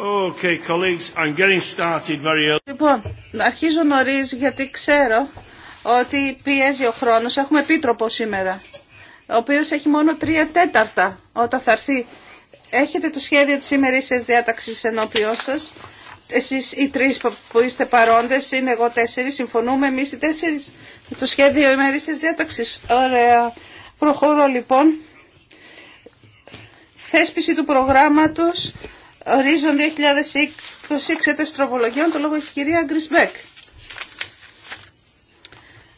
Okay, colleagues, I'm getting started very Λοιπόν, αρχίζω νωρί γιατί ξέρω ότι πιέζει ο χρόνος. Έχουμε επίτροπο σήμερα, ο οποίος έχει μόνο τρία τέταρτα όταν θα έρθει. Έχετε το σχέδιο της ημερήσιας διάταξης ενώπιό σας. Εσείς οι τρεις που είστε παρόντες, είναι εγώ τέσσερις, συμφωνούμε εμείς οι τέσσερις. Το σχέδιο ημερήσιας διάταξης. Ωραία. Προχωρώ λοιπόν. Θέσπιση του προγράμματος Ορίζον 2020 εξέταση τροπολογιών, το λόγο έχει η κυρία Γκρισμπέκ.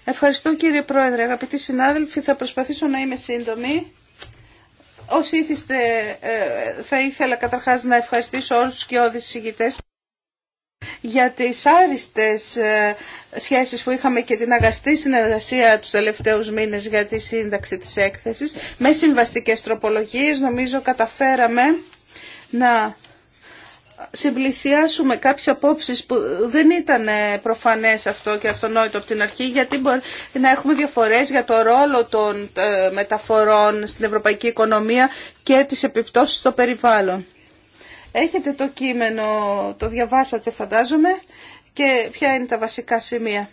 Ευχαριστώ κύριε Πρόεδρε, αγαπητοί συνάδελφοι, θα προσπαθήσω να είμαι σύντομη. Όσοι ήθιστε, ε, θα ήθελα καταρχάς να ευχαριστήσω όλους τους κοιόδης συγγητές για τις άριστες ε, σχέσεις που είχαμε και την αγαστή συνεργασία τους τελευταίους μήνες για τη σύνταξη της έκθεσης. Με συμβαστικές τροπολογίες νομίζω καταφέραμε να συμπλησιάσουμε κάποιες απόψεις που δεν ήταν ε, προφανές αυτό και αυτονόητο από την αρχή γιατί μπορεί να έχουμε διαφορές για το ρόλο των ε, μεταφορών στην ευρωπαϊκή οικονομία και τις επιπτώσεις στο περιβάλλον. Έχετε το κείμενο, το διαβάσατε φαντάζομαι και ποια είναι τα βασικά σημεία.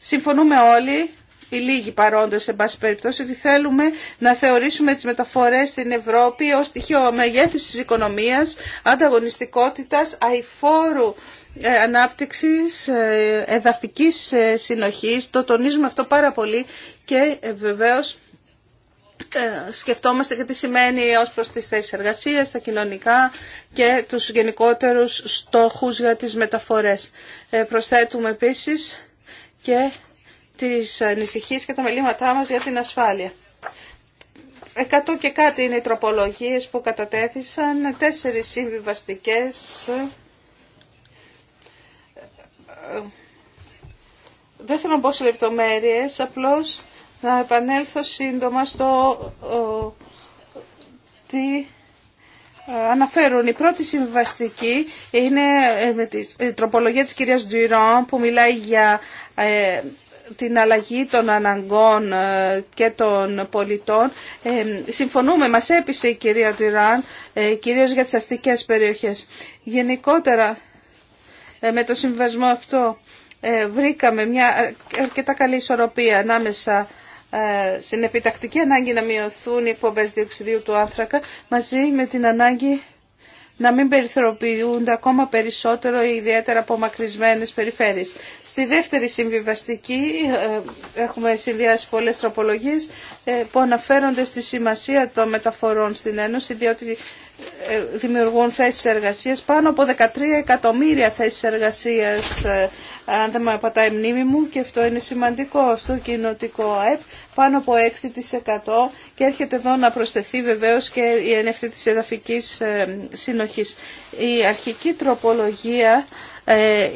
Συμφωνούμε όλοι οι λίγοι παρόντες, σε πάση περιπτώσει, ότι θέλουμε να θεωρήσουμε τις μεταφορές στην Ευρώπη ως στοιχείο μεγέθυνσης οικονομίας, ανταγωνιστικότητας, αηφόρου ε, ανάπτυξης, ε, εδαφικής ε, συνοχής. Το τονίζουμε αυτό πάρα πολύ και βεβαίως σκεφτόμαστε και τι σημαίνει ως προς τις θέσεις εργασίας, τα κοινωνικά και τους γενικότερους στόχους για τις μεταφορές. προσθέτουμε επίσης και τις ανησυχίες και τα μελήματά μας για την ασφάλεια. Εκατό και κάτι είναι οι τροπολογίες που κατατέθησαν, τέσσερις συμβιβαστικές. Ε, ε, δεν θέλω να μπω σε λεπτομέρειες, απλώς να επανέλθω σύντομα στο ε, τι αναφέρουν. Η πρώτη συμβιβαστική είναι με τροπολογία της κυρίας Ντουιρόν που μιλάει για την αλλαγή των αναγκών ε, και των πολιτών. Ε, συμφωνούμε, μας έπεισε η κυρία Τυράν, ε, κυρίως για τις αστικές περιοχές. Γενικότερα, με το συμβασμό αυτό βρήκαμε μια αρκετά καλή ισορροπία ανάμεσα στην επιτακτική ανάγκη να μειωθούν οι εκπομπές διοξιδίου του άνθρακα μαζί με την ανάγκη να μην περιθωριοποιούνται ακόμα περισσότερο οι ιδιαίτερα απομακρυσμένε περιφέρειες. Στη δεύτερη συμβιβαστική ε, έχουμε συνδυάσει πολλέ τροπολογίε ε, που αναφέρονται στη σημασία των μεταφορών στην Ένωση διότι ε, δημιουργούν θέσεις εργασίας, πάνω από 13 εκατομμύρια θέσεις εργασίας, αν δεν με πατάει η μνήμη μου, και αυτό είναι σημαντικό στο κοινοτικό ΑΕΠ, πάνω από 6% και έρχεται εδώ να προσθεθεί βεβαίως και η ενέφτη της εδαφικής ε, συνοχής. Η αρχική τροπολογία ε,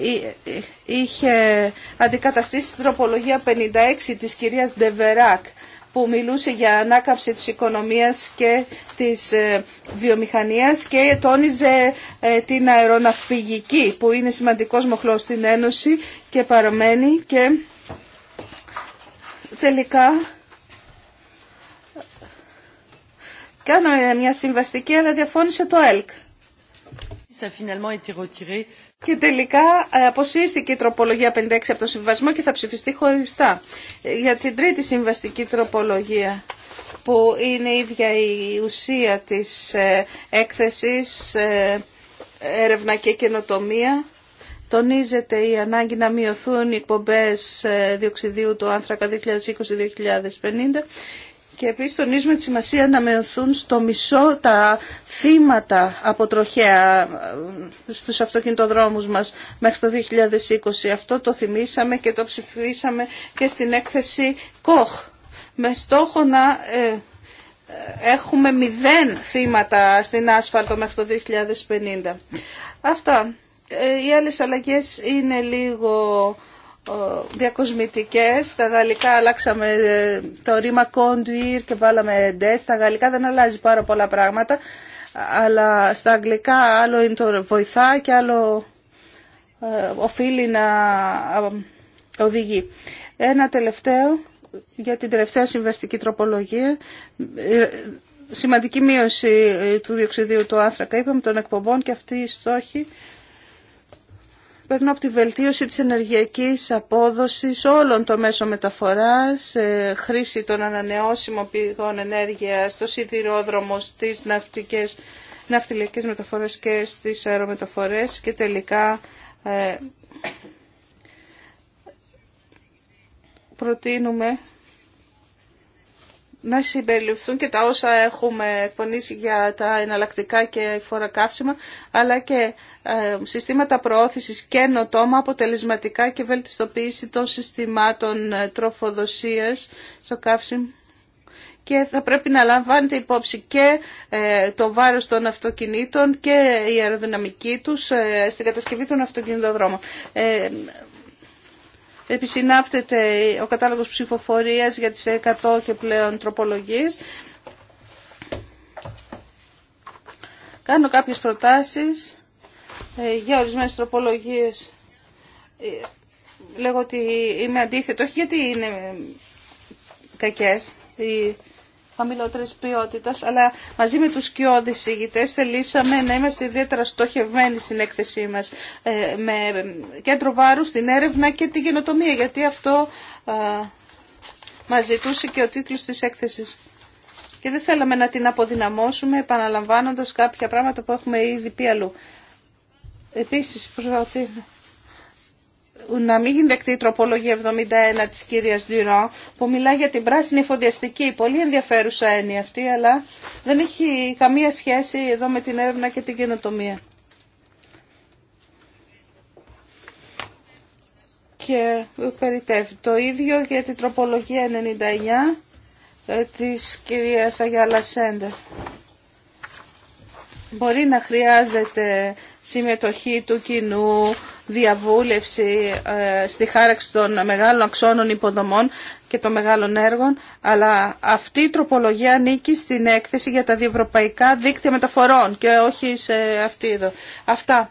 είχε αντικαταστήσει τροπολογία 56 της κυρίας Ντεβεράκ που μιλούσε για ανάκαμψη της οικονομίας και της ε, βιομηχανίας και τόνιζε την αεροναυπηγική που είναι σημαντικός μοχλός στην Ένωση και παραμένει και τελικά κάνω μια συμβαστική αλλά διαφώνησε το ΕΛΚ. Και τελικά ε, αποσύρθηκε η τροπολογία 56 από το συμβασμό και θα ψηφιστεί χωριστά. Ε, για την τρίτη συμβαστική τροπολογία που είναι η ίδια η ουσία της ε, έκθεσης έρευνα και καινοτομία τονίζεται η ανάγκη να μειωθούν οι εκπομπές ε, διοξιδίου του άνθρακα 2020-2050 και επίσης τονίζουμε τη σημασία να μειωθούν στο μισό τα θύματα από τροχέα ε, στους αυτοκινητοδρόμους μας μέχρι το 2020. Αυτό το θυμήσαμε και το ψηφίσαμε και στην έκθεση ΚΟΧ με στόχο να ε, έχουμε μηδέν θύματα στην άσφαλτο μέχρι το 2050. Αυτά. Οι άλλες αλλαγές είναι λίγο ε, διακοσμητικές. Στα γαλλικά αλλάξαμε ε, το ρήμα conduit και βάλαμε des. Στα γαλλικά δεν αλλάζει πάρα πολλά πράγματα, αλλά στα αγγλικά άλλο είναι το βοηθά και άλλο ε, οφείλει να οδηγεί. Ένα τελευταίο για την τελευταία συμβαστική τροπολογία. Σημαντική μείωση του διοξιδίου του άνθρακα, είπαμε, των εκπομπών και αυτή η στόχη Περνώ από τη βελτίωση της ενεργειακής απόδοσης όλων των μέσων μεταφοράς, χρήση των ανανεώσιμων πηγών ενέργειας, το σιδηρόδρομο, στις ναυτικές, ναυτιλιακές μεταφορές και στις αερομεταφορές και τελικά ε, προτείνουμε να συμπεριληφθούν και τα όσα έχουμε εκπονήσει για τα εναλλακτικά και φορά καύσιμα, αλλά και ε, συστήματα προώθησης νοτόμα αποτελεσματικά και βελτιστοποίηση των συστημάτων ε, τροφοδοσίας στο καύσιμο. Και θα πρέπει να λαμβάνετε υπόψη και ε, το βάρος των αυτοκινήτων και η αεροδυναμική τους στην κατασκευή των αυτοκινητοδρόμων. Επισυνάφτεται ο κατάλογος ψηφοφορίας για τις 100 και πλέον τροπολογίες. Κάνω κάποιες προτάσεις ε, για ορισμένες τροπολογίες. Ε, λέγω ότι είμαι αντίθετο, όχι γιατί είναι κακές χαμηλότερης ποιότητας, αλλά μαζί με τους κοιόδης ηγητές θελήσαμε να είμαστε ιδιαίτερα στοχευμένοι στην έκθεσή μας ε, με κέντρο βάρου στην έρευνα και την καινοτομία, γιατί αυτό ε, μας ζητούσε και ο τίτλος της έκθεσης. Και δεν θέλαμε να την αποδυναμώσουμε επαναλαμβάνοντας κάποια πράγματα που έχουμε ήδη πει αλλού. Επίσης, προτείνω να μην γίνει δεκτή η τροπολογία 71 της κυρίας Ντυρό που μιλά για την πράσινη φοδιαστική. Πολύ ενδιαφέρουσα έννοια αυτή, αλλά δεν έχει καμία σχέση εδώ με την έρευνα και την καινοτομία. Και περιτεύει το ίδιο για την τροπολογία 99 ε, της κυρίας Αγιάλα Σέντερ. Μπορεί να χρειάζεται συμμετοχή του κοινού, διαβούλευση ε, στη χάραξη των μεγάλων αξώνων υποδομών και των μεγάλων έργων, αλλά αυτή η τροπολογία ανήκει στην έκθεση για τα διευρωπαϊκά δίκτυα μεταφορών και όχι σε αυτή εδώ. Αυτά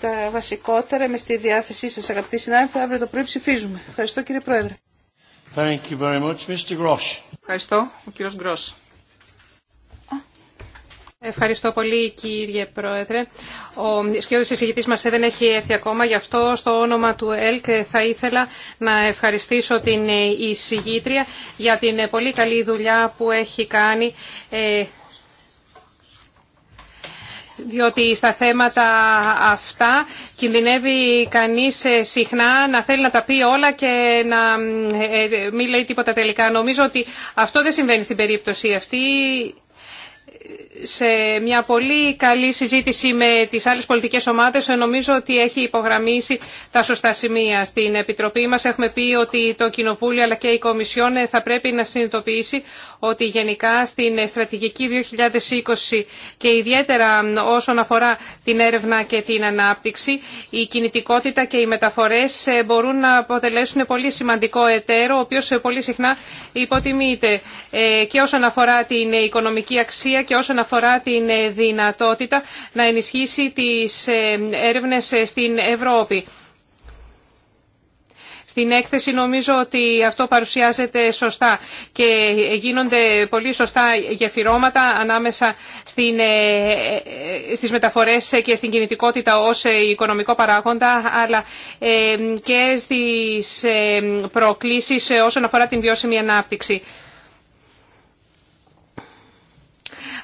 τα βασικότερα με στη διάθεσή σας αγαπητοί συνάδελφοι, αύριο το πρωί ψηφίζουμε. Ευχαριστώ κύριε Πρόεδρε. Thank you very much, Mr. Ευχαριστώ, ο κύριος Ευχαριστώ πολύ κύριε Πρόεδρε. Ο σκιώδης εισηγητής μας δεν έχει έρθει ακόμα, γι' αυτό στο όνομα του ΕΛΚ θα ήθελα να ευχαριστήσω την εισηγήτρια για την πολύ καλή δουλειά που έχει κάνει ε, διότι στα θέματα αυτά κινδυνεύει κανείς ε, συχνά να θέλει να τα πει όλα και να ε, μην λέει τίποτα τελικά. Νομίζω ότι αυτό δεν συμβαίνει στην περίπτωση αυτή σε μια πολύ καλή συζήτηση με τις άλλες πολιτικές ομάδες νομίζω ότι έχει υπογραμμίσει τα σωστά σημεία. Στην Επιτροπή μας έχουμε πει ότι το Κοινοβούλιο αλλά και η Κομισιόν θα πρέπει να συνειδητοποιήσει ότι γενικά στην στρατηγική 2020 και ιδιαίτερα όσον αφορά την έρευνα και την ανάπτυξη η κινητικότητα και οι μεταφορές μπορούν να αποτελέσουν πολύ σημαντικό εταίρο ο οποίος πολύ συχνά υποτιμείται ε, και όσον αφορά την οικονομική αξία και όσον αφορά την ε, δυνατότητα να ενισχύσει τις ε, έρευνες ε, στην Ευρώπη. Στην έκθεση νομίζω ότι αυτό παρουσιάζεται σωστά και γίνονται πολύ σωστά γεφυρώματα ανάμεσα στην, στις μεταφορές και στην κινητικότητα ως οικονομικό παράγοντα αλλά και στις προκλήσεις όσον αφορά την βιώσιμη ανάπτυξη.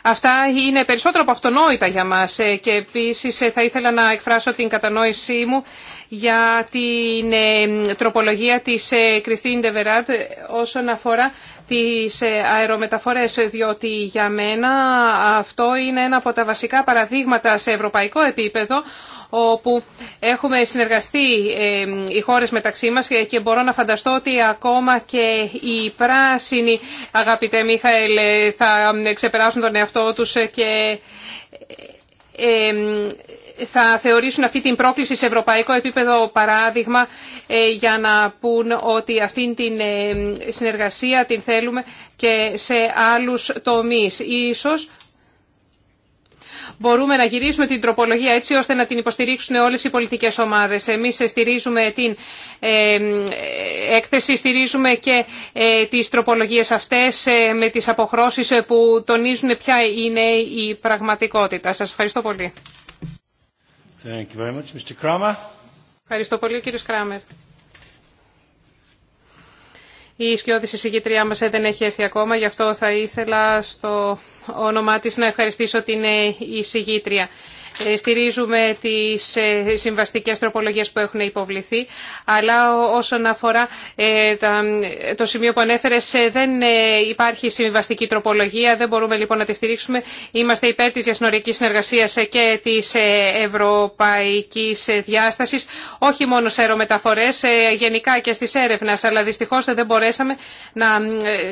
Αυτά είναι περισσότερο από αυτονόητα για μας ε, και επίσης ε, θα ήθελα να εκφράσω την κατανόησή μου για την ε, τροπολογία της Κριστίν Ντεβεράτ όσον αφορά τις αερομεταφορές, διότι για μένα αυτό είναι ένα από τα βασικά παραδείγματα σε ευρωπαϊκό επίπεδο όπου έχουμε συνεργαστεί ε, οι χώρες μεταξύ μας ε, και μπορώ να φανταστώ ότι ακόμα και οι πράσινοι, αγαπητέ Μίχαελ, ε, θα ξεπεράσουν τον εαυτό τους και θα θεωρήσουν αυτή την πρόκληση σε ευρωπαϊκό επίπεδο παράδειγμα για να πούν ότι αυτή την συνεργασία την θέλουμε και σε άλλους τομείς. Ίσως μπορούμε να γυρίσουμε την τροπολογία έτσι ώστε να την υποστηρίξουν όλες οι πολιτικές ομάδες. Εμείς στηρίζουμε την ε, έκθεση, στηρίζουμε και ε, τις τροπολογίες αυτές ε, με τις αποχρώσεις που τονίζουν ποια είναι η πραγματικότητα. Σας ευχαριστώ πολύ. Ευχαριστώ πολύ κύριε Κράμερ. Η σκιώδηση συγκήτριά μα ε, δεν έχει έρθει ακόμα, γι' αυτό θα ήθελα στο όνομά τη να ευχαριστήσω την ε, εισηγήτρια. Ε, στηρίζουμε τις ε, συμβαστικές τροπολογίες που έχουν υποβληθεί, αλλά όσον αφορά ε, το σημείο που ανέφερες, δεν υπάρχει συμβαστική τροπολογία, δεν μπορούμε λοιπόν να τη στηρίξουμε. Είμαστε υπέρ της διασνορικής συνεργασίας και της ευρωπαϊκής διάστασης, όχι μόνο σε αερομεταφορές, γενικά και στις έρευνας, αλλά δυστυχώς δεν μπορέσαμε να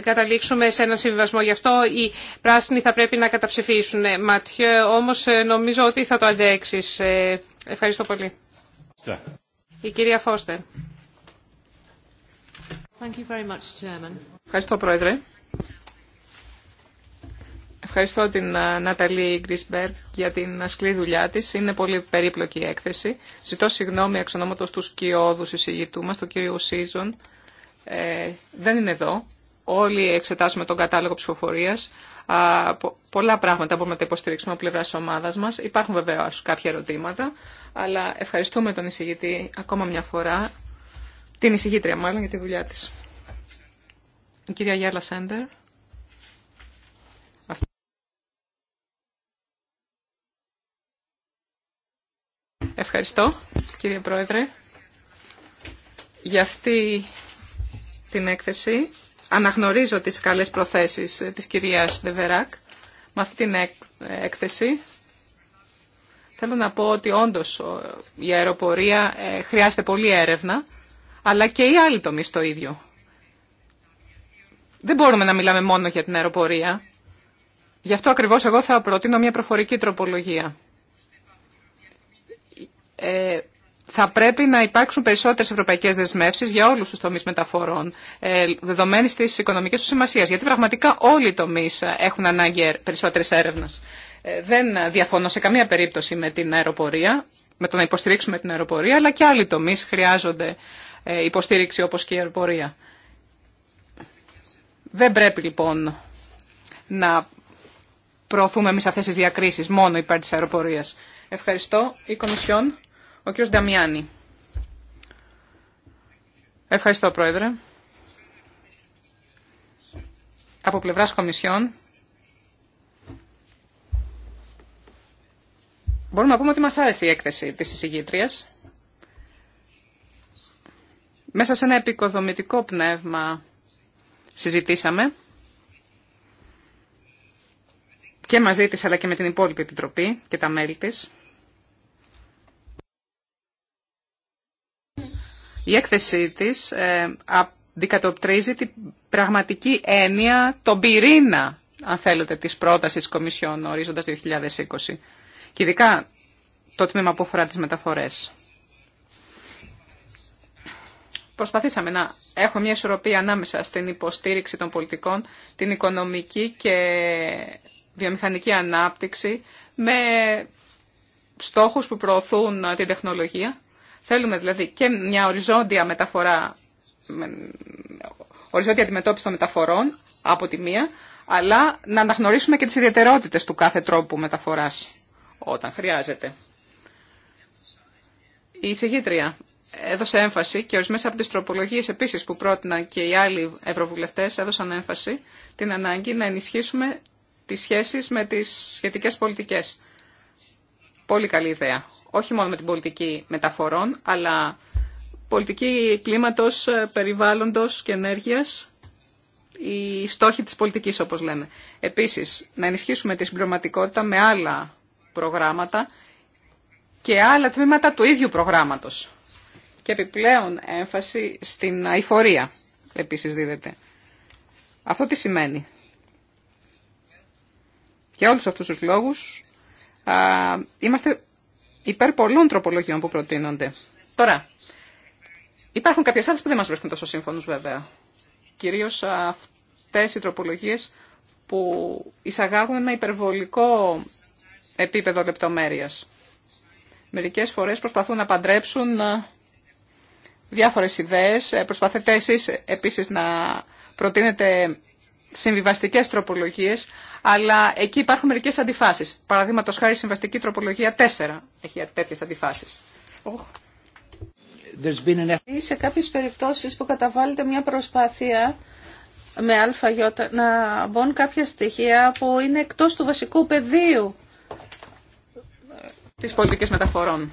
καταλήξουμε σε ένα συμβιβασμό. Γι' αυτό οι πράσινοι θα πρέπει να καταψηφίσουν. Ματιέ, όμως νομίζω ότι το ε, Ευχαριστώ πολύ. Η κυρία Φώστερ. Thank you very much, Ευχαριστώ, Πρόεδρε. Ευχαριστώ την ε, Ναταλή Γκρισμπερ για την ασκλή δουλειά τη. Είναι πολύ περίπλοκη η έκθεση. Ζητώ συγγνώμη εξ ονόματο του σκιώδου εισηγητού μα, του κύριου Σίζων. Ε, δεν είναι εδώ. Όλοι εξετάζουμε τον κατάλογο ψηφοφορία πολλά πράγματα μπορούμε να τα υποστηρίξουμε από πλευρά τη ομάδα μα. Υπάρχουν βεβαίω κάποια ερωτήματα, αλλά ευχαριστούμε τον εισηγητή ακόμα μια φορά, την εισηγήτρια μάλλον, για τη δουλειά τη. Η κυρία Γιάλα Σέντερ. Ευχαριστώ, κύριε Πρόεδρε, για αυτή την έκθεση αναγνωρίζω τις καλές προθέσεις ε, της κυρίας Δεβεράκ με αυτή την έκθεση. Θέλω να πω ότι όντως η αεροπορία ε, χρειάζεται πολύ έρευνα, αλλά και οι άλλοι τομεί το ίδιο. Δεν μπορούμε να μιλάμε μόνο για την αεροπορία. Γι' αυτό ακριβώς εγώ θα προτείνω μια προφορική τροπολογία. Ε, θα πρέπει να υπάρξουν περισσότερε ευρωπαϊκέ δεσμεύσει για όλου του τομεί μεταφορών, ε, δεδομένη τη οικονομική του σημασία. Γιατί πραγματικά όλοι οι τομεί ε, έχουν ανάγκη ε, περισσότερη έρευνα. Ε, δεν διαφωνώ σε καμία περίπτωση με την αεροπορία, με το να υποστηρίξουμε την αεροπορία, αλλά και άλλοι τομεί χρειάζονται υποστήριξη όπω και η αεροπορία. Δεν πρέπει λοιπόν να προωθούμε εμεί αυτέ τι διακρίσει μόνο υπέρ τη αεροπορία. Ευχαριστώ. Η Κομισιόν. Ο κύριος Νταμιάννη. Ευχαριστώ, Πρόεδρε. Από πλευράς Κομισιόν, μπορούμε να πούμε ότι μας άρεσε η έκθεση της εισηγήτριας. Μέσα σε ένα επικοδομητικό πνεύμα συζητήσαμε και μαζί της αλλά και με την υπόλοιπη Επιτροπή και τα μέλη της. Η έκθεσή της δικατοπτρίζει ε, την πραγματική έννοια, τον πυρήνα, αν θέλετε, της πρότασης της Κομισιόν ορίζοντας 2020. Και ειδικά το τμήμα που αφορά τις μεταφορές. Προσπαθήσαμε να έχουμε μια ισορροπία ανάμεσα στην υποστήριξη των πολιτικών, την οικονομική και βιομηχανική ανάπτυξη, με στόχους που προωθούν την τεχνολογία Θέλουμε δηλαδή και μια οριζόντια μεταφορά, οριζόντια αντιμετώπιση των μεταφορών από τη μία, αλλά να αναγνωρίσουμε και τις ιδιαιτερότητες του κάθε τρόπου μεταφοράς όταν χρειάζεται. Η εισηγήτρια έδωσε έμφαση και ορισμένε από τις τροπολογίες επίσης που πρότειναν και οι άλλοι ευρωβουλευτές έδωσαν έμφαση την ανάγκη να ενισχύσουμε τις σχέσεις με τις σχετικές πολιτικές. Πολύ καλή ιδέα. Όχι μόνο με την πολιτική μεταφορών, αλλά πολιτική κλίματος, ε, περιβάλλοντος και ενέργειας, οι στόχοι της πολιτικής όπως λέμε. Επίσης, να ενισχύσουμε τη συμπληρωματικότητα με άλλα προγράμματα και άλλα τμήματα του ίδιου προγράμματος. Και επιπλέον έμφαση στην αηφορία επίσης δίδεται. Αυτό τι σημαίνει. Για όλους αυτούς τους λόγους είμαστε υπέρ πολλών τροπολογιών που προτείνονται. Τώρα, υπάρχουν κάποιες άλλες που δεν μας βρίσκουν τόσο σύμφωνους βέβαια. Κυρίως αυτές οι τροπολογίες που εισαγάγουν ένα υπερβολικό επίπεδο λεπτομέρειας. Μερικές φορές προσπαθούν να παντρέψουν ε, διάφορες ιδέες. Ε, προσπαθείτε εσείς επίσης να προτείνετε συμβιβαστικές τροπολογίες, αλλά εκεί υπάρχουν μερικές αντιφάσεις. Παραδείγματο χάρη συμβαστική τροπολογία 4 έχει τέτοιες αντιφάσεις. Oh. Σε κάποιες περιπτώσεις που καταβάλλεται μια προσπάθεια με ΑΙ να μπουν κάποια στοιχεία που είναι εκτός του βασικού πεδίου της πολιτικής μεταφορών.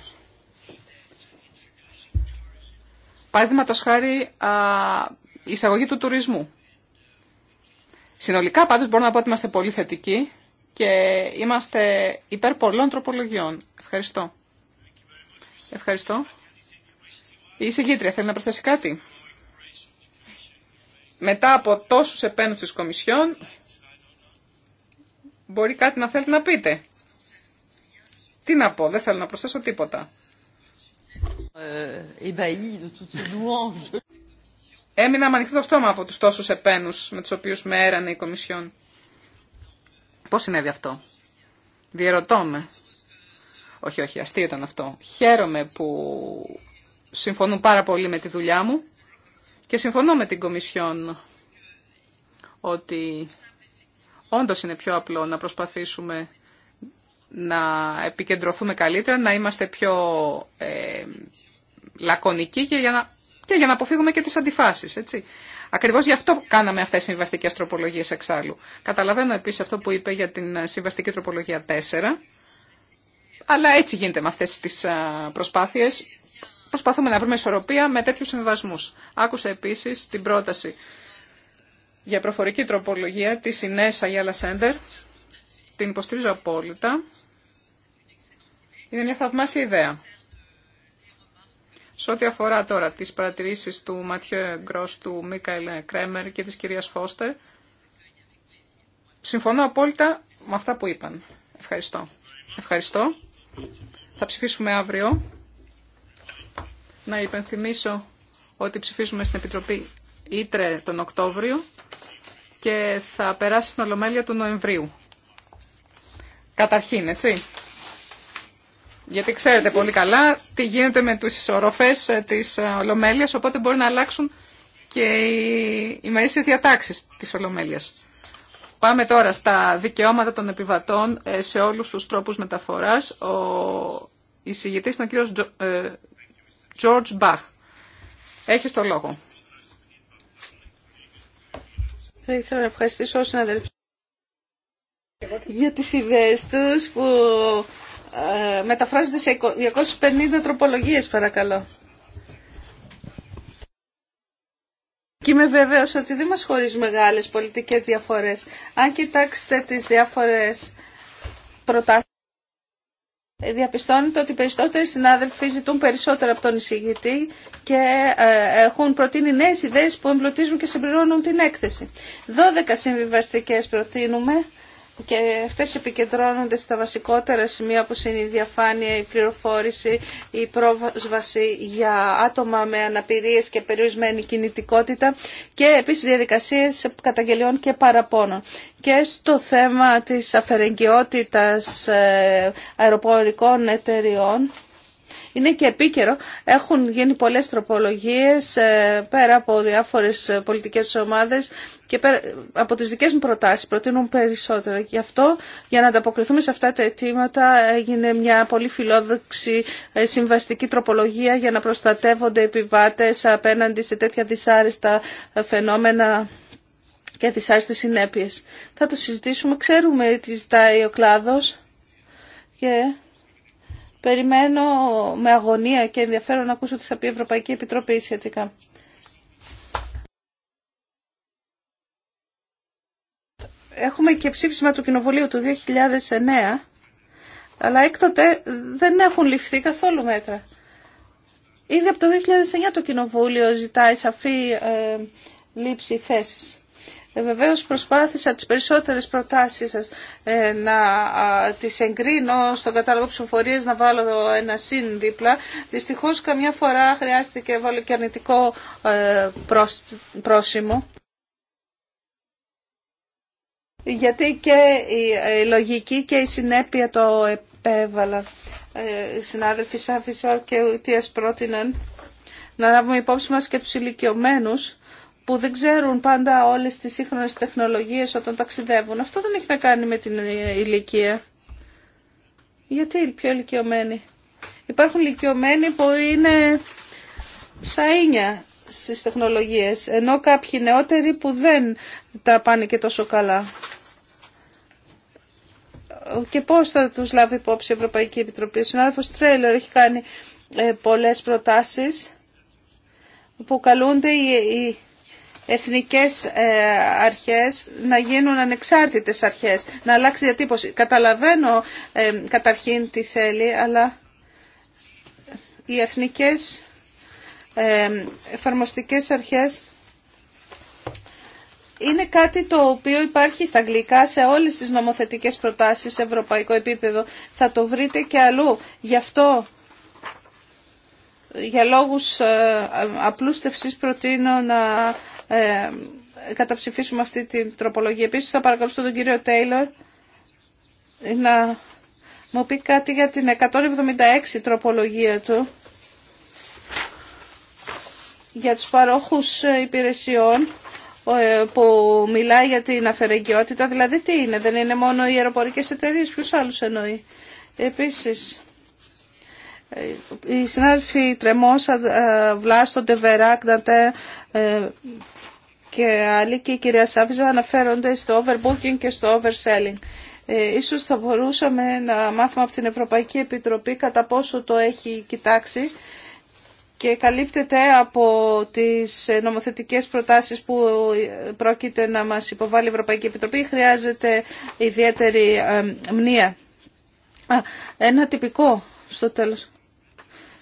Παραδείγματο χάρη η εισαγωγή του τουρισμού. Συνολικά πάντως μπορώ να πω ότι είμαστε πολύ θετικοί και είμαστε υπέρ πολλών τροπολογιών. Ευχαριστώ. Ευχαριστώ. Η εισηγήτρια θέλει να προσθέσει κάτι. Μετά από τόσους επένους της Κομισιόν, μπορεί κάτι να θέλετε να πείτε. Τι να πω, δεν θέλω να προσθέσω τίποτα. Ε, Έμεινα με ανοιχτό στόμα από τους τόσους επένους με τους οποίους με έρανε η Κομισιόν. Πώς συνέβη αυτό. Διερωτώ με. Όχι, όχι, αστείο ήταν αυτό. Χαίρομαι που συμφωνούν πάρα πολύ με τη δουλειά μου και συμφωνώ με την Κομισιόν ότι όντως είναι πιο απλό να προσπαθήσουμε να επικεντρωθούμε καλύτερα, να είμαστε πιο ε, λακωνικοί και για να και για να αποφύγουμε και τις αντιφάσεις, έτσι. Ακριβώς γι' αυτό κάναμε αυτέ τις συμβαστικέ τροπολογίε εξάλλου. Καταλαβαίνω επίση αυτό που είπε για την ε, συμβαστική τροπολογία 4, αλλά έτσι γίνεται με αυτέ τι ε, προσπάθειε. Προσπαθούμε να βρούμε ισορροπία με τέτοιου συμβασμού. Άκουσα επίση την πρόταση για προφορική τροπολογία τη Ινέσα Γιάλα Σέντερ. Την υποστηρίζω απόλυτα. Είναι μια θαυμάσια ιδέα. Σε ό,τι αφορά τώρα τις παρατηρήσεις του Ματιέ Γκρός, του Μίκαελ Κρέμερ και της κυρίας Φώστερ, συμφωνώ απόλυτα με αυτά που είπαν. Ευχαριστώ. Ευχαριστώ. Θα ψηφίσουμε αύριο. Να υπενθυμίσω ότι ψηφίζουμε στην Επιτροπή Ήτρε τον Οκτώβριο και θα περάσει στην Ολομέλεια του Νοεμβρίου. Καταρχήν, έτσι. Γιατί ξέρετε πολύ καλά τι γίνεται με τους οροφές ε, της ε, Ολομέλειας, οπότε μπορεί να αλλάξουν και οι μερίσεις διατάξεις της Ολομέλειας. Πάμε τώρα στα δικαιώματα των επιβατών ε, σε όλους τους τρόπους μεταφοράς. Ο εισηγητής είναι ο κύριος George Bach. Έχεις το λόγο. Θα ήθελα να ευχαριστήσω όσους συναδελφούς για τις ιδέες τους που ε, μεταφράζεται σε 250 τροπολογίες παρακαλώ. Και είμαι βέβαιος ότι δεν μας χωρίζουν μεγάλες πολιτικές διαφορές. Αν κοιτάξετε τις διάφορες προτάσεις, διαπιστώνετε ότι περισσότεροι συνάδελφοι ζητούν περισσότερο από τον εισηγητή και ε, έχουν προτείνει νέες ιδέες που εμπλουτίζουν και συμπληρώνουν την έκθεση. 12 συμβιβαστικές προτείνουμε και αυτές επικεντρώνονται στα βασικότερα σημεία όπως είναι η διαφάνεια, η πληροφόρηση, η πρόσβαση για άτομα με αναπηρίες και περιορισμένη κινητικότητα και επίσης διαδικασίες καταγγελιών και παραπώνων. Και στο θέμα της αφαιρεγγιότητας ε, αεροπορικών εταιριών είναι και επίκαιρο. Έχουν γίνει πολλές τροπολογίες ε, πέρα από διάφορες ε, πολιτικές ομάδες και από τις δικές μου προτάσεις προτείνουν περισσότερα. Γι' αυτό για να ανταποκριθούμε σε αυτά τα αιτήματα έγινε μια πολύ φιλόδοξη ε, συμβαστική τροπολογία για να προστατεύονται οι επιβάτες απέναντι σε τέτοια δυσάρεστα φαινόμενα και δυσάρεστες συνέπειες. Θα το συζητήσουμε. Ξέρουμε τι ζητάει ο κλάδος και Περιμένω με αγωνία και ενδιαφέρον να ακούσω τι θα πει η Ευρωπαϊκή Επιτροπή σχετικά. Έχουμε και ψήφισμα του Κοινοβουλίου του 2009, αλλά έκτοτε δεν έχουν ληφθεί καθόλου μέτρα. Ήδη από το 2009 το Κοινοβούλιο ζητάει σαφή ε, λήψη θέσης. Ε, βεβαίως προσπάθησα τις περισσότερες προτάσεις σας ε, να τις εγκρίνω στον κατάλογο ψηφοφορίες να βάλω ένα συν δίπλα. Δυστυχώς καμιά φορά χρειάστηκε βάλω και αρνητικό ε, πρόσημο. Γιατί και η λογική και η συνέπεια το επέβαλα. Οι συνάδελφοι σάφησα και Ουτίας πρότειναν να λάβουμε υπόψη μας και τους ηλικιωμένους που δεν ξέρουν πάντα όλες τις σύγχρονες τεχνολογίες όταν ταξιδεύουν. Αυτό δεν έχει να κάνει με την ηλικία. Γιατί οι πιο ηλικιωμένοι. Υπάρχουν ηλικιωμένοι που είναι σαΐνια στις τεχνολογίες, ενώ κάποιοι νεότεροι που δεν τα πάνε και τόσο καλά. Και πώς θα τους λάβει υπόψη η Ευρωπαϊκή Επιτροπή. Ο συνάδελφος Τρέιλερ έχει κάνει ε, πολλές προτάσεις που καλούνται οι εθνικές ε, αρχές να γίνουν ανεξάρτητες αρχές, να αλλάξει διατύπωση. Καταλαβαίνω ε, καταρχήν τι θέλει, αλλά οι εθνικές ε, εφαρμοστικές αρχές είναι κάτι το οποίο υπάρχει στα αγγλικά σε όλες τις νομοθετικές προτάσεις σε ευρωπαϊκό επίπεδο. Θα το βρείτε και αλλού. Γι' αυτό, για λόγους απλούστευσης προτείνω να ε, καταψηφίσουμε αυτή την τροπολογία. Επίσης θα παρακολουθώ τον κύριο Τέιλορ να μου πει κάτι για την 176 τροπολογία του για τους παρόχους ε, υπηρεσιών ε, που μιλάει για την αφαιρεγκαιότητα. δηλαδή τι είναι, δεν είναι μόνο οι αεροπορικές εταιρείες, ποιους άλλους εννοεί. Επίσης, οι συνάδελφοι Τρεμόσα, ε, Βλάστο, Ντεβεράκ, ε, και άλλοι και η κυρία Σάβιζα αναφέρονται στο overbooking και στο overselling. Ε, ίσως θα μπορούσαμε να μάθουμε από την Ευρωπαϊκή Επιτροπή κατά πόσο το έχει κοιτάξει και καλύπτεται από τις νομοθετικές προτάσεις που πρόκειται να μας υποβάλει η Ευρωπαϊκή Επιτροπή. Χρειάζεται ιδιαίτερη μνήα. ένα τυπικό στο τέλος.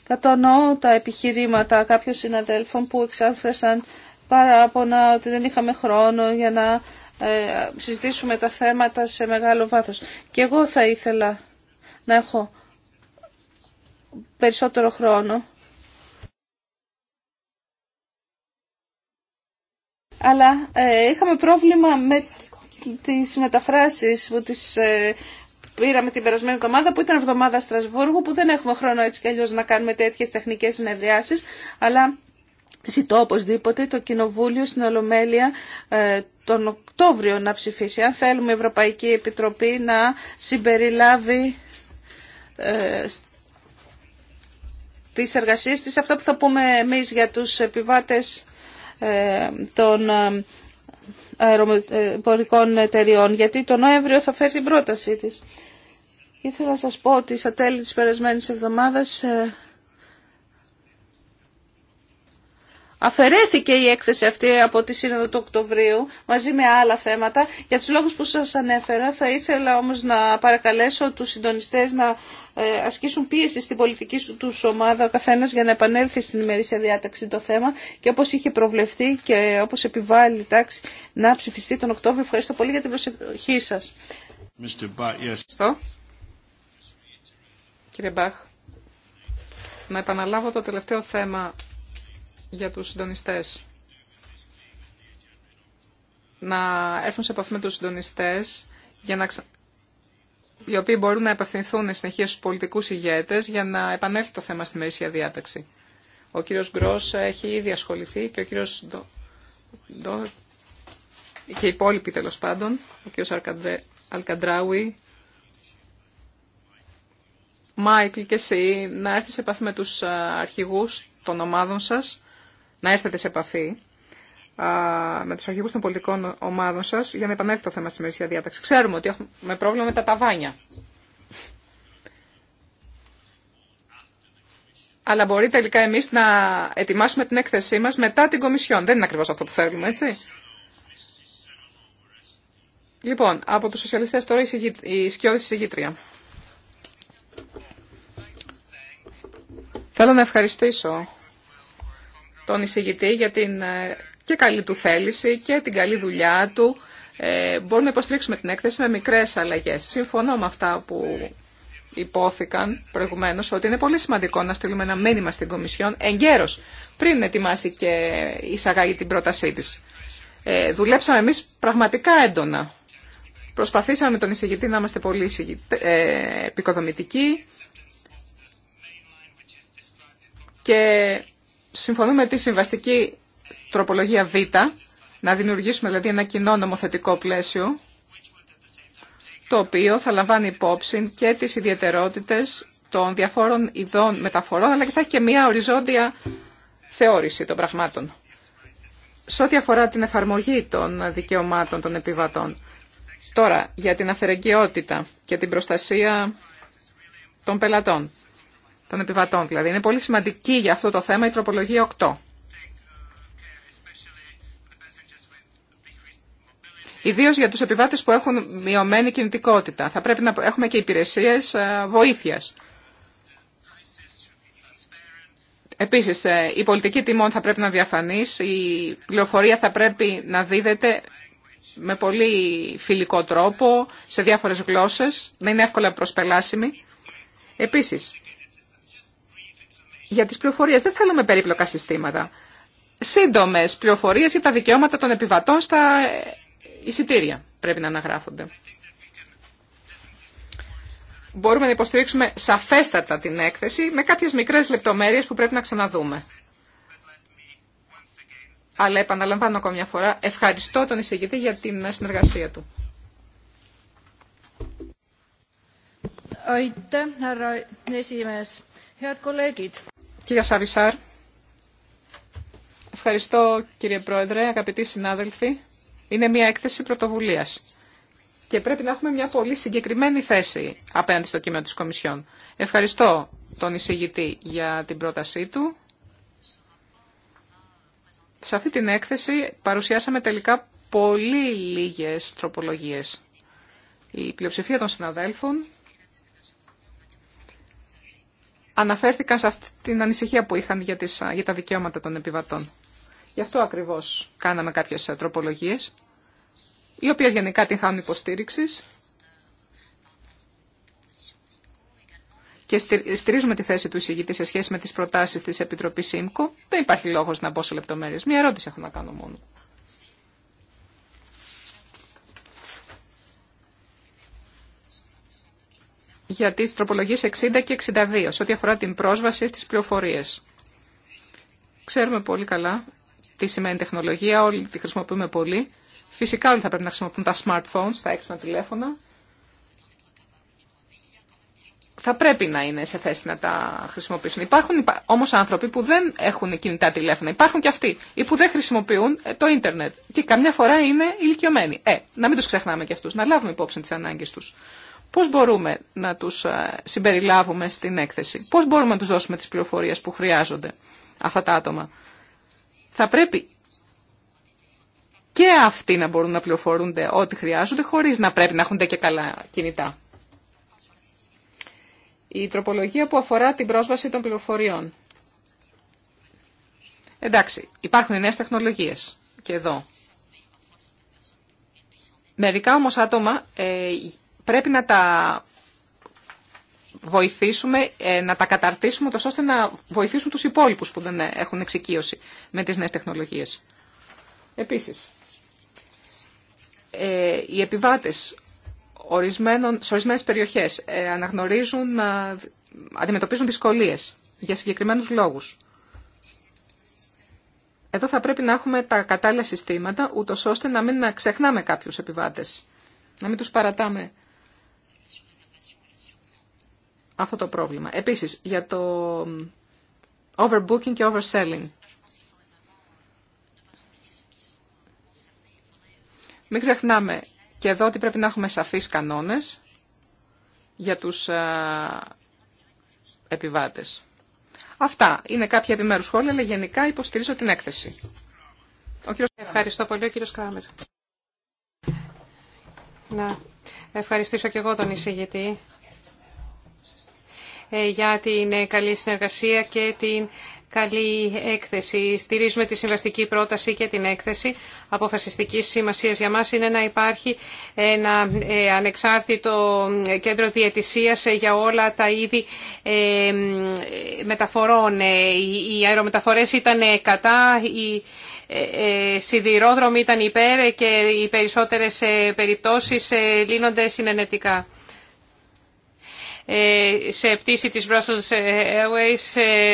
Κατανοώ τα επιχειρήματα κάποιων συναδέλφων που εξάφρασαν παράπονα ότι δεν είχαμε χρόνο για να ε, συζητήσουμε τα θέματα σε μεγάλο βάθος. Και εγώ θα ήθελα να έχω περισσότερο χρόνο. Αλλά ε, είχαμε πρόβλημα με τις μεταφράσεις που τις ε, πήραμε την περασμένη εβδομάδα που ήταν εβδομάδα Στρασβούργου που δεν έχουμε χρόνο έτσι κι αλλιώς να κάνουμε τέτοιες τεχνικές συνεδριάσεις αλλά ζητώ οπωσδήποτε το Κοινοβούλιο στην Ολομέλεια ε, τον Οκτώβριο να ψηφίσει. Αν θέλουμε η Ευρωπαϊκή Επιτροπή να συμπεριλάβει ε, τις εργασίες της, Αυτό που θα πούμε εμείς για τους επιβάτες ε, των αεροπορικών εταιριών, γιατί το Νοέμβριο θα φέρει την πρότασή της. Ήθελα να σας πω ότι στα τέλη της περασμένης εβδομάδας ε, Αφαιρέθηκε η έκθεση αυτή από τη Σύνοδο του Οκτωβρίου μαζί με άλλα θέματα. Για τους λόγους που σας ανέφερα θα ήθελα όμως να παρακαλέσω τους συντονιστές να ε, ασκήσουν πίεση στην πολιτική του ομάδα ο καθένας για να επανέλθει στην ημερήσια διάταξη το θέμα και όπως είχε προβλεφθεί και όπως επιβάλλει η τάξη να ψηφιστεί τον Οκτώβριο. Ευχαριστώ πολύ για την προσοχή σας. Κύριε Μπαχ, να επαναλάβω το τελευταίο θέμα για τους συντονιστές. Να έρθουν σε επαφή με τους συντονιστές, για να... οι οποίοι μπορούν να επευθυνθούν συνεχεία στους πολιτικούς ηγέτες για να επανέλθει το θέμα στη μερίσια διάταξη. Ο κύριος Γκρός έχει ήδη ασχοληθεί και ο κύριος Ντο... και οι υπόλοιποι τέλο πάντων, ο κύριος Αλκαντράουι, Μάικλ και εσύ, να έρθει σε επαφή με τους αρχηγούς των ομάδων σας να έρθετε σε επαφή με τους αρχηγούς των πολιτικών ομάδων σας για να επανέλθει το θέμα στη μερική διάταξη. Ξέρουμε ότι έχουμε πρόβλημα με τα ταβάνια. Αλλά μπορεί τελικά εμείς να ετοιμάσουμε την έκθεσή μας μετά την Κομισιόν. Δεν είναι ακριβώ αυτό που θέλουμε, έτσι. Λοιπόν, από τους σοσιαλιστές τώρα η σκιώδη συγγήτρια. Θέλω να ευχαριστήσω τον εισηγητή για την ε, και καλή του θέληση και την καλή δουλειά του. Ε, μπορούμε να υποστρίξουμε την έκθεση με μικρές αλλαγές. Συμφωνώ με αυτά που υπόθηκαν προηγουμένως ότι είναι πολύ σημαντικό να στείλουμε ένα μήνυμα στην Κομισιόν εγκαίρως πριν ετοιμάσει και εισαγάγει την πρότασή της. Ε, δουλέψαμε εμείς πραγματικά έντονα. Προσπαθήσαμε τον εισηγητή να είμαστε πολύ ε, επικοδομητικοί και συμφωνούμε με τη συμβαστική τροπολογία Β, να δημιουργήσουμε δηλαδή ένα κοινό νομοθετικό πλαίσιο, το οποίο θα λαμβάνει υπόψη και τις ιδιαιτερότητες των διαφόρων ειδών μεταφορών, αλλά και θα έχει και μια οριζόντια θεώρηση των πραγμάτων. Σε ό,τι αφορά την εφαρμογή των δικαιωμάτων των επιβατών, τώρα για την αφαιρεγκαιότητα και την προστασία των πελατών των επιβατών δηλαδή. Είναι πολύ σημαντική για αυτό το θέμα η τροπολογία 8. Ιδίω για του επιβάτε που έχουν μειωμένη κινητικότητα. Θα πρέπει να έχουμε και υπηρεσίε βοήθεια. Επίσης, ε, η πολιτική τιμών θα πρέπει να διαφανείς, η πληροφορία θα πρέπει να δίδεται με πολύ φιλικό τρόπο, σε διάφορες γλώσσες, να είναι εύκολα προσπελάσιμη. Επίσης, για τις πληροφορίες. Δεν θέλουμε περίπλοκα συστήματα. Σύντομες πληροφορίες ή τα δικαιώματα των επιβατών στα εισιτήρια πρέπει να αναγράφονται. Μπορούμε να υποστηρίξουμε σαφέστατα την έκθεση με κάποιες μικρές λεπτομέρειες που πρέπει να ξαναδούμε. Αλλά επαναλαμβάνω ακόμη μια φορά, ευχαριστώ τον εισηγητή για την συνεργασία του. Κύριε Σαβισάρ. Ευχαριστώ κύριε Πρόεδρε, αγαπητοί συνάδελφοι. Είναι μια έκθεση πρωτοβουλίας και πρέπει να έχουμε μια πολύ συγκεκριμένη θέση απέναντι στο κείμενο της Κομισιόν. Ευχαριστώ τον εισηγητή για την πρότασή του. Σε αυτή την έκθεση παρουσιάσαμε τελικά πολύ λίγες τροπολογίες. Η πλειοψηφία των συναδέλφων αναφέρθηκαν σε αυτή την ανησυχία που είχαν για, τις, για τα δικαιώματα των επιβατών. Γι' αυτό ακριβώς κάναμε κάποιες τροπολογίε, οι οποίες γενικά την χάνουν υποστήριξη. Και στηρίζουμε τη θέση του εισηγητή σε σχέση με τις προτάσεις της Επιτροπής ΣΥΜΚΟ. Δεν υπάρχει λόγος να μπω σε λεπτομέρειε. Μία ερώτηση έχω να κάνω μόνο. για τις τροπολογίες 60 και 62, σε ό,τι αφορά την πρόσβαση στις πληροφορίες. Ξέρουμε πολύ καλά τι σημαίνει τεχνολογία, όλοι τη χρησιμοποιούμε πολύ. Φυσικά όλοι θα πρέπει να χρησιμοποιούν τα smartphones, τα έξυπνα τηλέφωνα. Θα πρέπει να είναι σε θέση να τα χρησιμοποιήσουν. Υπάρχουν όμως άνθρωποι που δεν έχουν κινητά τηλέφωνα. Υπάρχουν και αυτοί ή που δεν χρησιμοποιούν ε, το ίντερνετ. Και καμιά φορά είναι ηλικιωμένοι. Ε, να μην τους ξεχνάμε και αυτούς, να λάβουμε υπόψη τις ανάγκες τους. Πώς μπορούμε να τους ε, συμπεριλάβουμε στην έκθεση, πώς μπορούμε να τους δώσουμε τις πληροφορίες που χρειάζονται αυτά τα άτομα. Θα πρέπει και αυτοί να μπορούν να πληροφορούνται ό,τι χρειάζονται χωρίς να πρέπει να έχουν και καλά κινητά. Η τροπολογία που αφορά την πρόσβαση των πληροφοριών. Εντάξει, υπάρχουν οι νέες τεχνολογίες και εδώ. Μερικά όμως άτομα ε, πρέπει να τα βοηθήσουμε, ε, να τα καταρτήσουμε, ώστε να βοηθήσουν τους υπόλοιπους που δεν έχουν εξοικείωση με τις νέες τεχνολογίες. Επίσης, ε, οι επιβάτες ορισμένων, σε ορισμένες περιοχές ε, αναγνωρίζουν, αντιμετωπίζουν δυσκολίες για συγκεκριμένους λόγους. Εδώ θα πρέπει να έχουμε τα κατάλληλα συστήματα, ούτως ώστε να μην ξεχνάμε κάποιους επιβάτες, να μην τους παρατάμε αυτό το πρόβλημα. Επίσης, για το overbooking και overselling. Μην ξεχνάμε και εδώ ότι πρέπει να έχουμε σαφείς κανόνες για τους επιβάτες. Αυτά είναι κάποια επιμέρους σχόλια, αλλά γενικά υποστηρίζω την έκθεση. Ο κύριος... Ευχαριστώ πολύ, ο κύριος Κράμερ. Να ευχαριστήσω και εγώ τον εισηγητή ε, για την ε, καλή συνεργασία και την καλή έκθεση. Στηρίζουμε τη συμβαστική πρόταση και την έκθεση αποφασιστική σημασία για μας είναι να υπάρχει ένα ε, ανεξάρτητο κέντρο διαιτησίας για όλα τα είδη μεταφορών. Οι αερομεταφορές ήταν κατά, οι σιδηρόδρομοι ήταν υπέρ και οι περισσότερες περιπτώσεις λύνονται συνενετικά. Ε, σε πτήση της Brussels Airways. Ε,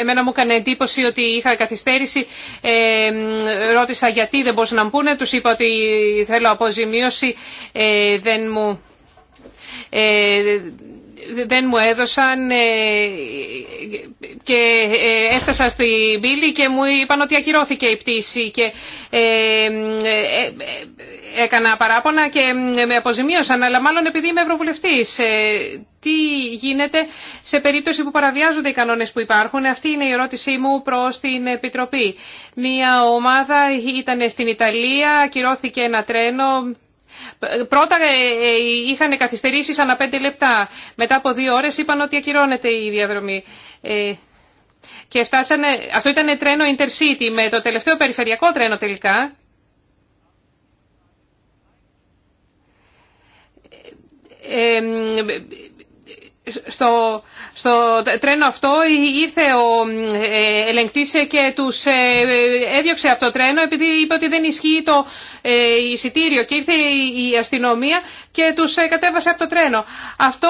εμένα μου έκανε εντύπωση ότι είχα καθυστέρηση. Ε, ρώτησα γιατί δεν μπορούσαν να μου πούνε. Τους είπα ότι θέλω αποζημίωση. Δεν μου δεν μου έδωσαν ε, και ε, έφτασα στη πύλη και μου είπαν ότι ακυρώθηκε η πτήση και ε, έκανα παράπονα και με αποζημίωσαν, αλλά μάλλον επειδή είμαι ευρωβουλευτής. Τι γίνεται σε περίπτωση που παραβιάζονται οι κανόνες που υπάρχουν. Αυτή είναι η ερώτησή μου προς την Επιτροπή. Μία ομάδα ήταν στην Ιταλία, ακυρώθηκε ένα τρένο Πρώτα είχαν είχαν ανά πέντε λεπτά. Μετά από δύο ώρες είπαν ότι ακυρώνεται η διαδρομή. Ε, και φτάσανε, αυτό ήταν τρένο Intercity με το τελευταίο περιφερειακό τρένο τελικά. Ε, ε στο, τρένο αυτό ήρθε ο ε, ελεγκτής και τους ε, έδιωξε από το τρένο επειδή είπε ότι δεν ισχύει το ε, εισιτήριο και ήρθε η αστυνομία και του ε, κατέβασε από το τρένο. Αυτό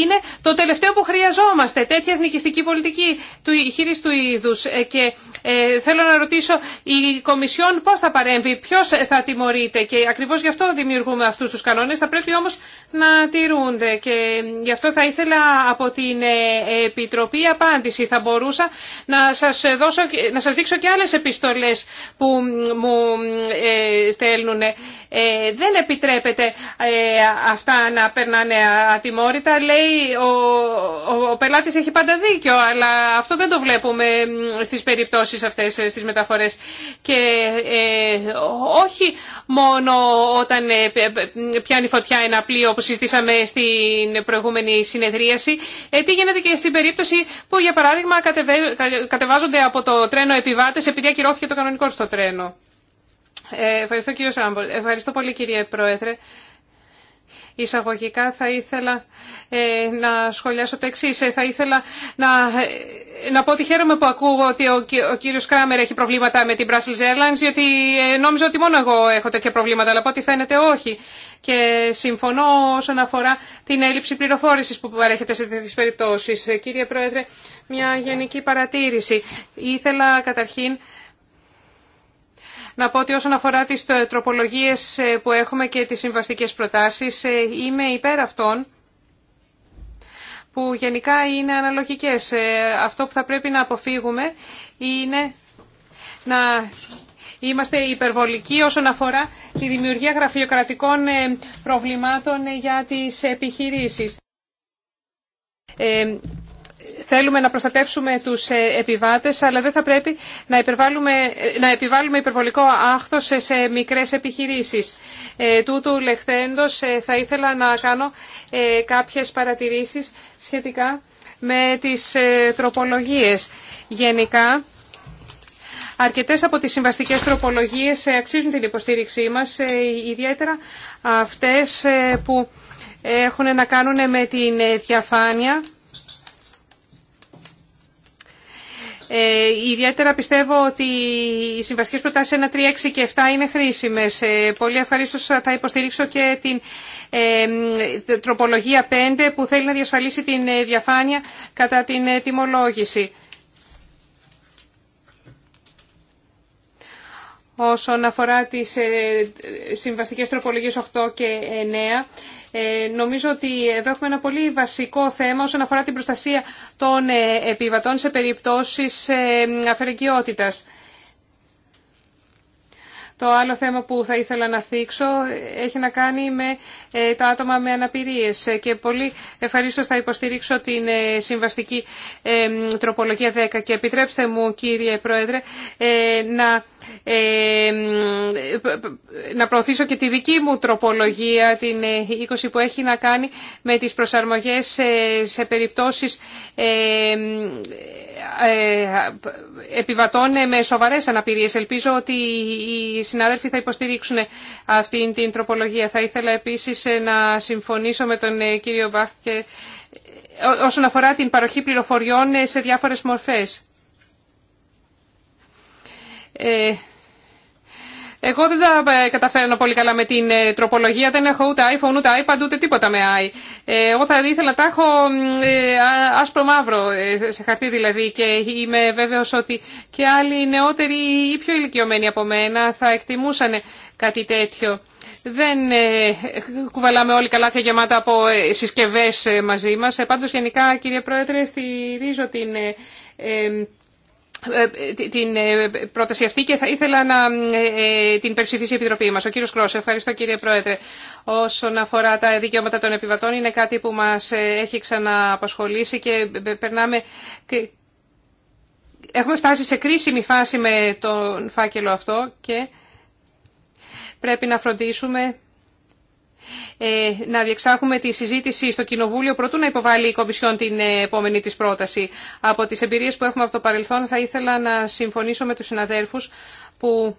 είναι το τελευταίο που χρειαζόμαστε, τέτοια εθνικιστική πολιτική του χείρις του είδου. Ε, και ε, θέλω να ρωτήσω, η Κομισιόν πώς θα παρέμβει, ποιο θα τιμωρείται και ακριβώς γι' αυτό δημιουργούμε αυτού τους κανόνες, θα πρέπει όμως να τηρούνται και γι' αυτό θα ήθελα από την Επιτροπή απάντηση. Θα μπορούσα να σα δώσω, να σας δείξω και άλλες επιστολές που μου στέλνουν ε, δεν επιτρέπεται ε, αυτά να περνάνε ατιμόρυτα. Λέει ο, ο, πελάτης έχει πάντα δίκιο, αλλά αυτό δεν το βλέπουμε στις περιπτώσεις αυτές, ε, στις μεταφορές. Και ε, όχι μόνο όταν πιάνει φωτιά ένα πλοίο που συζητήσαμε στην προηγούμενη συνεδρίαση, τι γίνεται και στην περίπτωση που για παράδειγμα κατεβάζονται από το τρένο επιβάτες επειδή ακυρώθηκε το κανονικό στο τρένο. Ε, ευχαριστώ κύριο Σάμπολ. Ευχαριστώ πολύ κύριε Πρόεδρε. Εισαγωγικά θα ήθελα ε, να σχολιάσω το εξή. Ε, θα ήθελα να, να πω ότι χαίρομαι που ακούω ότι ο, ο κύριο Κράμερ έχει προβλήματα με την Brussels Airlines, διότι νόμιζα ότι μόνο εγώ έχω τέτοια προβλήματα, αλλά από ό,τι φαίνεται όχι. Και συμφωνώ όσον αφορά την έλλειψη πληροφόρηση που παρέχεται σε τέτοιε περιπτώσει. Κύριε Πρόεδρε, μια γενική παρατήρηση. Ήθελα καταρχήν να πω ότι όσον αφορά τις ε, τροπολογίες ε, που έχουμε και τις συμβαστικές προτάσεις, ε, είμαι υπέρ αυτών που γενικά είναι αναλογικές. Αυτό που θα πρέπει να αποφύγουμε είναι να είμαστε υπερβολικοί όσον αφορά τη δημιουργία γραφειοκρατικών προβλημάτων για τις επιχειρήσεις. Θέλουμε να προστατεύσουμε τους ε, επιβάτες, αλλά δεν θα πρέπει να, ε, να επιβάλλουμε υπερβολικό άχθο σε μικρές επιχειρήσεις. Ε, τούτου λεχθέντος ε, θα ήθελα να κάνω κάποιες παρατηρήσεις σχετικά με τις ε, τροπολογίες. Γενικά, αρκετέ από τις συμβαστικές τροπολογίες αξίζουν την υποστήριξή μας, ιδιαίτερα αυτές που έχουν να κάνουν με την διαφάνεια Ε, ιδιαίτερα πιστεύω ότι οι συμβαστικές προτάσεις 1, 3, 6 και 7 είναι χρήσιμες. Ε, πολύ ευχαρίστως θα υποστηρίξω και την ε, τροπολογία 5 που θέλει να διασφαλίσει την ε, διαφάνεια κατά την ε, τιμολόγηση. Όσον αφορά τις συμβαστικές τροπολογίες 8 και 9, ε, νομίζω ότι εδώ έχουμε ένα πολύ βασικό θέμα όσον αφορά την προστασία των ε, επιβατών σε περιπτώσεις ε, αφαιρεγγιότητας. Το άλλο θέμα που θα ήθελα να θίξω έχει να κάνει με ε, τα άτομα με αναπηρίες και πολύ ευχαρίστω θα υποστηρίξω την ε, συμβαστική ε, τροπολογία 10 και επιτρέψτε μου κύριε Πρόεδρε να, να προωθήσω και τη δική μου τροπολογία την 20 που έχει να κάνει με τις προσαρμογές σε περιπτώσεις ε, επιβατών με σοβαρές αναπηρίες. Ελπίζω ότι οι συνάδελφοι θα υποστηρίξουν αυτή την τροπολογία. Θα ήθελα επίσης να συμφωνήσω με τον ε, κύριο Μπαχ και ε, όσον αφορά την παροχή πληροφοριών σε διάφορες μορφές. Εγώ δεν τα ε, καταφέρνω πολύ καλά με την ε, τροπολογία. Δεν έχω ούτε iPhone, ούτε iPad, ούτε τίποτα με i. Ε, εγώ θα ήθελα να τα έχω άσπρο μαύρο, σε χαρτί δηλαδή. Και είμαι βέβαιος ότι και άλλοι νεότεροι ή πιο ηλικιωμένοι από μένα θα εκτιμούσαν κάτι τέτοιο. Δεν κουβαλάμε όλοι καλά και γεμάτα από συσκευέ μαζί μα. Πάντως, γενικά, κύριε Πρόεδρε, στηρίζω την ε, την ε, πρόταση αυτή και θα ήθελα να ε, την υπερψηφίσει η Επιτροπή μας. Ο κύριος Κρόσε, ευχαριστώ κύριε Πρόεδρε. Όσον αφορά τα δικαιώματα των επιβατών είναι κάτι που μας έχει ξανααπασχολήσει και περνάμε... Έχουμε φτάσει σε κρίσιμη φάση με τον φάκελο αυτό και πρέπει να φροντίσουμε ε, να διεξάγουμε τη συζήτηση στο Κοινοβούλιο προτού να υποβάλει η Κομισιόν την ε, επόμενη της πρόταση. Από τις εμπειρίες που έχουμε από το παρελθόν θα ήθελα να συμφωνήσω με τους συναδέρφους που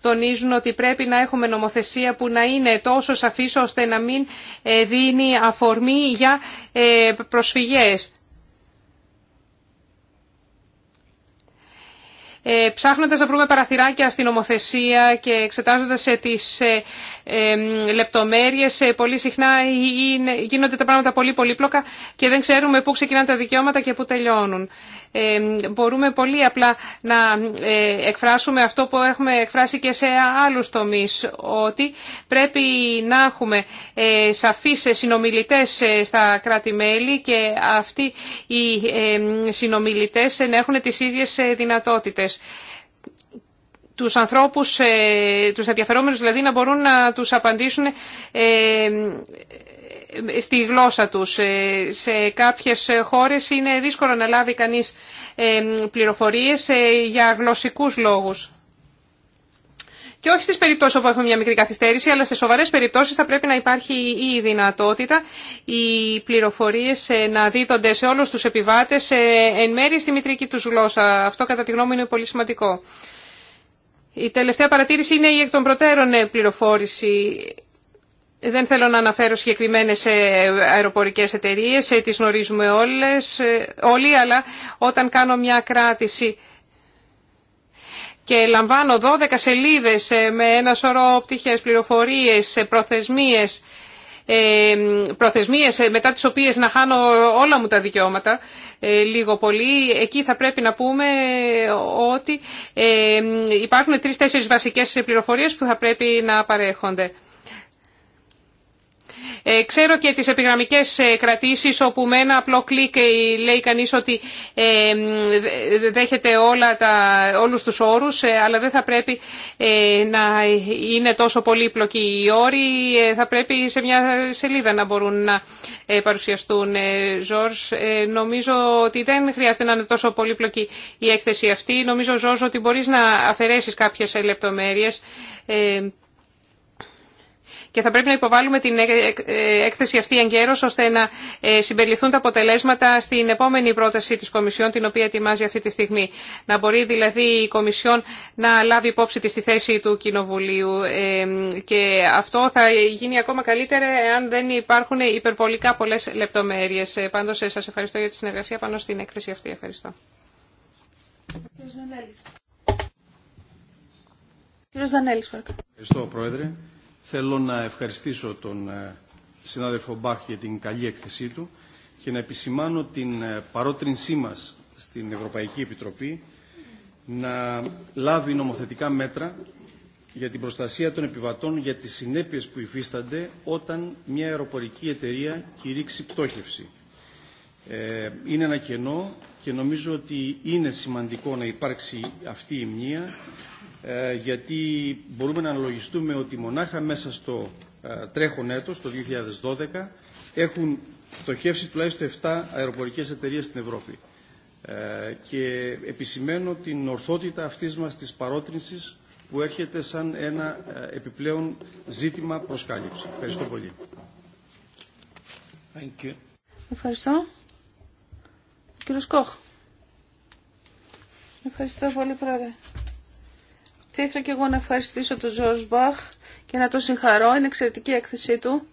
τονίζουν ότι πρέπει να έχουμε νομοθεσία που να είναι τόσο σαφής ώστε να μην ε, δίνει αφορμή για προσφυγές. Ε, ψάχνοντας να βρούμε παραθυράκια στην ομοθεσία και εξετάζοντας ε, τις ε, λεπτομέρειες, πολύ συχνά γίνονται τα πράγματα πολύ πολύπλοκα και δεν ξέρουμε πού ξεκινάνε τα δικαιώματα και πού τελειώνουν. Μπορούμε πολύ απλά να εκφράσουμε αυτό που έχουμε εκφράσει και σε άλλους τομείς, ότι πρέπει να έχουμε σαφείς συνομιλητές στα κράτη-μέλη και αυτοί οι συνομιλητές να έχουν τις ίδιες δυνατότητες. Τους ανθρώπους, ε, τους ενδιαφερόμενους δηλαδή, να μπορούν να τους απαντήσουν ε, στη γλώσσα τους. Ε, σε κάποιες χώρες είναι δύσκολο να λάβει κανείς πληροφορίες για γλωσσικούς λόγους. Και όχι στι περιπτώσει όπου έχουμε μια μικρή καθυστέρηση, αλλά σε σοβαρέ περιπτώσει θα πρέπει να υπάρχει η δυνατότητα οι πληροφορίε ε, να δίδονται σε όλου του επιβάτε ε, εν μέρει στη μητρική του γλώσσα. Αυτό κατά τη γνώμη μου είναι πολύ σημαντικό. Η τελευταία παρατήρηση είναι η εκ των προτέρων ε, πληροφόρηση. Δεν θέλω να αναφέρω συγκεκριμένε αεροπορικέ εταιρείε, τι γνωρίζουμε όλες, όλοι, αλλά όταν κάνω μια κράτηση και λαμβάνω 12 σελίδες ε, με ένα σωρό πτυχές, πληροφορίες, ε, προθεσμίες, ε, προθεσμίες μετά τις οποίες να χάνω όλα μου τα δικαιώματα λίγο πολύ. Εκεί θα πρέπει να πούμε ότι υπάρχουν τρεις-τέσσερις βασικές πληροφορίες που θα πρέπει να παρέχονται. Ε, ξέρω και τις επιγραμμικές ε, κρατήσεις όπου με ένα απλό κλικ ε, λέει κανείς ότι δέχεται όλα τα, όλους τους όρους αλλά δεν θα πρέπει να είναι τόσο πολύπλοκοι οι όροι θα πρέπει σε μια σελίδα να μπορούν να παρουσιαστούν Ζόρς νομίζω ότι δεν χρειάζεται να είναι τόσο πολύπλοκη η έκθεση αυτή νομίζω Ζόρς ότι μπορείς να αφαιρέσεις κάποιες λεπτομέρειες και θα πρέπει να υποβάλουμε την ε, ε, έκθεση αυτή εγκαίρως ώστε να ε, συμπεριληφθούν τα αποτελέσματα στην επόμενη πρόταση τη Κομισιόν την οποία ετοιμάζει αυτή τη στιγμή. Να μπορεί δηλαδή η Κομισιόν να λάβει υπόψη τη στη θέση του Κοινοβουλίου και αυτό θα γίνει ακόμα καλύτερα αν δεν υπάρχουν υπερβολικά πολλές λεπτομέρειες. Πάντω σα ευχαριστώ για τη συνεργασία πάνω στην έκθεση αυτή. Ευχαριστώ. Κύριος Δανέλης, Ευχαριστώ, Πρόεδρε. Θέλω να ευχαριστήσω τον ε, συνάδελφο Μπάχ για την καλή έκθεσή του και να επισημάνω την ε, παρότρινσή μας στην Ευρωπαϊκή Επιτροπή να λάβει νομοθετικά μέτρα για την προστασία των επιβατών για τις συνέπειες που υφίστανται όταν μια αεροπορική εταιρεία κηρύξει πτώχευση. Ε, είναι ένα κενό και νομίζω ότι είναι σημαντικό να υπάρξει αυτή η μνήμα... Ε, γιατί μπορούμε να αναλογιστούμε ότι μονάχα μέσα στο ε, τρέχον έτος, το 2012, έχουν φτωχεύσει τουλάχιστον 7 αεροπορικές εταιρείες στην Ευρώπη. Ε, και επισημαίνω την ορθότητα αυτής μας της παρότρινσης που έρχεται σαν ένα επιπλέον ζήτημα προσκάλυψη. Ευχαριστώ πολύ. Thank you. Ευχαριστώ. Κύριος Κόχ. Ευχαριστώ πολύ, Πρόεδρε. Θα ήθελα και εγώ να ευχαριστήσω τον Τζορς Μπαχ και να τον συγχαρώ. Είναι εξαιρετική η έκθεσή του.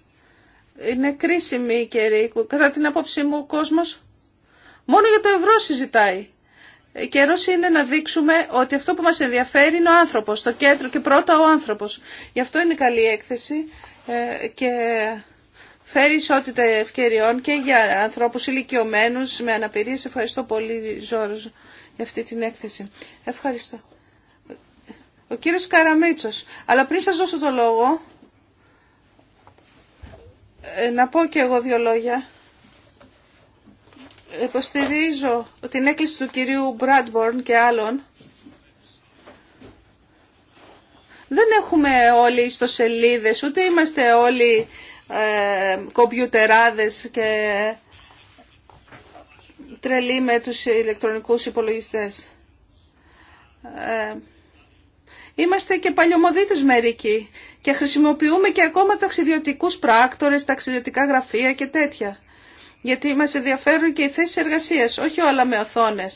Είναι κρίσιμη η καιρή. Κατά την άποψή μου ο κόσμος μόνο για το ευρώ συζητάει. Καιρό είναι να δείξουμε ότι αυτό που μας ενδιαφέρει είναι ο άνθρωπος, το κέντρο και πρώτα ο άνθρωπος. Γι' αυτό είναι καλή η έκθεση ε, και φέρει ισότητα ευκαιριών και για ανθρώπους ηλικιωμένους με αναπηρίες. Ευχαριστώ πολύ Ζόρος για αυτή την έκθεση. Ευχαριστώ. Ο κύριος Καραμίτσος. Αλλά πριν σας δώσω το λόγο, ε, να πω και εγώ δύο λόγια. Υποστηρίζω την έκκληση του κυρίου Μπράντμπορν και άλλων. Δεν έχουμε όλοι σελίδες, ούτε είμαστε όλοι ε, κομπιουτεράδες και τρελοί με τους ηλεκτρονικούς υπολογιστές. Ε, Είμαστε και παλιωμοδίτε μερικοί και χρησιμοποιούμε και ακόμα ταξιδιωτικούς πράκτορες, ταξιδιωτικά γραφεία και τέτοια. Γιατί μα ενδιαφέρουν και οι θέσεις εργασίας, όχι όλα με οθόνε.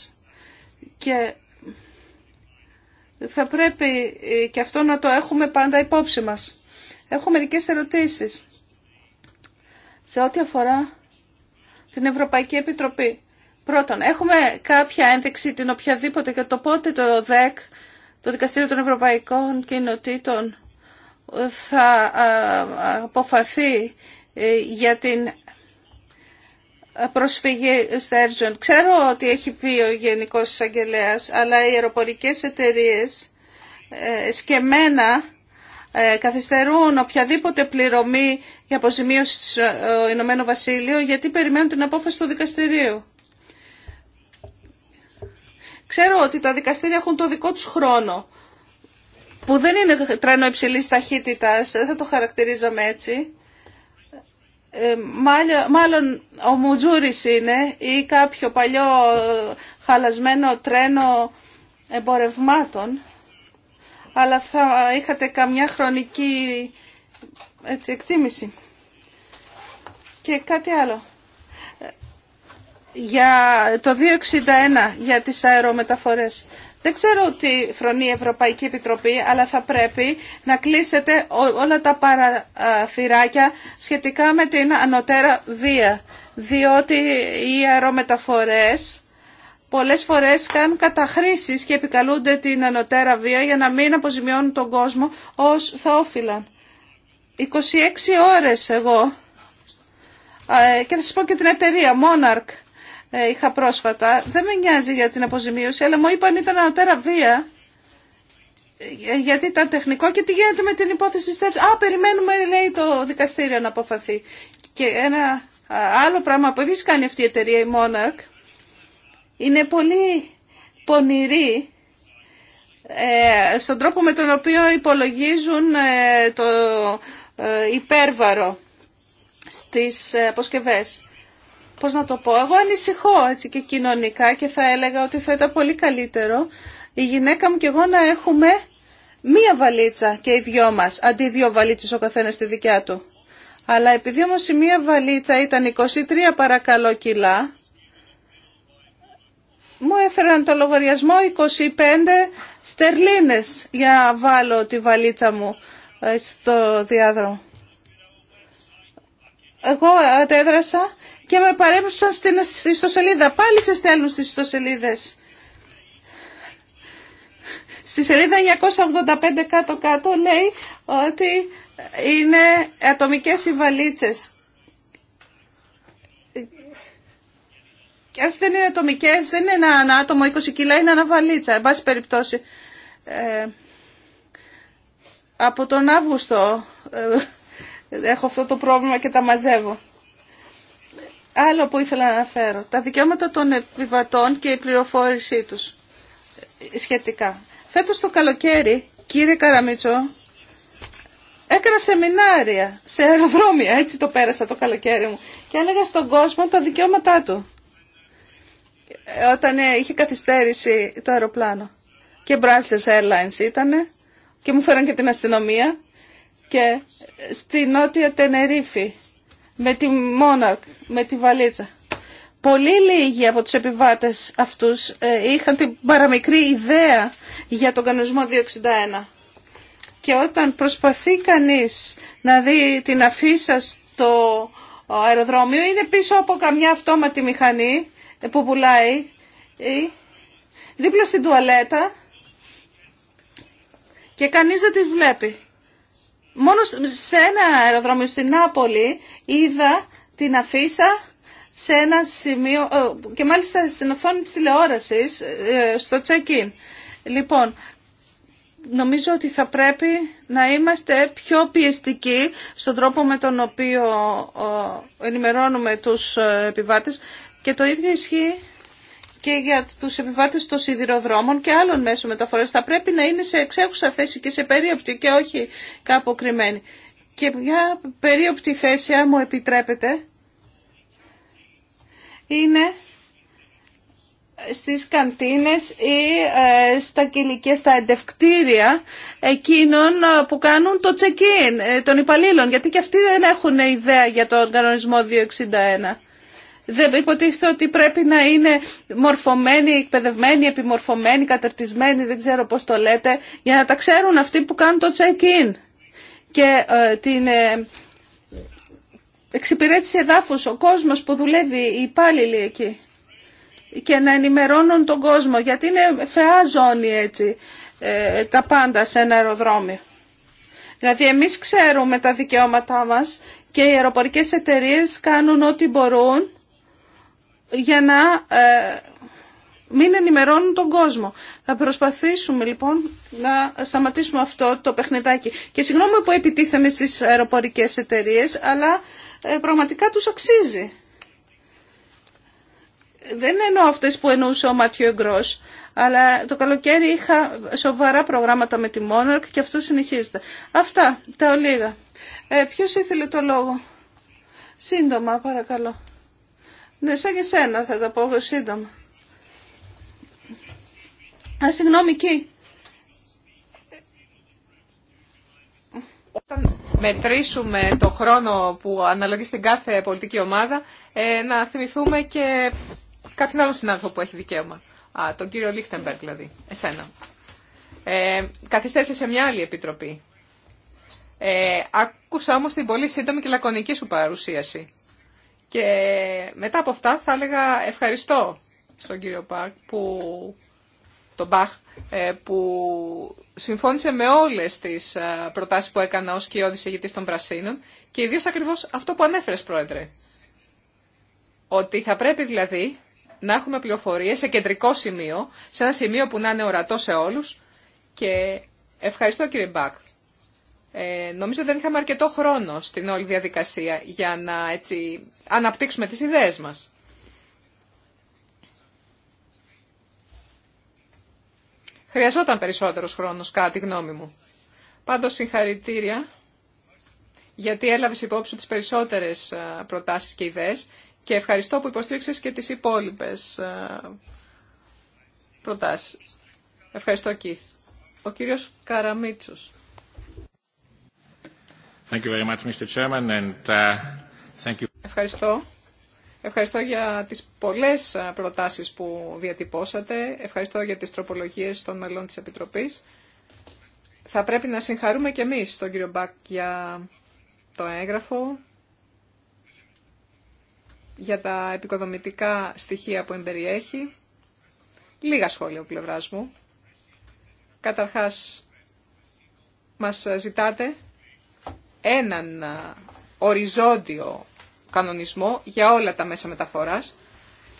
Και θα πρέπει ε, και αυτό να το έχουμε πάντα υπόψη μας. Έχω μερικές ερωτήσεις σε ό,τι αφορά την Ευρωπαϊκή Επιτροπή. Πρώτον, έχουμε κάποια ένδειξη την οποιαδήποτε και το πότε το ΔΕΚ το Δικαστήριο των Ευρωπαϊκών Κοινοτήτων θα αποφαθεί ε, για την προσφυγή Στέρζον. Ξέρω ότι έχει πει ο Γενικός Εισαγγελέας, αλλά οι αεροπορικές εταιρείες ε, σκεμμένα ε, καθυστερούν οποιαδήποτε πληρωμή για αποζημίωση στο Ηνωμένο Βασίλειο γιατί περιμένουν την απόφαση του δικαστηρίου. Ξέρω ότι τα δικαστήρια έχουν το δικό τους χρόνο, που δεν είναι τρένο υψηλής ταχύτητας, δεν θα το χαρακτηρίζαμε έτσι. Ε, μάλλον ο Μουτζούρης είναι ή κάποιο παλιό ε, χαλασμένο τρένο εμπορευμάτων αλλά θα είχατε καμιά χρονική έτσι, εκτίμηση. Και κάτι άλλο για το 261 για τις αερομεταφορές. Δεν ξέρω τι φρονεί η Ευρωπαϊκή Επιτροπή, αλλά θα πρέπει να κλείσετε όλα τα παραθυράκια σχετικά με την ανωτέρα βία, διότι οι αερομεταφορές πολλές φορές κάνουν καταχρήσεις και επικαλούνται την ανωτέρα βία για να μην αποζημιώνουν τον κόσμο ως όφυλαν. 26 ώρες εγώ ε, και θα σας πω και την εταιρεία Monarch ε, είχα πρόσφατα, δεν με νοιάζει για την αποζημίωση, αλλά μου είπαν ήταν ανωτέρα βία, ε, γιατί ήταν τεχνικό και τι γίνεται με την υπόθεση στέρηση; Α, περιμένουμε, λέει, το δικαστήριο να αποφαθεί. Και ένα άλλο πράγμα που επίσης κάνει αυτή η εταιρεία, η Monarch, είναι πολύ πονηρή ε, στον τρόπο με τον οποίο υπολογίζουν το υπέρβαρο στις αποσκευές πώς να το πω, εγώ ανησυχώ έτσι και κοινωνικά και θα έλεγα ότι θα ήταν πολύ καλύτερο η γυναίκα μου και εγώ να έχουμε μία βαλίτσα και οι δυο μας, αντί δύο βαλίτσες ο καθένας στη δικιά του. Αλλά επειδή όμως η μία βαλίτσα ήταν 23 παρακαλώ κιλά, μου έφεραν το λογαριασμό 25 στερλίνες για να βάλω τη βαλίτσα μου ε, στο διάδρομο. Εγώ αντέδρασα και με παρέπεψαν στην ιστοσελίδα. Πάλι σε στέλνουν στις ιστοσελίδες. Στη σελίδα 985 κάτω-κάτω λέει ότι είναι ατομικές οι βαλίτσες. Και όχι δεν είναι ατομικές, δεν είναι ένα, ένα άτομο 20 κιλά, είναι ένα βαλίτσα. Εν πάση περιπτώσει, ε, από τον Αύγουστο ε, έχω αυτό το πρόβλημα και τα μαζεύω. Άλλο που ήθελα να αναφέρω, τα δικαιώματα των επιβατών και η πληροφόρησή τους σχετικά. Φέτος το καλοκαίρι, κύριε Καραμίτσο, έκανα σεμινάρια σε αεροδρόμια, έτσι το πέρασα το καλοκαίρι μου, και έλεγα στον κόσμο τα δικαιώματά του. Όταν είχε καθυστέρηση το αεροπλάνο. Και Brussels Airlines ήταν και μου φέραν και την αστυνομία και στη νότια Τενερίφη με τη Μόναρκ, με τη Βαλίτσα. Πολύ λίγοι από τους επιβάτες αυτούς ε, είχαν την παραμικρή ιδέα για τον κανονισμό 261. Και όταν προσπαθεί κανείς να δει την αφίσα στο αεροδρόμιο, είναι πίσω από καμιά αυτόματη μηχανή ε, που πουλάει, ή δίπλα στην τουαλέτα και κανείς δεν τη βλέπει. Μόνο σε ένα αεροδρόμιο στην Νάπολη είδα την αφίσα σε ένα σημείο ε, και μάλιστα στην οθόνη της τηλεόρασης ε, ε, στο check-in. Λοιπόν, νομίζω ότι θα πρέπει να είμαστε πιο πιεστικοί στον τρόπο με τον οποίο ενημερώνουμε τους επιβάτες και το ίδιο ισχύει και για τους επιβάτες των σιδηροδρόμων και άλλων μέσων μεταφοράς θα πρέπει να είναι σε εξέχουσα θέση και σε περίοπτη και όχι κάπου κρυμμένη. Και μια περίοπτη θέση, αν μου επιτρέπετε, είναι στις καντίνες ή ε, στα κυλικέ, στα εντευκτήρια εκείνων ε, που κάνουν το check-in ε, των υπαλλήλων, γιατί και αυτοί δεν έχουν ιδέα για τον οργανισμό 261. Δεν υποτίθεται ότι πρέπει να είναι μορφωμένοι, εκπαιδευμένοι, επιμορφωμένοι, καταρτισμένοι, δεν ξέρω πώς το λέτε, για να τα ξέρουν αυτοί που κάνουν το check-in και ε, την ε, εξυπηρέτηση εδάφους, ο κόσμος που δουλεύει, οι υπάλληλοι εκεί και να ενημερώνουν τον κόσμο γιατί είναι φαιά ζώνη έτσι ε, τα πάντα σε ένα αεροδρόμιο. Δηλαδή εμείς ξέρουμε τα δικαιώματά μας και οι αεροπορικές εταιρείες κάνουν ό,τι μπορούν για να ε, μην ενημερώνουν τον κόσμο. Θα προσπαθήσουμε λοιπόν να σταματήσουμε αυτό το παιχνιδάκι. Και συγγνώμη που επιτίθεμαι στις αεροπορικές εταιρείες, αλλά ε, πραγματικά τους αξίζει. Δεν εννοώ αυτές που εννοούσε ο Ματιό Εγκρός, αλλά το καλοκαίρι είχα σοβαρά προγράμματα με τη Monarch και αυτό συνεχίζεται. Αυτά, τα ολίγα. Ε, ποιος ήθελε το λόγο. Σύντομα, παρακαλώ. Ναι, σαν και σένα θα τα πω σύντομα. Α, συγγνώμη, εκεί. Όταν μετρήσουμε το χρόνο που αναλογεί στην κάθε πολιτική ομάδα, ε, να θυμηθούμε και κάποιον άλλο συνάδελφο που έχει δικαίωμα. Α, τον κύριο Λίχτεμπεργκ δηλαδή, εσένα. Ε, καθυστέρησε σε μια άλλη επιτροπή. Ε, άκουσα όμως την πολύ σύντομη και λακωνική σου παρουσίαση. Και μετά από αυτά θα έλεγα ευχαριστώ στον κύριο που, τον Μπαχ ε, που συμφώνησε με όλες τις ε, προτάσεις που έκανα ως ο ηγητής των Πρασίνων και ιδίως ακριβώς αυτό που ανέφερες πρόεδρε. Ότι θα πρέπει δηλαδή να έχουμε πληροφορίες σε κεντρικό σημείο, σε ένα σημείο που να είναι ορατό σε όλους και ευχαριστώ κύριε Μπακ ε, νομίζω δεν είχαμε αρκετό χρόνο στην όλη διαδικασία για να έτσι, αναπτύξουμε τις ιδέες μας. Χρειαζόταν περισσότερος χρόνος, κάτι γνώμη μου. Πάντως συγχαρητήρια, γιατί έλαβες υπόψη τις περισσότερες προτάσεις και ιδέες και ευχαριστώ που υποστήριξες και τις υπόλοιπες προτάσεις. Ευχαριστώ, Κίθ. Ο κύριος Καραμίτσος. Uh, Ευχαριστώ. Ευχαριστώ για τις πολλές προτάσεις που διατυπώσατε. Ευχαριστώ για τις τροπολογίες των μελών της Επιτροπής. Θα πρέπει να συγχαρούμε και εμείς τον κύριο Μπακ για το έγγραφο, για τα επικοδομητικά στοιχεία που εμπεριέχει. Λίγα σχόλια ο πλευράς μου. Καταρχάς, μας ζητάτε έναν οριζόντιο κανονισμό για όλα τα μέσα μεταφοράς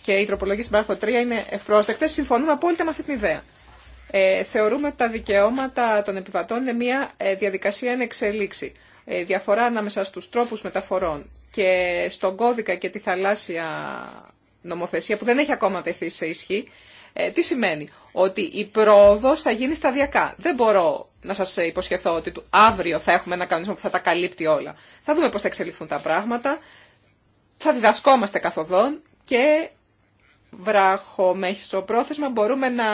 και οι τροπολογίες στην παράγραφο 3 είναι ευπρόσδεκτες. Συμφωνούμε απόλυτα με αυτή την ιδέα. Ε, θεωρούμε ότι τα δικαιώματα των επιβατών είναι μια ε, διαδικασία εν εξελίξη. Ε, διαφορά ανάμεσα στους τρόπους μεταφορών και στον κώδικα και τη θαλάσσια νομοθεσία που δεν έχει ακόμα τεθεί σε ισχύ ε, τι σημαίνει, ότι η πρόοδο θα γίνει σταδιακά. Δεν μπορώ να σα υποσχεθώ ότι αύριο θα έχουμε ένα κανονισμό που θα τα καλύπτει όλα. Θα δούμε πώς θα εξελιχθούν τα πράγματα. Θα διδασκόμαστε καθοδόν και βράχο πρόθεσμα μπορούμε να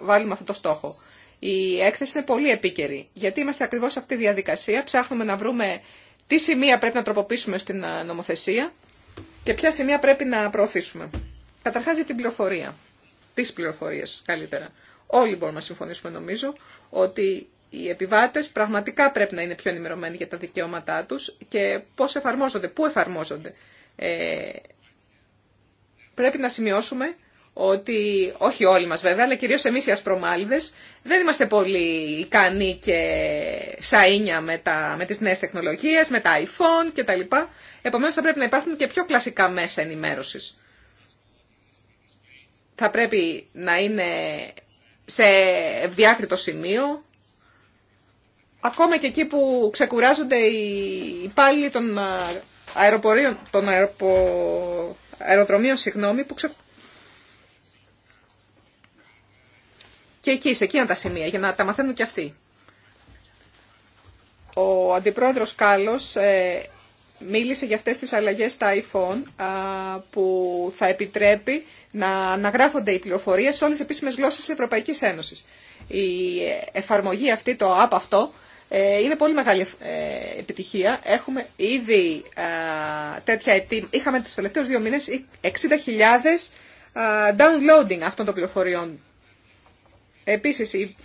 βάλουμε αυτό το στόχο. Η έκθεση είναι πολύ επίκαιρη, γιατί είμαστε ακριβώς σε αυτή τη διαδικασία, ψάχνουμε να βρούμε τι σημεία πρέπει να τροποποιήσουμε στην ε, νομοθεσία και ποια σημεία πρέπει να προωθήσουμε. Καταρχάς για την πληροφορία τις πληροφορίες καλύτερα. Όλοι μπορούμε να συμφωνήσουμε νομίζω ότι οι επιβάτες πραγματικά πρέπει να είναι πιο ενημερωμένοι για τα δικαιώματά τους και πώς εφαρμόζονται, πού εφαρμόζονται. Ε, πρέπει να σημειώσουμε ότι όχι όλοι μας βέβαια, αλλά κυρίως εμείς οι ασπρομάλιδες δεν είμαστε πολύ ικανοί και σαΐνια με, τα, με τις νέες τεχνολογίες, με τα iPhone κτλ. Επομένως θα πρέπει να υπάρχουν και πιο κλασικά μέσα ενημέρωσης θα πρέπει να είναι σε ευδιάκριτο σημείο, ακόμα και εκεί που ξεκουράζονται οι υπάλληλοι των ε, αεροπορίων, των αεροπο... αεροδρομίων, συγγνώμη, που ξε... Και εκεί, σε εκείνα τα σημεία, για να τα μαθαίνουν και αυτοί. Ο αντιπρόεδρος Κάλλος ε, μίλησε για αυτές τις αλλαγές στα iPhone που θα επιτρέπει να αναγράφονται οι πληροφορίες σε όλες τι επίσημε γλώσσες τη Ευρωπαϊκής Ένωσης. Η εφαρμογή αυτή, το app αυτό, ε, είναι πολύ μεγάλη ε, επιτυχία. Έχουμε ήδη ε, τέτοια ετή... Είχαμε του τελευταίους δύο μήνες 60.000 downloading αυτών των πληροφοριών. Επίσης, η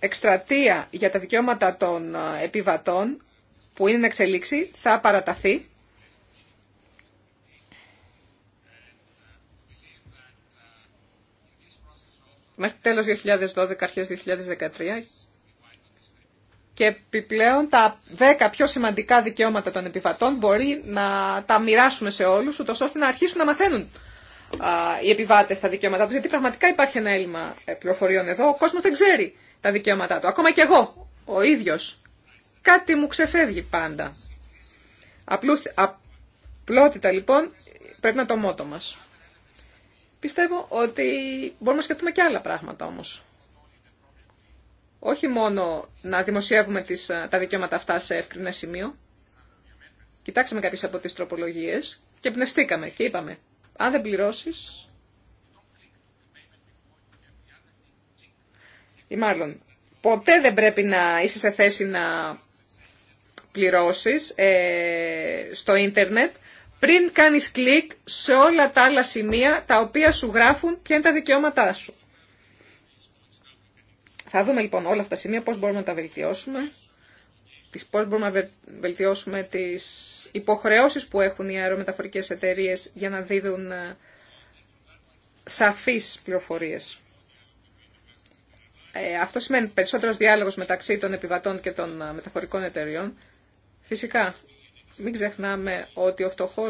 εκστρατεία για τα δικαιώματα των επιβατών που είναι να εξελίξει θα παραταθεί μέχρι τέλος 2012, αρχές 2013 και επιπλέον τα 10 πιο σημαντικά δικαιώματα των επιβατών μπορεί να τα μοιράσουμε σε όλους, ούτως ώστε να αρχίσουν να μαθαίνουν α, οι επιβάτες τα δικαιώματά τους, γιατί πραγματικά υπάρχει ένα έλλειμμα ε, πληροφοριών εδώ, ο κόσμος δεν ξέρει τα δικαιώματά του, ακόμα και εγώ ο ίδιος. Κάτι μου ξεφεύγει πάντα. απλότητα λοιπόν πρέπει να το μότο μας. Πιστεύω ότι μπορούμε να σκεφτούμε και άλλα πράγματα όμως. Όχι μόνο να δημοσιεύουμε τις, τα δικαιώματα αυτά σε εύκρινα σημείο. Κοιτάξαμε κάποιες από τις τροπολογίες και πνευστήκαμε και είπαμε, αν δεν πληρώσεις... Ή μάλλον, ποτέ δεν πρέπει να είσαι σε θέση να πληρώσεις ε, στο ίντερνετ πριν κάνεις κλικ σε όλα τα άλλα σημεία τα οποία σου γράφουν ποια είναι τα δικαιώματά σου. Θα δούμε λοιπόν όλα αυτά τα σημεία πώς μπορούμε να τα βελτιώσουμε, τις πώς μπορούμε να βελτιώσουμε τις υποχρεώσεις που έχουν οι αερομεταφορικές εταιρείες για να δίδουν ε, σαφείς πληροφορίες. Ε, αυτό σημαίνει περισσότερος διάλογος μεταξύ των επιβατών και των ε, μεταφορικών εταιρεών. Φυσικά, μην ξεχνάμε ότι ο φτωχό,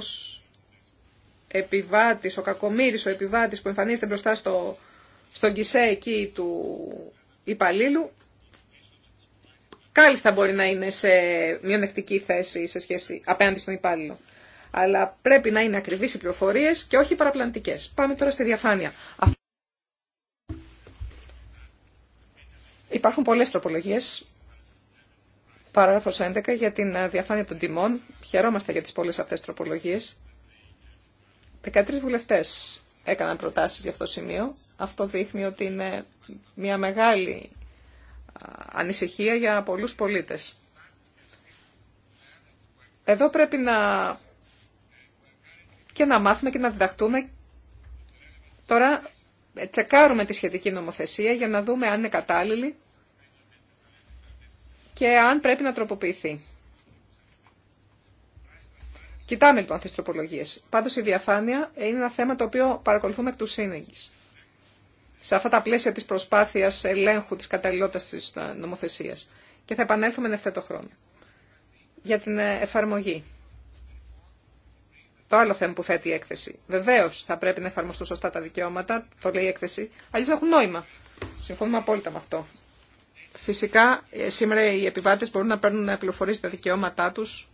επιβάτης, ο κακομύρης, ο επιβάτης που εμφανίζεται μπροστά στο, στον κισέ εκεί του υπαλλήλου, κάλλιστα μπορεί να είναι σε μειονεκτική θέση σε σχέση απέναντι στον υπάλληλο. Αλλά πρέπει να είναι ακριβείς οι πληροφορίες και όχι παραπλανητικές. Πάμε τώρα στη διαφάνεια. Υπάρχουν πολλές τροπολογίες Παράγραφος 11 για την ε, διαφάνεια των τιμών. Χαιρόμαστε για τις πολλές αυτές τροπολογίες. 13 βουλευτές έκαναν προτάσεις για αυτό το σημείο. Αυτό δείχνει ότι είναι μια μεγάλη ανησυχία για πολλούς πολίτες. Εδώ πρέπει να και να μάθουμε και να διδαχτούμε. Τώρα ε, τσεκάρουμε τη σχετική νομοθεσία για να δούμε αν είναι κατάλληλη και αν πρέπει να τροποποιηθεί. Κοιτάμε λοιπόν αυτές τις τροπολογίες. Πάντως η διαφάνεια είναι ένα θέμα το οποίο παρακολουθούμε εκ του σύνεγγης. Σε αυτά τα πλαίσια της προσπάθειας ελέγχου της καταλληλότητας της νομοθεσίας. Και θα επανέλθουμε εν ευθέτω χρόνο. Για την ε, εφαρμογή. Το άλλο θέμα που θέτει η έκθεση. Βεβαίω θα πρέπει να εφαρμοστούν σωστά τα δικαιώματα, το λέει η έκθεση, αλλιώ έχουν νόημα. Συμφωνούμε απόλυτα με αυτό. Φυσικά, ε, σήμερα οι επιβάτες μπορούν να παίρνουν πληροφορίες τα δικαιώματά τους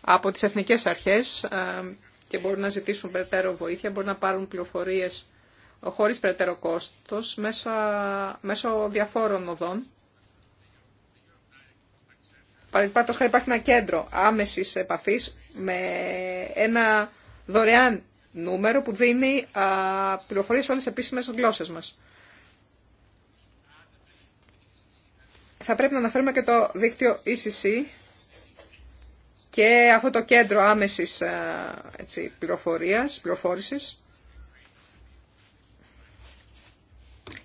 από τις εθνικές αρχές ε, και μπορούν να ζητήσουν περαιτέρω βοήθεια, μπορούν να πάρουν πληροφορίες χωρίς περαιτέρω κόστος μέσα, μέσω διαφόρων οδών. Παραδείγματος χάρη υπάρχει ένα κέντρο άμεσης επαφής με ένα δωρεάν νούμερο που δίνει πληροφορίες σε όλες τις επίσημες γλώσσες μας. θα πρέπει να αναφέρουμε και το δίκτυο ECC και αυτό το κέντρο άμεσης έτσι, πληροφορίας, πληροφόρησης.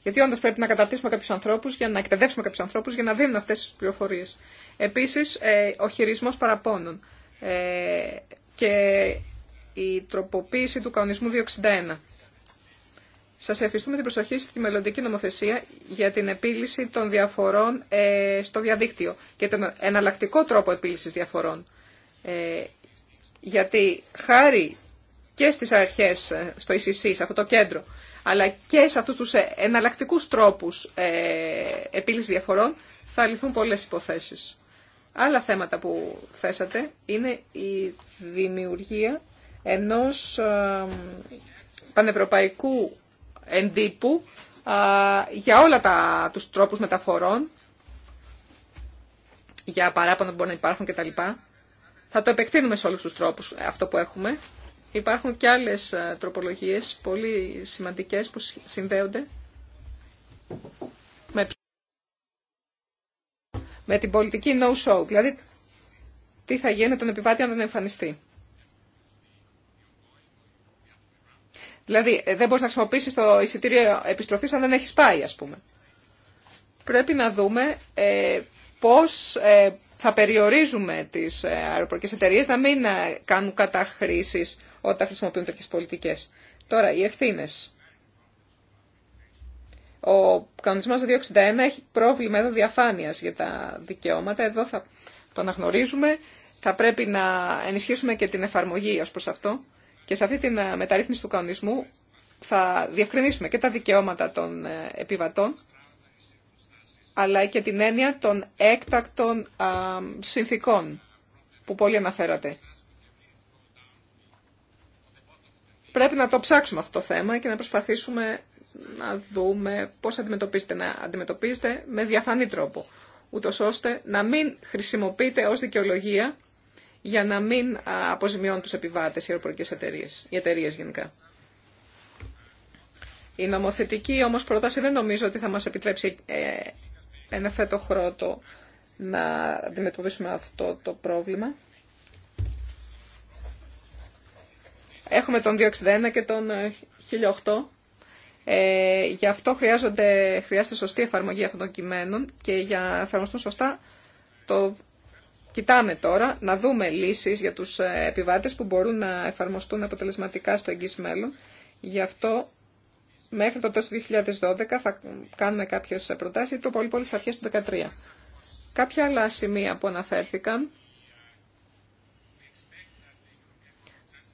Γιατί όντω πρέπει να καταρτήσουμε κάποιου ανθρώπου για να εκπαιδεύσουμε κάποιου ανθρώπου για να δίνουν αυτέ τι πληροφορίε. Επίση, ε, ο χειρισμό παραπώνων ε, και η τροποποίηση του κανονισμού 261. Σας ευχαριστούμε την προσοχή στη μελλοντική νομοθεσία για την επίλυση των διαφορών ε, στο διαδίκτυο και τον εναλλακτικό τρόπο επίλυσης διαφορών. Ε, γιατί χάρη και στις αρχές ε, στο ECC, σε αυτό το κέντρο, αλλά και σε αυτούς τους εναλλακτικούς τρόπους επίλυσης διαφορών θα λυθούν πολλές υποθέσεις. Άλλα θέματα που θέσατε είναι η δημιουργία ενός πανευρωπαϊκού εντύπου για όλα τα, τους τρόπους μεταφορών, για παράπονα που μπορεί να υπάρχουν κτλ. Θα το επεκτείνουμε σε όλους τους τρόπους ε, αυτό που έχουμε. Υπάρχουν και άλλες ε, τροπολογίες πολύ σημαντικές που συνδέονται με, με την πολιτική no-show, δηλαδή τι θα γίνει τον επιβάτη αν δεν εμφανιστεί. Δηλαδή, ε, δεν μπορεί να χρησιμοποιήσει το εισιτήριο επιστροφή αν δεν έχει πάει, α πούμε. Πρέπει να δούμε ε, πώ ε, θα περιορίζουμε τι ε, αεροπορικέ εταιρείε να μην κάνουν καταχρήσει όταν χρησιμοποιούν τέτοιε πολιτικέ. Τώρα, οι ευθύνε. Ο κανονισμός 261 έχει πρόβλημα εδώ διαφάνειας για τα δικαιώματα. Εδώ θα το αναγνωρίζουμε. Θα πρέπει να ενισχύσουμε και την εφαρμογή ω προ αυτό. Και σε αυτή τη ε, μεταρρύθμιση του κανονισμού θα διευκρινίσουμε και τα δικαιώματα των ε, επιβατών, αλλά και την έννοια των έκτακτων συνθήκων που πολύ αναφέρατε. Πρέπει να το ψάξουμε αυτό το θέμα και να προσπαθήσουμε να δούμε πώς αντιμετωπίζετε, να αντιμετωπίζετε με διαφανή τρόπο, ούτως ώστε να μην χρησιμοποιείτε ως δικαιολογία για να μην αποζημιώνουν τους επιβάτες οι αεροπορικές εταιρείες, οι γενικά. Η νομοθετική όμως πρόταση δεν νομίζω ότι θα μας επιτρέψει ε, ένα θέτο χρόνο να αντιμετωπίσουμε αυτό το πρόβλημα. Έχουμε τον 261 και τον 1008. Ε, ε, γι' αυτό χρειάζονται, χρειάζεται σωστή εφαρμογή αυτών των κειμένων και για να εφαρμοστούν σωστά το Κοιτάμε τώρα να δούμε λύσεις για τους ε, επιβάτες που μπορούν να εφαρμοστούν αποτελεσματικά στο εγγύς μέλλον. Γι' αυτό μέχρι το τέλος του 2012 θα κάνουμε κάποιες ε, προτάσεις το πολύ πολύ αρχές του 2013. Κάποια άλλα σημεία που αναφέρθηκαν.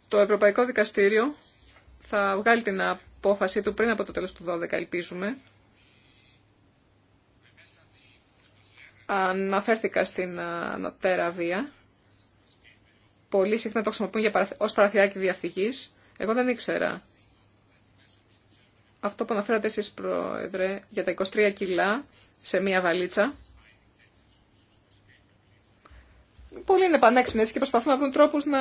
Το Ευρωπαϊκό Δικαστήριο θα βγάλει την απόφαση του πριν από το τέλος του 2012, ελπίζουμε, αναφέρθηκα στην ε, ανωτέρα βία. Πολύ συχνά το χρησιμοποιούν για, ως παραθυράκι διαφυγής. Εγώ δεν ήξερα. Αυτό που αναφέρατε εσείς, Πρόεδρε, για τα 23 κιλά σε μία βαλίτσα. Πολλοί είναι πανέξυπνοι έτσι και προσπαθούν να βρουν τρόπους να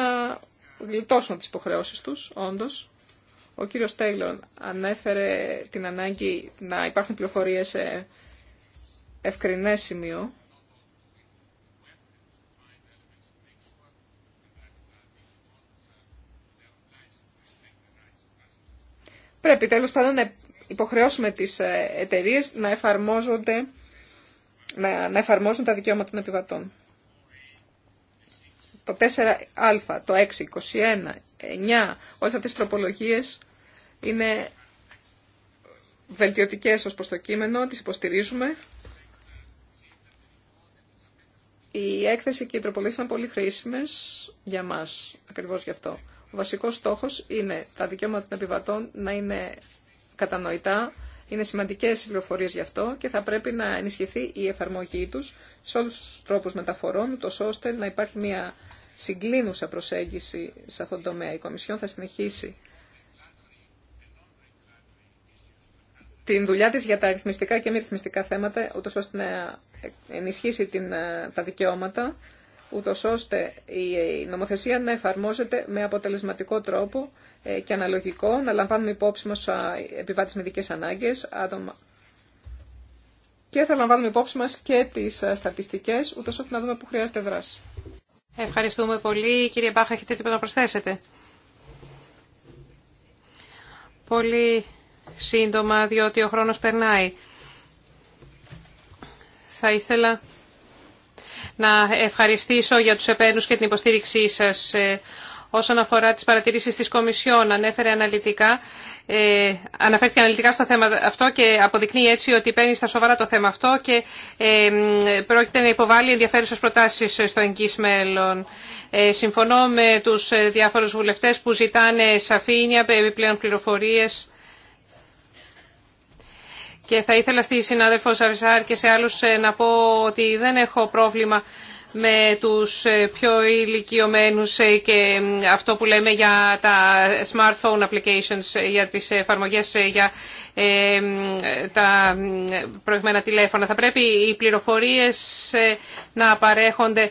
γλιτώσουν τις υποχρεώσεις τους, όντως. Ο κύριος Τέιλον ανέφερε την ανάγκη να υπάρχουν πληροφορίες ευκρινέ σημείο. Πρέπει τέλος πάντων να υποχρεώσουμε τις ε, εταιρείε να εφαρμόζονται να, εφαρμόζουν τα δικαιώματα των επιβατών. Το 4α, το 6, 21, 9, όλες αυτές τις τροπολογίες είναι βελτιωτικές ως προς το κείμενο, τις υποστηρίζουμε. Η έκθεση και οι τροπολογίε ήταν πολύ χρήσιμε για μα, ακριβώ γι' αυτό. Ο βασικό στόχο είναι τα δικαιώματα των επιβατών να είναι κατανοητά, είναι σημαντικέ οι πληροφορίε γι' αυτό και θα πρέπει να ενισχυθεί η εφαρμογή του σε όλου του τρόπου μεταφορών, τόσο ώστε να υπάρχει μια συγκλίνουσα προσέγγιση σε αυτόν τον τομέα. Η Κομισιόν θα συνεχίσει την δουλειά της για τα ρυθμιστικά και μη ρυθμιστικά θέματα, ούτως ώστε να ενισχύσει την, ε, τα δικαιώματα, ούτως ώστε ε, η νομοθεσία να εφαρμόζεται με αποτελεσματικό τρόπο ε, και αναλογικό, να λαμβάνουμε υπόψη μας επιβάτες με δικές ανάγκες, άτομα. Και θα λαμβάνουμε υπόψη μας και τις στατιστικές, ούτως ώστε να δούμε πού χρειάζεται δράση. Ευχαριστούμε πολύ. Κύριε Μπάχα, έχετε τίποτα να προσθέσετε. Πολύ σύντομα, διότι ο χρόνος περνάει. Θα ήθελα να ευχαριστήσω για τους επένους και την υποστήριξή σας. Ε, όσον αφορά τις παρατηρήσεις της Κομισιόν, ανέφερε αναλυτικά, ε, αναφέρθηκε αναλυτικά στο θέμα αυτό και αποδεικνύει έτσι ότι παίρνει στα σοβαρά το θέμα αυτό και ε, πρόκειται να υποβάλει ενδιαφέρουσες προτάσεις στο εγγύς μέλλον. Ε, συμφωνώ με τους ε, διάφορους βουλευτές που ζητάνε σαφήνεια, επιπλέον πληροφορίες και θα ήθελα στη συνάδελφο Σαρισάρ και σε άλλους ε, να πω ότι δεν έχω πρόβλημα με τους ε, πιο ηλικιωμένους ε, και αυτό που λέμε για τα smartphone applications, ε, για τις εφαρμογές για τα προηγμένα τηλέφωνα. Θα πρέπει οι πληροφορίες να παρέχονται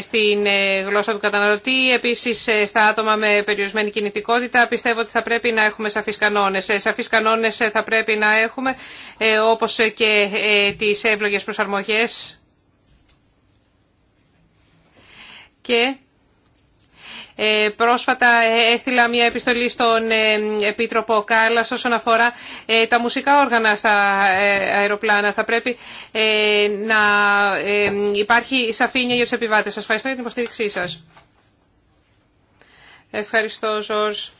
στην γλώσσα του καταναλωτή, επίσης στα άτομα με περιορισμένη κινητικότητα. Πιστεύω ότι θα πρέπει να έχουμε σαφείς κανόνες. Σαφείς κανόνες θα πρέπει να έχουμε, όπως και τις εύλογες προσαρμογές και ε, πρόσφατα έστειλα μια επιστολή στον ε, Επίτροπο Κάλλας όσον αφορά ε, τα μουσικά όργανα στα αεροπλάνα. Θα πρέπει να υπάρχει σαφήνεια για τους επιβάτες. Σας ευχαριστώ για την υποστήριξή σας. Ευχαριστώ, Ζορς.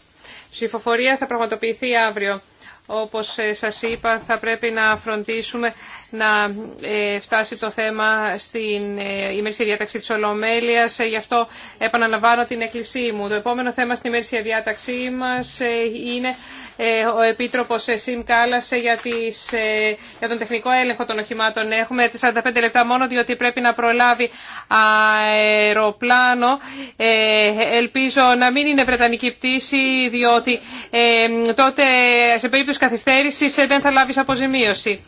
Ψηφοφορία θα πραγματοποιηθεί αύριο. Όπως σας είπα, θα πρέπει να φροντίσουμε να ε, φτάσει το θέμα στην ε, ημερήσια διάταξη της Ολομέλειας. Ε, γι' αυτό επαναλαμβάνω την εκκλησή μου. Το επόμενο θέμα στην ημερήσια διάταξή μας είναι ο Επίτροπος Σιμ Κάλασε για, τις, για τον τεχνικό έλεγχο των οχημάτων. Έχουμε 45 λεπτά μόνο διότι πρέπει να προλάβει αεροπλάνο. Ελπίζω να μην είναι βρετανική πτήση διότι τότε σε περίπτωση καθυστέρησης δεν θα λάβεις αποζημίωση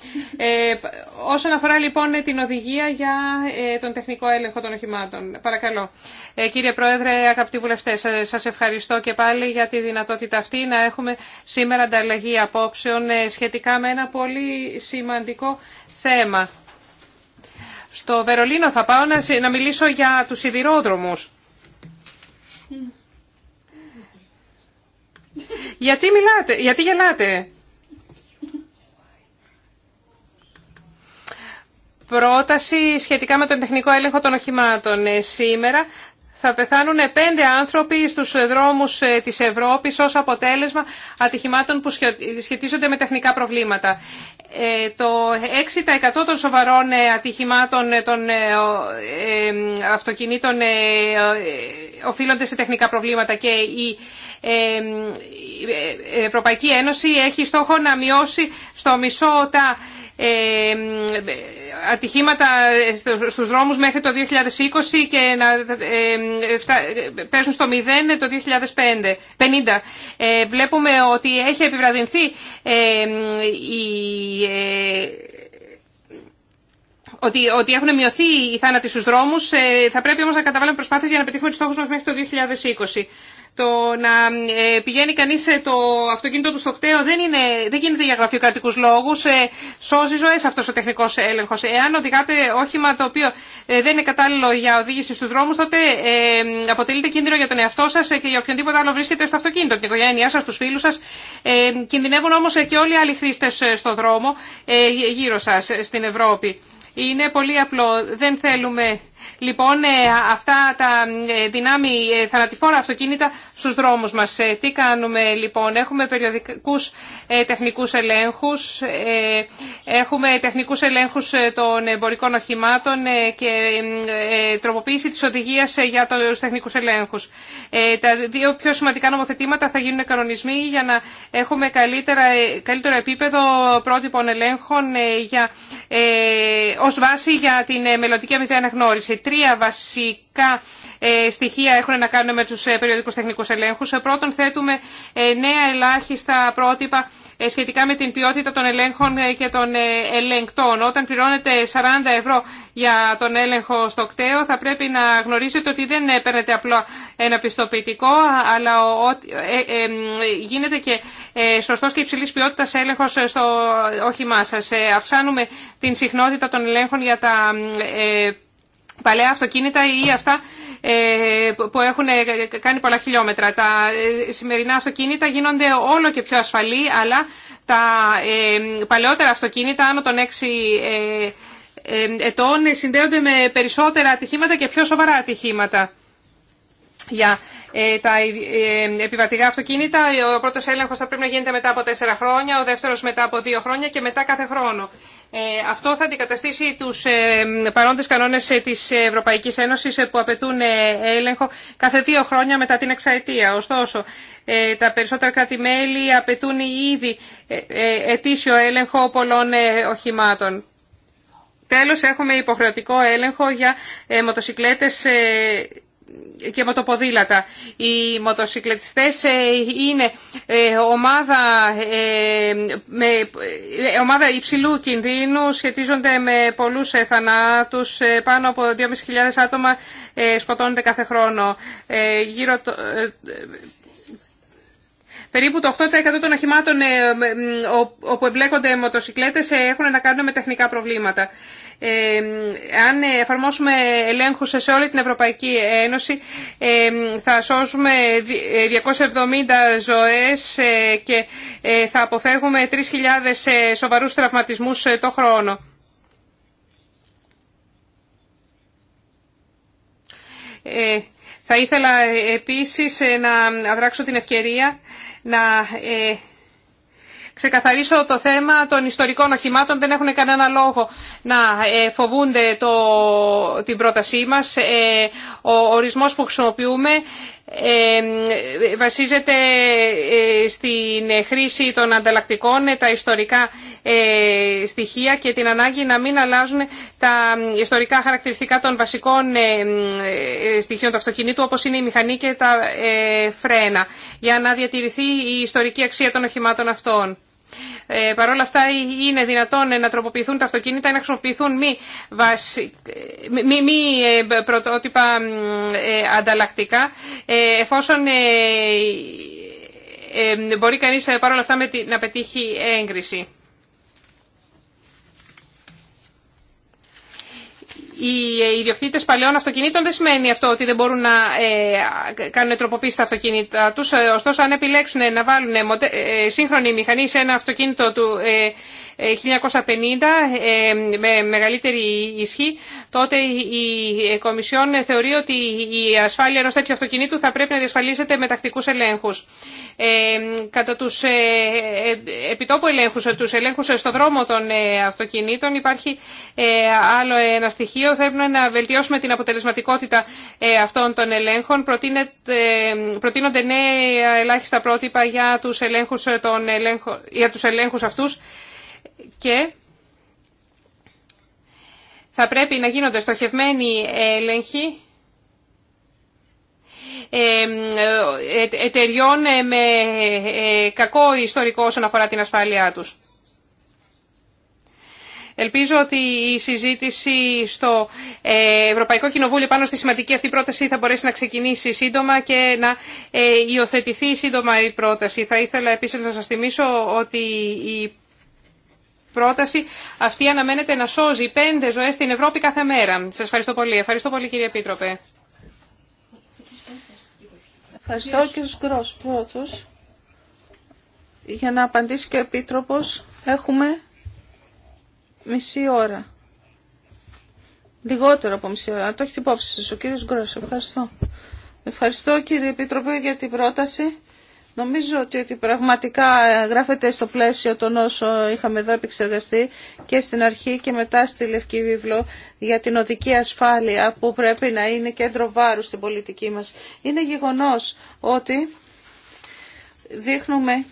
όσον αφορά λοιπόν την οδηγία για ε, τον τεχνικό έλεγχο των οχημάτων. Παρακαλώ. Ε, κύριε Πρόεδρε, αγαπητοί βουλευτές, ε, σας ευχαριστώ και πάλι για τη δυνατότητα αυτή να έχουμε σήμερα ανταλλαγή απόψεων σχετικά με ένα πολύ σημαντικό θέμα. Στο Βερολίνο θα πάω να, να μιλήσω για τους σιδηρόδρομους. Mm. Γιατί μιλάτε, γιατί γελάτε. πρόταση σχετικά με τον τεχνικό έλεγχο των οχημάτων. Ε, σήμερα θα πεθάνουν πέντε άνθρωποι στους δρόμους ε, της Ευρώπης ως αποτέλεσμα ατυχημάτων που σχετίζονται με τεχνικά προβλήματα. Ε, το 6% των σοβαρών ατυχημάτων των αυτοκινήτων οφείλονται σε τεχνικά προβλήματα και η Ευρωπαϊκή Ένωση έχει στόχο να μειώσει στο μισό τα ε, ατυχήματα στους δρόμους μέχρι το 2020 και να ε, πέσουν στο 0 το 2050. Ε, βλέπουμε ότι έχει επιβραδυνθεί η ότι, ότι έχουν μειωθεί οι θάνατοι στους δρόμους. θα πρέπει όμως να καταβάλουμε προσπάθειες για να πετύχουμε τους στόχους μας μέχρι το 2020. Το να ε, πηγαίνει κανεί το αυτοκίνητο του στο δεν, είναι, δεν γίνεται για λόγου. λόγους. Ε, σώζει ζωέ αυτό ο τεχνικό έλεγχο. Εάν οδηγάτε όχημα το οποίο ε, δεν είναι κατάλληλο για οδήγηση στου δρόμου, τότε αποτελείται κίνδυνο για τον εαυτό σας και για οποιονδήποτε άλλο βρίσκεται στο αυτοκίνητο, την οικογένειά σας, τους φίλους σας. Κινδυνεύουν όμως και όλοι οι άλλοι χρήστε στο δρόμο γύρω σας στην Ευρώπη. Είναι πολύ απλό. Δεν θέλουμε λοιπόν ε, αυτά τα ε, δυνάμει ε, θανατηφόρα αυτοκίνητα στους δρόμους μας. Τι κάνουμε λοιπόν, έχουμε περιοδικούς τεχνικούς ελέγχους, έχουμε τεχνικούς ελέγχους των εμπορικών οχημάτων και τροποποίηση της οδηγίας για τους τεχνικούς ελέγχους. Τα δύο πιο σημαντικά νομοθετήματα θα γίνουν κανονισμοί για να έχουμε καλύτερα, καλύτερο επίπεδο πρότυπων ελέγχων για, ως βάση για την μελλοντική αμοιβή αναγνώριση. Τρία βασικά ε, στοιχεία έχουν να κάνουν με τους ε, περιοδικούς τεχνικούς ελέγχους. Ε, πρώτον, θέτουμε νέα ελάχιστα πρότυπα σχετικά με την ποιότητα των ελέγχων και των ελεγκτών. Όταν πληρώνετε 40 ευρώ για τον έλεγχο στο κταίο, θα πρέπει να γνωρίζετε ότι δεν παίρνετε απλό ένα πιστοποιητικό, αλλά γίνεται και σωστός και υψηλής ποιότητας έλεγχος στο όχημά σας. Αυξάνουμε την συχνότητα των ελέγχων για τα παλαιά αυτοκίνητα ή αυτά ε, που έχουν ε, κάνει πολλά χιλιόμετρα. Τα ε, σημερινά αυτοκίνητα γίνονται όλο και πιο ασφαλή, αλλά τα παλαιότερα αυτοκίνητα άνω των 6 ετών συνδέονται με περισσότερα ατυχήματα και πιο σοβαρά ατυχήματα. Για ε, τα ε, ε, επιβατικά αυτοκίνητα, ο πρώτος έλεγχος θα πρέπει να γίνεται μετά από τέσσερα χρόνια, ο δεύτερος μετά από δύο χρόνια και μετά κάθε χρόνο. Αυτό θα αντικαταστήσει τους παρόντες κανόνες της Ευρωπαϊκής Ένωσης που απαιτούν έλεγχο κάθε δύο χρόνια μετά την εξαετία. Ωστόσο, τα περισσότερα κράτη-μέλη απαιτούν ήδη ετήσιο έλεγχο πολλών οχημάτων. Τέλος, έχουμε υποχρεωτικό έλεγχο για μοτοσυκλέτες και μοτοποδήλατα. Οι μοτοσυκλετιστές ε, είναι ε, ομάδα, ε, με, ομάδα υψηλού κινδύνου, σχετίζονται με πολλούς θανάτους, πάνω από 2.500 άτομα σκοτώνονται κάθε χρόνο. Γύρω το, Περίπου το 8% των αχημάτων όπου εμπλέκονται μοτοσυκλέτες έχουν να κάνουν με τεχνικά προβλήματα αν εφαρμόσουμε ελέγχους σε όλη την Ευρωπαϊκή Ένωση θα σώσουμε 270 ε, ζωές ε, και ε, θα αποφεύγουμε 3.000 σοβαρούς τραυματισμούς το χρόνο. Θα ήθελα επίσης να αδράξω την ευκαιρία να ξεκαθαρίσω το θέμα των ιστορικών οχημάτων. Δεν έχουν κανένα λόγο να ε, φοβούνται το, την πρότασή μας. Ε, ο ορισμός που χρησιμοποιούμε βασίζεται ε, στην χρήση των ανταλλακτικών, τα ιστορικά ε, στοιχεία και την ανάγκη να μην αλλάζουν τα ιστορικά χαρακτηριστικά των βασικών ε, στοιχείων του αυτοκινήτου όπως είναι η μηχανή και τα φρένα για να διατηρηθεί η ιστορική αξία των οχημάτων αυτών. Ε, Παρ' όλα αυτά ε, είναι δυνατόν να τροποποιηθούν τα αυτοκίνητα ή να χρησιμοποιηθούν μη, βασι... μη, μη ε, πρωτότυπα ε, ανταλλακτικά εφόσον μπορεί κανείς παρόλα αυτά να πετύχει έγκριση. οι ε, ιδιοκτήτε παλαιών αυτοκινήτων δεν σημαίνει αυτό ότι δεν μπορούν να ε, κάνουν τροποποίηση στα αυτοκίνητα του. Ε, ωστόσο, αν επιλέξουν να βάλουν σύγχρονη μηχανή σε ένα αυτοκίνητο του 1950 ε, με μεγαλύτερη ισχύ, τότε η Κομισιόν θεωρεί ότι η ασφάλεια ενός τέτοιου αυτοκινήτου θα πρέπει να διασφαλίζεται με τακτικούς ελέγχους. Ε, κατά τους ε, επιτόπου ελέγχους, τους ελέγχους στο δρόμο των αυτοκινήτων υπάρχει άλλο ένα στοιχείο. Θέλουμε να βελτιώσουμε την αποτελεσματικότητα αυτών των ελέγχων. προτείνονται νέα ελάχιστα πρότυπα για τους ελέγχου, για τους ελέγχους αυτούς και θα πρέπει να γίνονται στοχευμένοι έλεγχοι ε, εταιριών ε, με ε, κακό ιστορικό όσον αφορά την ασφάλειά τους. Ελπίζω ότι η συζήτηση στο Ευρωπαϊκό Κοινοβούλιο πάνω στη σημαντική αυτή πρόταση θα μπορέσει να ξεκινήσει σύντομα και να υιοθετηθεί σύντομα η πρόταση. Θα ήθελα επίσης να σας θυμίσω ότι η πρόταση αυτή αναμένεται να σώζει πέντε ζωές στην Ευρώπη κάθε μέρα. Σας ευχαριστώ πολύ. Ευχαριστώ πολύ κύριε Επίτροπε. Ευχαριστώ ο Γκρό, Γκρός Για να απαντήσει και ο επίτροπο. έχουμε μισή ώρα. Λιγότερο από μισή ώρα. Το έχετε υπόψη σας ο κύριος Γκρός. Ευχαριστώ. Ευχαριστώ κύριε Επίτροπε για την πρόταση. Νομίζω ότι πραγματικά ε, γράφεται στο πλαίσιο των όσων είχαμε εδώ επεξεργαστεί και στην αρχή και μετά στη Λευκή Βίβλο για την οδική ασφάλεια που πρέπει να είναι κέντρο βάρου στην πολιτική μας. Είναι γεγονός ότι δείχνουμε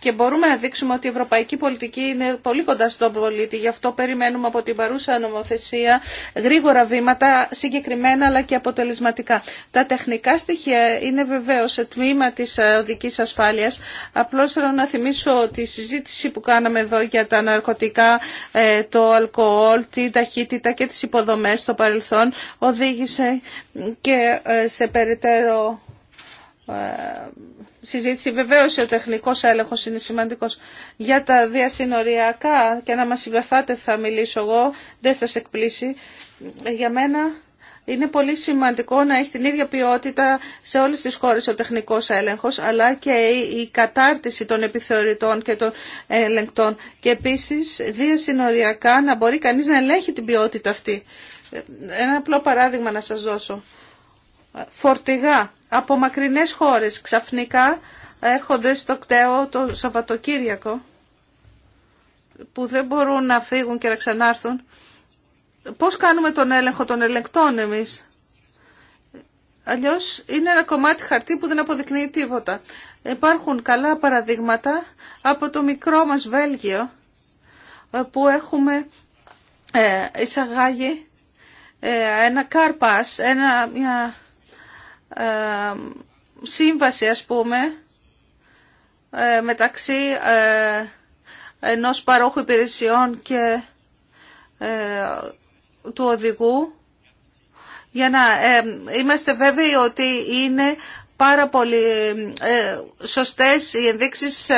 και μπορούμε να δείξουμε ότι η ευρωπαϊκή πολιτική είναι πολύ κοντά στον πολίτη. Γι' αυτό περιμένουμε από την παρούσα νομοθεσία γρήγορα βήματα, συγκεκριμένα αλλά και αποτελεσματικά. Τα τεχνικά στοιχεία είναι βεβαίω τμήμα τη οδική ασφάλεια. Απλώ θέλω να θυμίσω ότι η συζήτηση που κάναμε εδώ για τα ναρκωτικά, ε, το αλκοόλ, την ταχύτητα και τι υποδομέ στο παρελθόν οδήγησε και ε, σε περαιτέρω ε, συζήτηση. Βεβαίως ο τεχνικό έλεγχο είναι σημαντικό. Για τα διασυνοριακά και να μας συμπεφάτε θα μιλήσω εγώ, δεν σα εκπλήσει. Για μένα είναι πολύ σημαντικό να έχει την ίδια ποιότητα σε όλες τις χώρες ο τεχνικός έλεγχος, αλλά και η κατάρτιση των επιθεωρητών και των ελεγκτών. Και επίσης διασυνοριακά να μπορεί κανείς να ελέγχει την ποιότητα αυτή. Ένα απλό παράδειγμα να σας δώσω φορτηγά από μακρινές χώρες ξαφνικά έρχονται στο κτέο το Σαββατοκύριακο που δεν μπορούν να φύγουν και να ξανάρθουν. Πώς κάνουμε τον έλεγχο των ελεγκτών εμείς. Αλλιώς είναι ένα κομμάτι χαρτί που δεν αποδεικνύει τίποτα. Υπάρχουν καλά παραδείγματα από το μικρό μας Βέλγιο ε, που έχουμε ε, εισαγάγει ε, ένα καρπάς ένα, ε, σύμβαση ας πούμε ε, μεταξύ ε, ενός παρόχου υπηρεσιών και του οδηγού για να είμαστε βέβαιοι ότι είναι πάρα πολύ σωστές οι ενδείξεις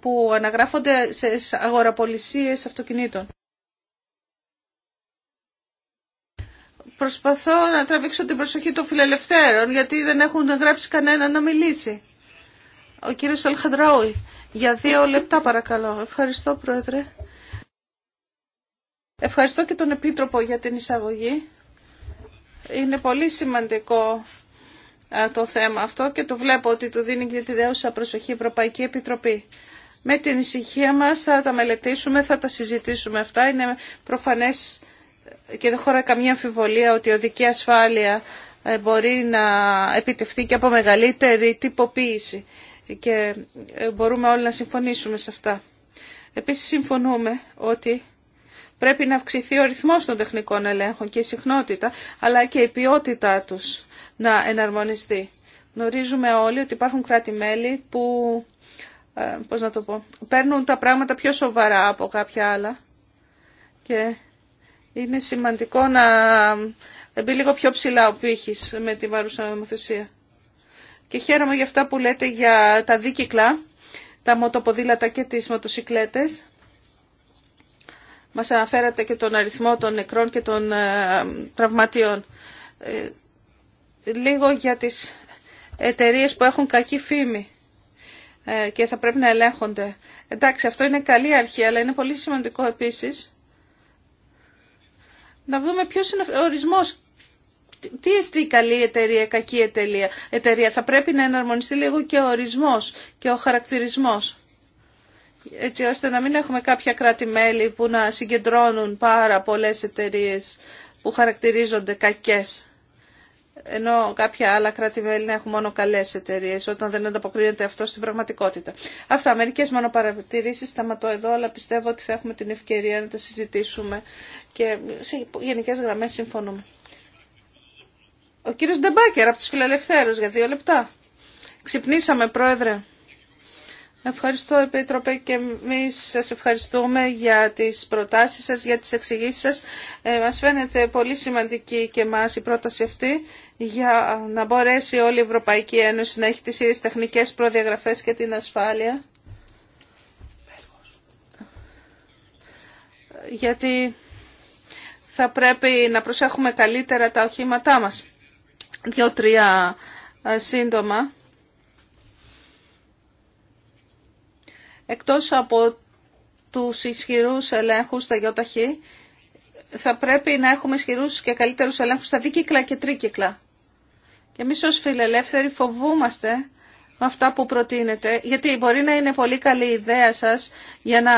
που αναγράφονται σε αγοραπολισίες αυτοκινήτων. Προσπαθώ να τραβήξω την προσοχή των φιλελευθέρων, γιατί δεν έχουν γράψει κανένα να μιλήσει. Ο κύριος Αλχαντράουι, για δύο λεπτά παρακαλώ. Ευχαριστώ, Πρόεδρε. Ευχαριστώ και τον Επίτροπο για την εισαγωγή. Είναι πολύ σημαντικό το θέμα αυτό και το βλέπω ότι του δίνει και τη δέουσα προσοχή η Ευρωπαϊκή Επιτροπή. Με την ησυχία μας θα τα μελετήσουμε, θα τα συζητήσουμε αυτά. Είναι προφανές και δεν χωράει καμία αμφιβολία ότι η οδική ασφάλεια ε, μπορεί να επιτευχθεί και από μεγαλύτερη τυποποίηση και ε, μπορούμε όλοι να συμφωνήσουμε σε αυτά. Επίσης συμφωνούμε ότι πρέπει να αυξηθεί ο ρυθμός των τεχνικών ελέγχων και η συχνότητα, αλλά και η ποιότητά τους να εναρμονιστεί. Γνωρίζουμε όλοι ότι υπάρχουν κράτη-μέλη που, ε, να παίρνουν τα πράγματα πιο σοβαρά από κάποια άλλα και είναι σημαντικό να μπει λίγο πιο ψηλά ο πύχης με τη βαρούσα νομοθεσία. Και χαίρομαι για αυτά που λέτε για τα δίκυκλα, τα μοτοποδήλατα και τις μοτοσικλέτες. Μας αναφέρατε και τον αριθμό των νεκρών και των ε, τραυματίων. Ε, λίγο για τις εταιρείε που έχουν κακή φήμη ε, και θα πρέπει να ελέγχονται. Εντάξει, αυτό είναι καλή αρχή, αλλά είναι πολύ σημαντικό επίσης να δούμε ποιος είναι ο ορισμός. Τι εστί καλή εταιρεία, κακή εταιρεία. εταιρεία. Θα πρέπει να εναρμονιστεί λίγο και ο ορισμός και ο χαρακτηρισμός. Έτσι ώστε να μην έχουμε κάποια κράτη-μέλη που να συγκεντρώνουν πάρα πολλές εταιρείε που χαρακτηρίζονται κακές ενώ κάποια άλλα κράτη-μέλη να έχουν μόνο καλέ εταιρείε όταν δεν ανταποκρίνεται αυτό στην πραγματικότητα. Αυτά, μερικέ μόνο παρατηρήσει. Σταματώ εδώ, αλλά πιστεύω ότι θα έχουμε την ευκαιρία να τα συζητήσουμε και σε γενικέ γραμμέ συμφωνούμε. Ο κύριο Ντεμπάκερ από του Φιλελευθέρου για δύο λεπτά. Ξυπνήσαμε, Πρόεδρε. Ευχαριστώ, Επίτροπε, και εμεί σα ευχαριστούμε για τι προτάσει σα, για τι εξηγήσει σα. Ε, μα φαίνεται πολύ σημαντική και εμά η πρόταση αυτή για να μπορέσει όλη η Ευρωπαϊκή Ένωση να έχει τις ίδιες τεχνικές προδιαγραφές και την ασφάλεια. Γιατί θα πρέπει να προσέχουμε καλύτερα τα οχήματά μας. Δύο-τρία ε, σύντομα. Εκτός από τους ισχυρούς ελέγχους στα ΙΟΤΑΧΗ, θα πρέπει να έχουμε ισχυρούς και καλύτερους ελέγχους στα δίκυκλα και τρίκυκλα. Εμείς ως φιλελεύθεροι φοβούμαστε με αυτά που προτείνετε, γιατί μπορεί να είναι πολύ καλή η ιδέα σας για να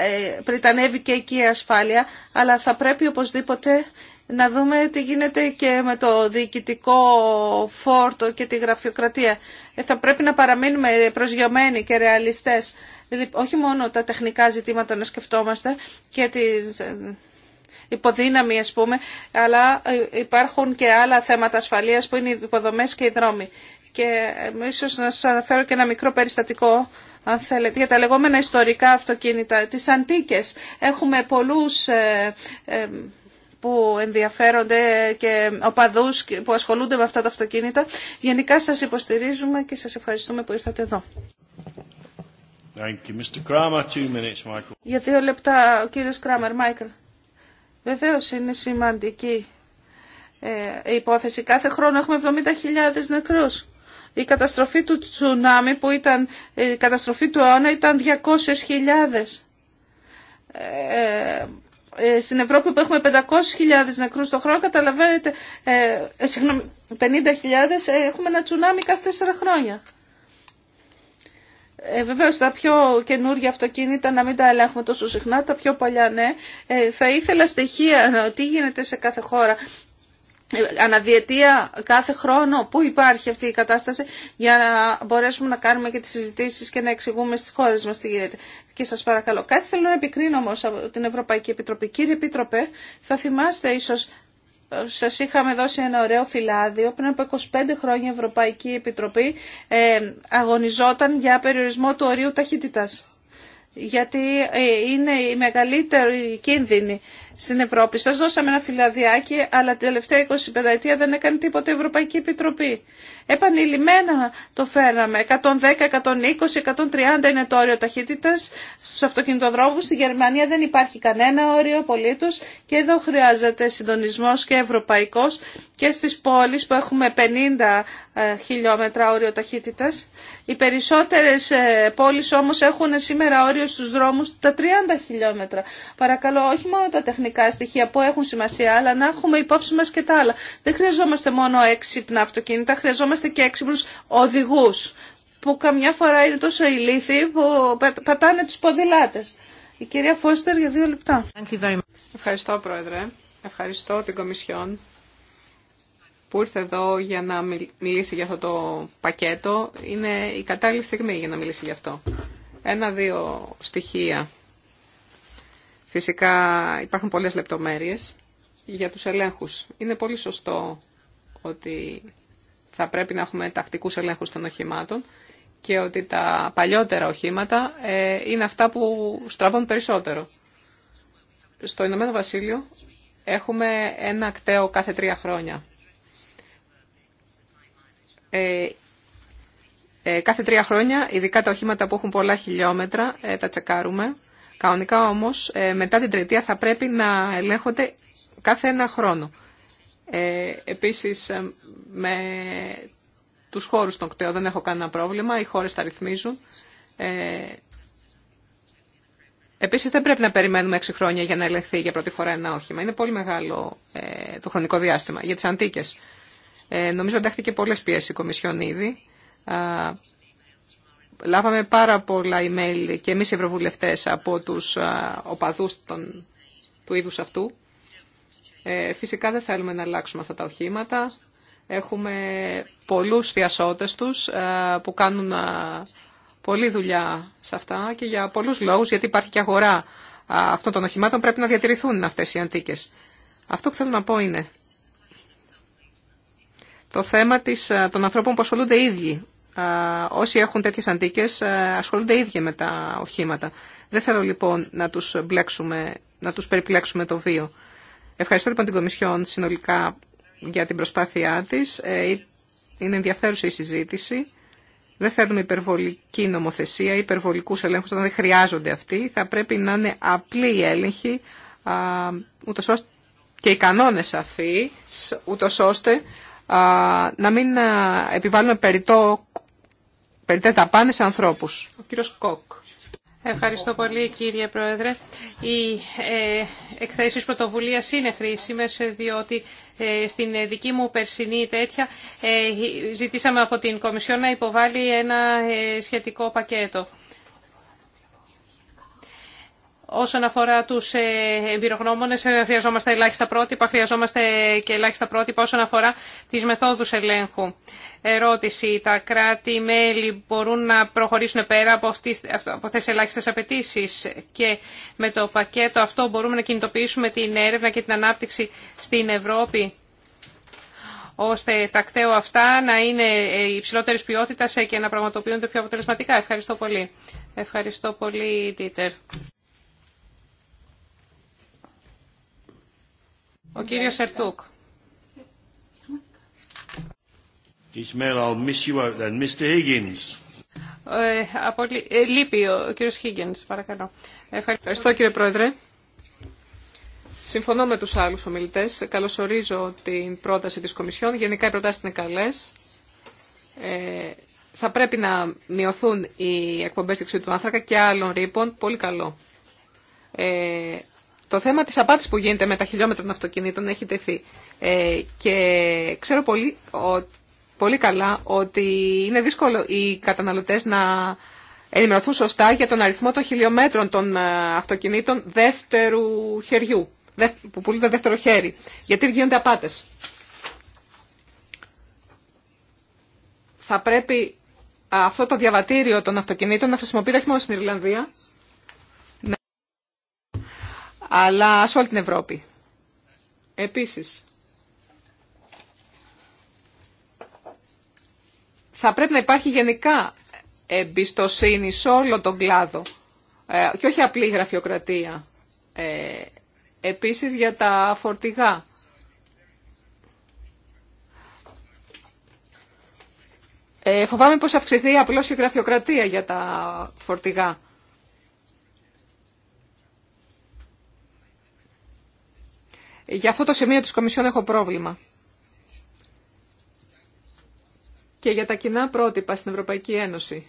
ε, πριτανεύει και εκεί η ασφάλεια, αλλά θα πρέπει οπωσδήποτε να δούμε τι γίνεται και με το διοικητικό φόρτο και τη γραφειοκρατία. Ε, θα πρέπει να παραμείνουμε προσγειωμένοι και ρεαλιστές. όχι μόνο τα τεχνικά ζητήματα να σκεφτόμαστε και τις ε, υποδύναμη ας πούμε, αλλά ε, υπάρχουν και άλλα θέματα ασφαλείας που είναι οι υποδομές και οι δρόμοι. Και ε, ίσως να σας αναφέρω και ένα μικρό περιστατικό αν θέλετε, για τα λεγόμενα ιστορικά αυτοκίνητα, τις αντίκες. Έχουμε πολλούς ε, που ενδιαφέρονται και οπαδούς που ασχολούνται με αυτά τα αυτοκίνητα. Γενικά σας υποστηρίζουμε και σας ευχαριστούμε που ήρθατε εδώ. Για δύο λεπτά ο κύριος Κράμερ, Μάικλ. Βεβαίως είναι σημαντική ε, η υπόθεση. Κάθε χρόνο έχουμε 70.000 νεκρούς. Η καταστροφή του τσουνάμι που ήταν, ε, η καταστροφή του αιώνα ήταν 200.000. Ε, ε, στην Ευρώπη που έχουμε 500.000 νεκρούς το χρόνο, καταλαβαίνετε, ε, συγγνώμη, 50.000 έχουμε ένα τσουνάμι κάθε 4 χρόνια. Ε, Βεβαίω τα πιο καινούργια αυτοκίνητα να μην τα ελέγχουμε τόσο συχνά, τα πιο παλιά ναι. Ε, θα ήθελα στοιχεία, τι γίνεται σε κάθε χώρα ε, αναδιετία κάθε χρόνο που υπάρχει αυτή η κατάσταση για να μπορέσουμε να κάνουμε και τις συζητήσεις και να εξηγούμε στις χώρες μας τι γίνεται. Και σας παρακαλώ. Κάτι θέλω να επικρίνω όμως από την Ευρωπαϊκή Επιτροπή. Κύριε Επίτροπε, θα θυμάστε ίσως σας είχαμε δώσει ένα ωραίο φυλάδιο. Πριν από 25 χρόνια η Ευρωπαϊκή Επιτροπή ε, αγωνιζόταν για περιορισμό του ορίου ταχύτητας. Γιατί ε, είναι η μεγαλύτερη κίνδυνη στην Ευρώπη. Σας δώσαμε ένα φιλαδιάκι αλλά την τελευταία 25 ετία δεν έκανε τίποτα η Ευρωπαϊκή Επιτροπή. Επανειλημμένα το φέραμε. 110, 120, 130 είναι το όριο ταχύτητας στους αυτοκινητοδρόμους. Στη Γερμανία δεν υπάρχει κανένα όριο απολύτω και εδώ χρειάζεται συντονισμός και ευρωπαϊκός και στις πόλεις που έχουμε 50 ε, χιλιόμετρα όριο ταχύτητας. Οι περισσότερες ε, πόλεις όμως έχουν σήμερα όριο στους δρόμους τα 30 χιλιόμετρα. Παρακαλώ όχι μόνο τα τεχνικά τεχνικά στοιχεία που έχουν σημασία, αλλά να έχουμε υπόψη μα και τα άλλα. Δεν χρειαζόμαστε μόνο έξυπνα αυτοκίνητα, χρειαζόμαστε και έξυπνου οδηγού, που καμιά φορά είναι τόσο ηλίθιοι που πατάνε του ποδηλάτε. Η κυρία Φώστερ για δύο λεπτά. Ευχαριστώ, Πρόεδρε. Ευχαριστώ την Κομισιόν που ήρθε εδώ για να μιλήσει για αυτό το πακέτο. Είναι η κατάλληλη στιγμή για να μιλήσει γι' αυτό. Ένα-δύο στοιχεία Φυσικά υπάρχουν πολλές λεπτομέρειες για τους ελέγχους. Είναι πολύ σωστό ότι θα πρέπει να έχουμε τακτικούς ελέγχους των οχημάτων και ότι τα παλιότερα οχήματα ε, είναι αυτά που στραβούν περισσότερο. Στο Ηνωμένο Βασίλειο έχουμε ένα κταίο κάθε τρία χρόνια. Ε, ε, κάθε τρία χρόνια, ειδικά τα οχήματα που έχουν πολλά χιλιόμετρα, ε, τα τσεκάρουμε. Κανονικά όμως ε, μετά την τριετία θα πρέπει να ελέγχονται κάθε ένα χρόνο. Ε, επίσης ε, με τους χώρους των κτέων δεν έχω κανένα πρόβλημα, οι χώρες τα ρυθμίζουν. Ε, επίσης δεν πρέπει να περιμένουμε 6 χρόνια για να ελεγχθεί για πρώτη φορά ένα όχημα. Είναι πολύ μεγάλο ε, το χρονικό διάστημα για τις αντίκες. Ε, νομίζω εντάχθηκε πολλές πιέσεις η Κομισιόν ήδη λάβαμε πάρα πολλά email και εμείς οι ευρωβουλευτές από τους οπαδούς των, του είδους αυτού. Ε, φυσικά δεν θέλουμε να αλλάξουμε αυτά τα οχήματα. Έχουμε πολλούς θειασότες τους που κάνουν πολλή δουλειά σε αυτά και για πολλούς λόγους, γιατί υπάρχει και αγορά αυτών των οχημάτων, πρέπει να διατηρηθούν αυτές οι αντίκες. Αυτό που θέλω να πω είναι το θέμα της, των ανθρώπων που ασχολούνται ίδιοι όσοι έχουν τέτοιε αντίκε ασχολούνται ίδια με τα οχήματα. Δεν θέλω λοιπόν να τους, μπλέξουμε, να τους περιπλέξουμε το βίο. Ευχαριστώ λοιπόν την Κομισιόν συνολικά για την προσπάθειά της. Ε, είναι ενδιαφέρουσα η συζήτηση. Δεν θέλουμε υπερβολική νομοθεσία, υπερβολικούς ελέγχους όταν δεν χρειάζονται αυτοί. Θα πρέπει να είναι απλή η έλεγχη, και οι κανόνες αφή, ούτως ώστε να μην επιβάλλουμε περιττό Περιτές πάνε σε ανθρώπους. Ο κύριος Κόκ. Ευχαριστώ πολύ κύριε Πρόεδρε. Οι ε, εκθέσεις πρωτοβουλίας είναι χρήσιμες ε, διότι ε, στην δική μου περσινή τέτοια ζητήσαμε από την Κομισιόν να υποβάλει ένα σχετικό πακέτο. Όσον αφορά τους ε, εμπειρογνώμονες, ε, χρειαζόμαστε ελάχιστα πρότυπα, χρειαζόμαστε και ελάχιστα πρότυπα όσον αφορά τις μεθόδους ελέγχου. Ερώτηση, τα κράτη-μέλη μπορούν να προχωρήσουν πέρα από αυτές τις ελάχιστες απαιτήσει και με το πακέτο αυτό μπορούμε να κινητοποιήσουμε την έρευνα και την ανάπτυξη στην Ευρώπη ώστε τα κταίω αυτά να είναι ε, υψηλότερης ποιότητας και να πραγματοποιούνται πιο αποτελεσματικά. Ευχαριστώ πολύ. Ευχαριστώ πολύ, Τίτερ. Ο κύριος Ερτούκ. Ε, ε, λείπει κύριος παρακαλώ. Ευχαριστώ κύριε Πρόεδρε. Συμφωνώ με τους άλλους ομιλητές. Καλωσορίζω την πρόταση της Κομισιόν. Γενικά οι προτάσεις είναι καλές. Ε, θα πρέπει να μειωθούν οι εκπομπές του άνθρακα και άλλων ρήπων. Πολύ καλό. Ε, το θέμα της απάτης που γίνεται με τα χιλιόμετρα των αυτοκινήτων έχει τεθεί. Ε, και ξέρω πολύ, πολύ καλά ότι είναι δύσκολο οι καταναλωτές να ενημερωθούν σωστά για τον αριθμό των χιλιόμετρων των ε, αυτοκινήτων δεύτερου χεριού, που πουλούνται δεύτερο χέρι. Γιατί γίνονται απάτες. Θα πρέπει αυτό το διαβατήριο των αυτοκινήτων να χρησιμοποιείται όχι μόνο στην Ιρλανδία, αλλά σε όλη την Ευρώπη. Επίσης, θα πρέπει να υπάρχει γενικά εμπιστοσύνη σε όλο τον κλάδο ε, και όχι απλή γραφειοκρατία. Ε, επίσης για τα φορτηγά. Ε, φοβάμαι πως αυξηθεί απλώς η γραφειοκρατία για τα φορτηγά. Για αυτό το σημείο της Κομισιόν έχω πρόβλημα. Και για τα κοινά πρότυπα στην Ευρωπαϊκή Ένωση.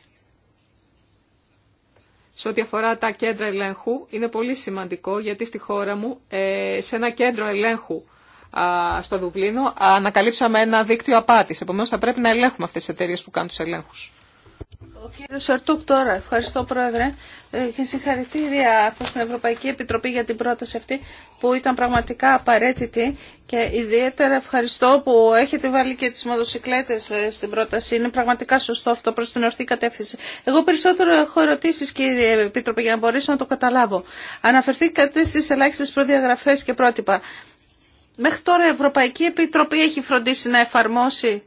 Σε ό,τι αφορά τα κέντρα ελέγχου, είναι πολύ σημαντικό γιατί στη χώρα μου, ε, σε ένα κέντρο ελέγχου στο Δουβλίνο, ανακαλύψαμε ένα δίκτυο απάτης. Επομένως, θα πρέπει να ελέγχουμε αυτές τις εταιρείες που κάνουν τους ελέγχους. Ο κύριο Σαρτούκ τώρα, ευχαριστώ Πρόεδρε ε, και συγχαρητήρια προ την Ευρωπαϊκή Επιτροπή για την πρόταση αυτή που ήταν πραγματικά απαραίτητη και ιδιαίτερα ευχαριστώ που έχετε βάλει και τις μοτοσυκλέτες ε, στην πρόταση. Είναι πραγματικά σωστό αυτό προς την ορθή κατεύθυνση. Εγώ περισσότερο έχω ερωτήσεις κύριε Επίτροπε για να μπορέσω να το καταλάβω. Αναφερθήκατε στις ελάχιστες προδιαγραφές και πρότυπα. Μέχρι τώρα η Ευρωπαϊκή Επιτροπή έχει φροντίσει να εφαρμόσει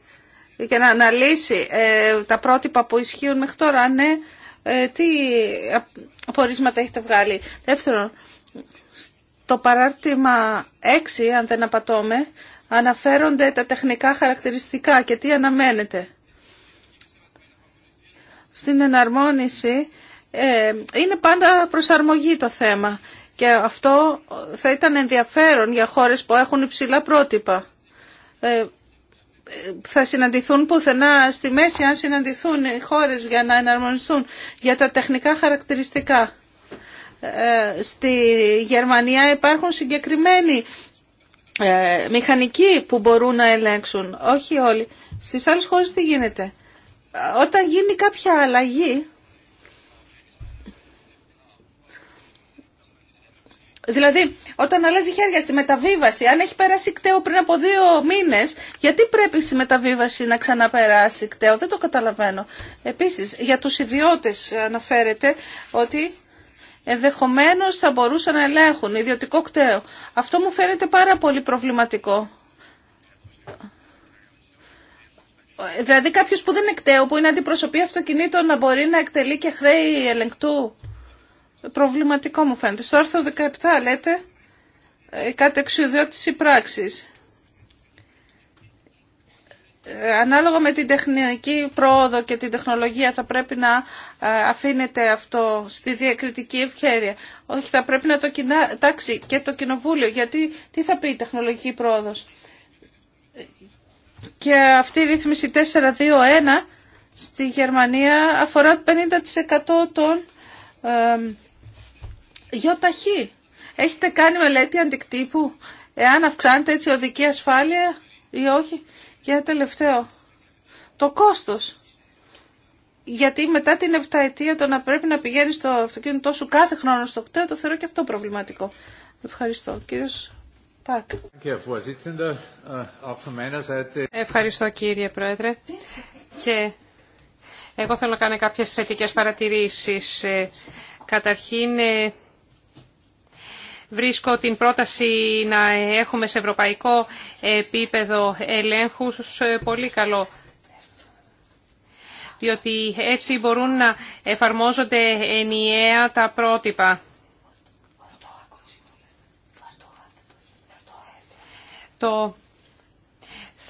και να αναλύσει ε, τα πρότυπα που ισχύουν μέχρι τώρα. Ναι, ε, τι απορίσματα έχετε βγάλει. Δεύτερον, στο παράρτημα 6, αν δεν απατώμε, αναφέρονται τα τεχνικά χαρακτηριστικά και τι αναμένεται. Στην εναρμόνιση ε, είναι πάντα προσαρμογή το θέμα και αυτό θα ήταν ενδιαφέρον για χώρες που έχουν υψηλά πρότυπα θα συναντηθούν πουθενά στη μέση αν συναντηθούν οι χώρες για να εναρμονιστούν για τα τεχνικά χαρακτηριστικά. Ε, στη Γερμανία υπάρχουν συγκεκριμένοι ε, μηχανικοί που μπορούν να ελέγξουν, όχι όλοι. Στις άλλες χώρες τι γίνεται. Όταν γίνει κάποια αλλαγή Δηλαδή, όταν αλλάζει χέρια στη μεταβίβαση, αν έχει περάσει κταίο πριν από δύο μήνε, γιατί πρέπει στη μεταβίβαση να ξαναπεράσει κταίο, δεν το καταλαβαίνω. Επίση, για του ιδιώτε αναφέρεται ότι ενδεχομένω θα μπορούσαν να ελέγχουν ιδιωτικό κταίο. Αυτό μου φαίνεται πάρα πολύ προβληματικό. Δηλαδή, κάποιο που δεν είναι κταίο, που είναι αντιπροσωπή αυτοκινήτων, να μπορεί να εκτελεί και χρέη ελεγκτού προβληματικό μου φαίνεται. Στο άρθρο 17 λέτε ε, κάτι εξουδιώτηση πράξης. Ε, ανάλογα με την τεχνική πρόοδο και την τεχνολογία θα πρέπει να ε, αφήνεται αυτό στη διακριτική ευχέρεια. Όχι, θα πρέπει να το Εντάξει, και το κοινοβούλιο, γιατί τι θα πει η τεχνολογική πρόοδος. Και αυτή η ρύθμιση 1 στη Γερμανία αφορά 50% των ε, Ιωταχή. έχετε κάνει μελέτη αντικτύπου, εάν αυξάνεται έτσι η οδική ασφάλεια ή όχι. Για τελευταίο, το κόστος. Γιατί μετά την επταετία το να πρέπει να πηγαίνει στο αυτοκίνητό σου κάθε χρόνο στο κτέο, το θεωρώ και αυτό προβληματικό. Ευχαριστώ. Κύριος Πάκ. Ευχαριστώ κύριε Πρόεδρε. Και εγώ θέλω να κάνω κάποιες θετικές παρατηρήσεις. Ε, καταρχήν, ε, Βρίσκω την πρόταση να έχουμε σε ευρωπαϊκό επίπεδο ελέγχους πολύ καλό διότι έτσι μπορούν να εφαρμόζονται ενιαία τα πρότυπα. Το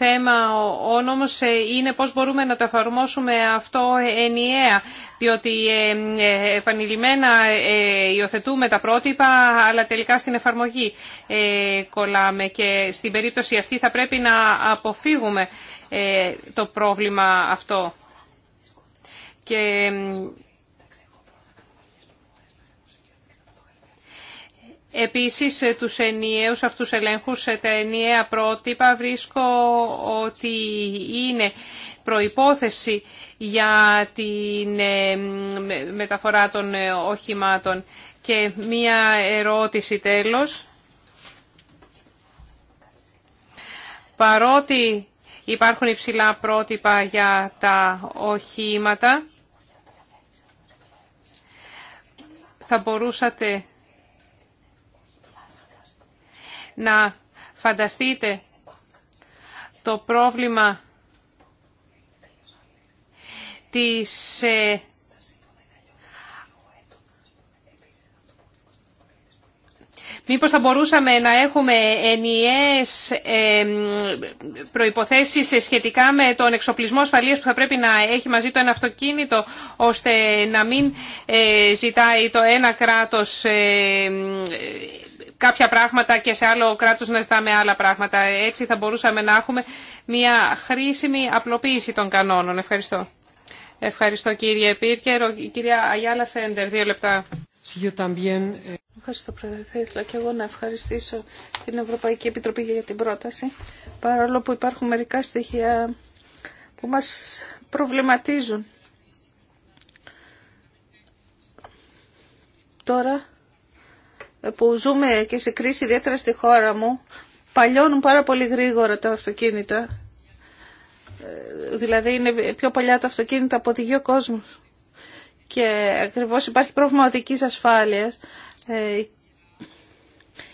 θέμα. Ο νόμος ε, είναι πώς μπορούμε να το εφαρμόσουμε αυτό ενιαία, διότι ε, ε, επανειλημμένα υιοθετούμε τα πρότυπα, αλλά τελικά στην εφαρμογή κολλάμε και στην περίπτωση αυτή θα πρέπει να αποφύγουμε το πρόβλημα αυτό. Και Επίσης, ε, τους ενιαίους αυτούς ελέγχους, ε, τα ενιαία πρότυπα βρίσκω ότι είναι προϋπόθεση για την ε, μεταφορά των οχημάτων. Και μία ερώτηση τέλος. Παρότι υπάρχουν υψηλά πρότυπα για τα οχήματα, θα μπορούσατε να φανταστείτε το πρόβλημα της ε, Μήπως θα μπορούσαμε να έχουμε ενιαίες ε, προϋποθέσεις σχετικά με τον εξοπλισμό ασφαλείας που θα πρέπει να έχει μαζί το ένα αυτοκίνητο ώστε να μην ε, ζητάει το ένα κράτος κάποια πράγματα και σε άλλο κράτος να ζητάμε άλλα πράγματα. Έτσι θα μπορούσαμε να έχουμε μια χρήσιμη απλοποίηση των κανόνων. Ευχαριστώ. Ευχαριστώ κύριε Πίρκερ. Κυρία Αγιάλα Σέντερ, δύο λεπτά. Ευχαριστώ πρόεδρε. Θα ήθελα και εγώ να ευχαριστήσω την Ευρωπαϊκή Επιτροπή για την πρόταση. Παρόλο που υπάρχουν μερικά στοιχεία που μας προβληματίζουν. Τώρα που ζούμε και σε κρίση ιδιαίτερα στη χώρα μου, παλιώνουν πάρα πολύ γρήγορα τα αυτοκίνητα. Ε, δηλαδή είναι πιο παλιά τα αυτοκίνητα από οδηγεί ο κόσμος. Και ακριβώς υπάρχει πρόβλημα οδικής ασφάλειας ε,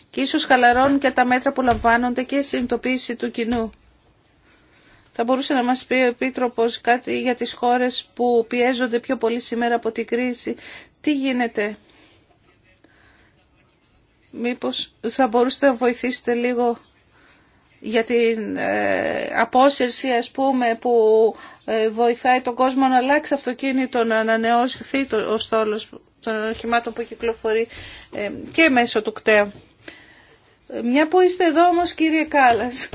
και ίσως χαλαρώνουν και τα μέτρα που λαμβάνονται και η συνειδητοποίηση του κοινού. Θα μπορούσε να μας πει ο Επίτροπος κάτι για τις χώρες που πιέζονται πιο πολύ σήμερα από την κρίση. Τι γίνεται Μήπως θα μπορούσατε να βοηθήσετε λίγο για την ε, απόσυρση ας πούμε που ε, βοηθάει τον κόσμο να αλλάξει αυτοκίνητο, να ανανεώσει το, ο στόλος των οχημάτων που κυκλοφορεί ε, και μέσω του κτέου. Ε, μια που είστε εδώ όμως κύριε Κάλλας.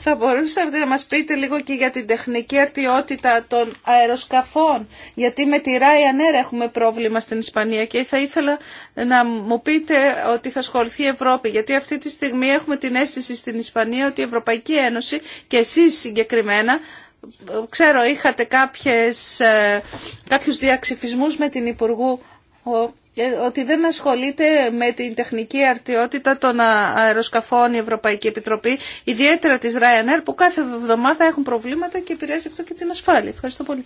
Θα μπορούσατε να μας πείτε λίγο και για την τεχνική αρτιότητα των αεροσκαφών, γιατί με τη Ryanair έχουμε πρόβλημα στην Ισπανία και θα ήθελα να μου πείτε ότι θα ασχοληθεί η Ευρώπη, γιατί αυτή τη στιγμή έχουμε την αίσθηση στην Ισπανία ότι η Ευρωπαϊκή Ένωση και εσείς συγκεκριμένα, ξέρω είχατε κάποιες, ε, κάποιους διαξυφισμούς με την Υπουργού ότι δεν ασχολείται με την τεχνική αρτιότητα των αεροσκαφών η Ευρωπαϊκή Επιτροπή, ιδιαίτερα της Ryanair που κάθε εβδομάδα έχουν προβλήματα και επηρεάζει αυτό και την ασφάλεια. Ευχαριστώ πολύ.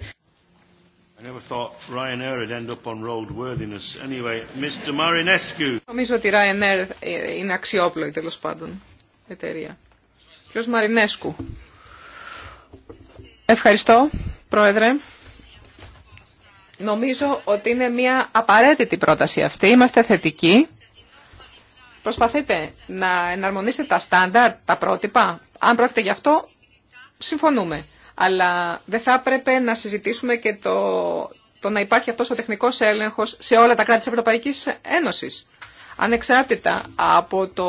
Νομίζω ότι η Ryanair είναι αξιόπλοη τέλο πάντων εταιρεία. Ποιο Μαρινέσκου. Ευχαριστώ, Πρόεδρε. Νομίζω ότι είναι μια απαραίτητη πρόταση αυτή. Είμαστε θετικοί. Προσπαθείτε να εναρμονίσετε τα στάνταρ, τα πρότυπα. Αν πρόκειται γι' αυτό, συμφωνούμε. Αλλά δεν θα έπρεπε να συζητήσουμε και το, το να υπάρχει αυτός ο τεχνικός έλεγχος σε όλα τα κράτη της Ευρωπαϊκής Ένωσης. Ανεξάρτητα από το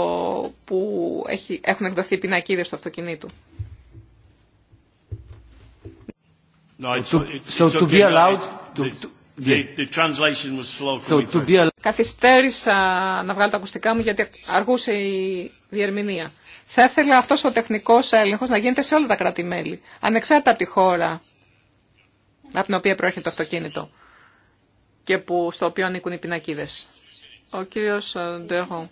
που έχει, έχουν εκδοθεί πινακίδες του αυτοκινήτου. No, Καθυστέρησα να βγάλω τα ακουστικά μου γιατί αργούσε η διερμηνία. Θα ήθελα αυτός ο τεχνικός έλεγχος να γίνεται σε όλα τα κράτη-μέλη, ανεξάρτητα από τη χώρα από την οποία προέρχεται το αυτοκίνητο και που, στο οποίο ανήκουν οι πινακίδες. Ο κύριος ε, Ντέχο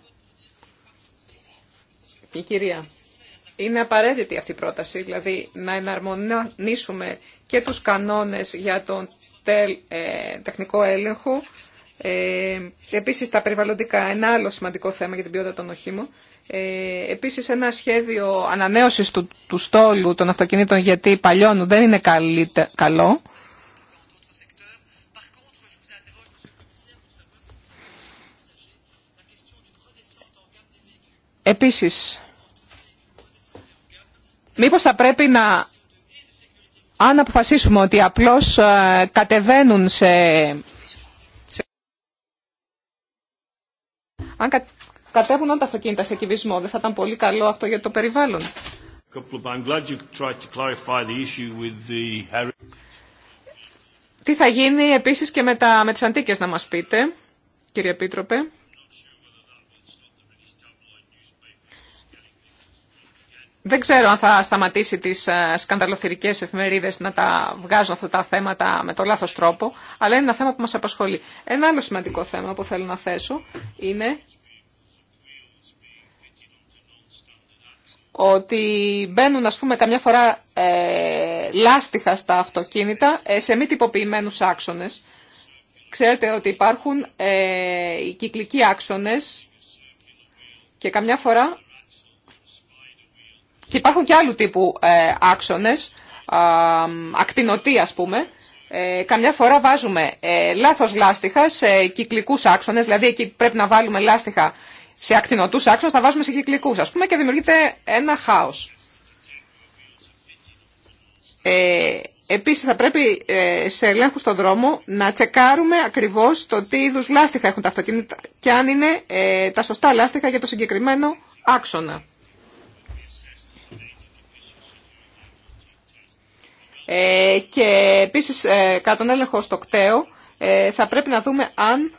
η κυρία. Είναι απαραίτητη αυτή η πρόταση, δηλαδή να εναρμονίσουμε και τους κανόνες για τον ε, τεχνικό έλεγχο. Ε, επίσης τα περιβαλλοντικά, ένα άλλο σημαντικό θέμα για την ποιότητα των οχήμων. Ε, επίσης ένα σχέδιο ανανέωσης του, του στόλου των αυτοκινήτων γιατί παλιών δεν είναι καλή, καλό. Επίσης, μήπως θα πρέπει να αν αποφασίσουμε ότι απλώς ε, κατεβαίνουν σε... Αν κατέβουν όλα τα αυτοκίνητα σε κυβισμό, δεν θα ήταν πολύ καλό αυτό για το περιβάλλον. Τι θα γίνει επίσης και με, τα, με τις αντίκες να μας πείτε, κύριε Επίτροπε. Δεν ξέρω αν θα σταματήσει τις ε, σκανδαλοθυρικές εφημερίδες να τα βγάζουν αυτά τα θέματα με το λάθος τρόπο, αλλά είναι ένα θέμα που μας απασχολεί. Ένα άλλο σημαντικό θέμα που θέλω να θέσω είναι ότι μπαίνουν, ας πούμε, καμιά φορά ε, λάστιχα στα αυτοκίνητα ε, σε μη τυποποιημένους άξονες. Ξέρετε ότι υπάρχουν ε, οι κυκλικοί άξονες και καμιά φορά και υπάρχουν και άλλου τύπου ε, άξονες, ακτινοτή ας πούμε. Ε, καμιά φορά βάζουμε ε, λάθος λάστιχα σε κυκλικούς άξονες, δηλαδή εκεί πρέπει να βάλουμε λάστιχα σε ακτινοτούς άξονες, θα βάζουμε σε κυκλικούς ας πούμε και δημιουργείται ένα χάος. Ε, επίσης θα πρέπει ε, σε ελέγχου στον δρόμο να τσεκάρουμε ακριβώς το τι είδους λάστιχα έχουν τα αυτοκίνητα και αν είναι ε, τα σωστά λάστιχα για το συγκεκριμένο άξονα. Ε, και επίσης ε, κατά τον έλεγχο στο κταίο ε, θα πρέπει να δούμε αν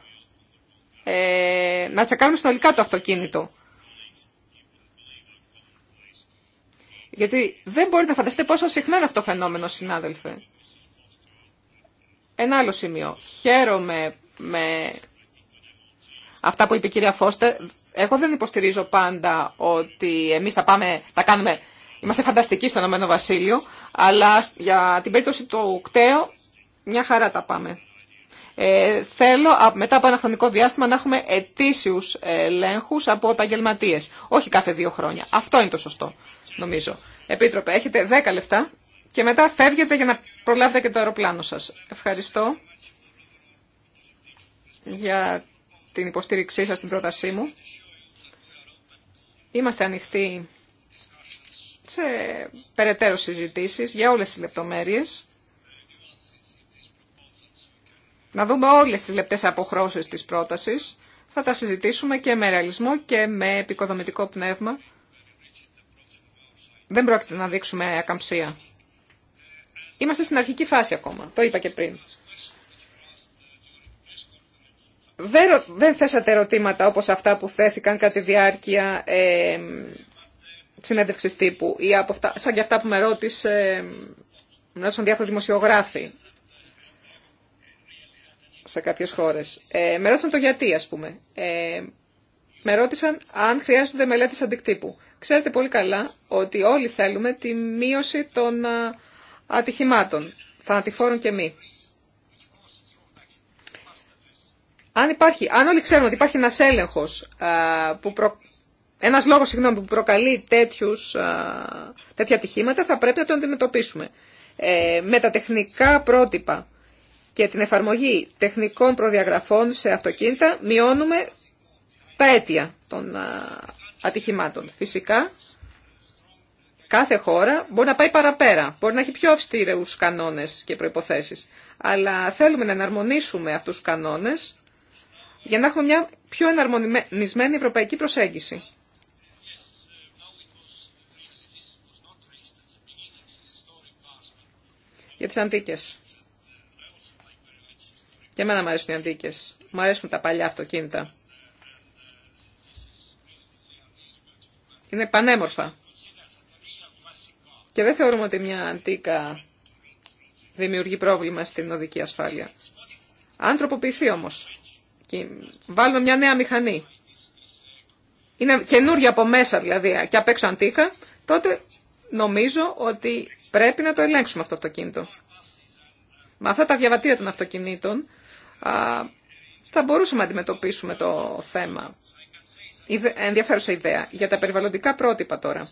να τσεκάρουμε συνολικά το αυτοκίνητο. Γιατί δεν μπορείτε να φανταστείτε πόσο συχνά είναι αυτό το φαινόμενο, συνάδελφε. Ένα άλλο σημείο. Χαίρομαι με αυτά που είπε η κυρία Φώστε. Εγώ δεν υποστηρίζω πάντα ότι εμείς θα, πάμε, θα κάνουμε Είμαστε φανταστικοί στο Ηνωμένο Βασίλειο, αλλά για την περίπτωση του κταίου μια χαρά τα πάμε. Ε, θέλω μετά από ένα χρονικό διάστημα να έχουμε ετήσιους ελέγχου από επαγγελματίε. Όχι κάθε δύο χρόνια. Αυτό είναι το σωστό, νομίζω. Επίτροπε, έχετε 10 λεπτά και μετά φεύγετε για να προλάβετε και το αεροπλάνο σα. Ευχαριστώ για την υποστήριξή σα στην πρότασή μου. Είμαστε ανοιχτοί σε περαιτέρω συζητήσεις για όλες τις λεπτομέρειες. Να δούμε όλες τις λεπτές αποχρώσεις της πρότασης. Θα τα συζητήσουμε και με ρεαλισμό και με επικοδομητικό πνεύμα. Δεν πρόκειται να δείξουμε ακαμψία. Είμαστε στην αρχική φάση ακόμα. Το είπα και πριν. Δεν θέσατε ερωτήματα όπως αυτά που θέθηκαν κατά τη διάρκεια ε, συνέντευξη τύπου ή από αυτά, σαν και αυτά που με ρώτησε ε, διάφοροι δημοσιογράφοι σε κάποιες χώρες. Ε, με ρώτησαν το γιατί, ας πούμε. Ε, με ρώτησαν αν χρειάζονται μελέτες αντικτύπου. Ξέρετε πολύ καλά ότι όλοι θέλουμε τη μείωση των ατυχημάτων, θανατηφόρων και μη. Αν, υπάρχει, αν όλοι ξέρουμε ότι υπάρχει ένας έλεγχος που, προ, ένας λόγος συγγνώμη, που προκαλεί τέτοιους, τέτοια ατυχήματα θα πρέπει να τον αντιμετωπίσουμε. Ε, με τα τεχνικά πρότυπα και την εφαρμογή τεχνικών προδιαγραφών σε αυτοκίνητα μειώνουμε τα αίτια των ατυχημάτων. Φυσικά, κάθε χώρα μπορεί να πάει παραπέρα, μπορεί να έχει πιο αυστηρούς κανόνες και προϋποθέσεις. Αλλά θέλουμε να εναρμονίσουμε αυτούς τους κανόνες για να έχουμε μια πιο εναρμονισμένη ευρωπαϊκή προσέγγιση. για τις αντίκες. Και εμένα μου αρέσουν οι αντίκες. Μου αρέσουν τα παλιά αυτοκίνητα. Είναι πανέμορφα. Και δεν θεωρούμε ότι μια αντίκα δημιουργεί πρόβλημα στην οδική ασφάλεια. Αν τροποποιηθεί όμως και βάλουμε μια νέα μηχανή, είναι καινούργια από μέσα δηλαδή και απ' έξω αντίκα, τότε νομίζω ότι Πρέπει να το ελέγξουμε αυτό το αυτοκίνητο. Με αυτά τα διαβατήρια των αυτοκινήτων θα μπορούσαμε να αντιμετωπίσουμε το θέμα. Ενδιαφέρουσα ιδέα. Για τα περιβαλλοντικά πρότυπα τώρα.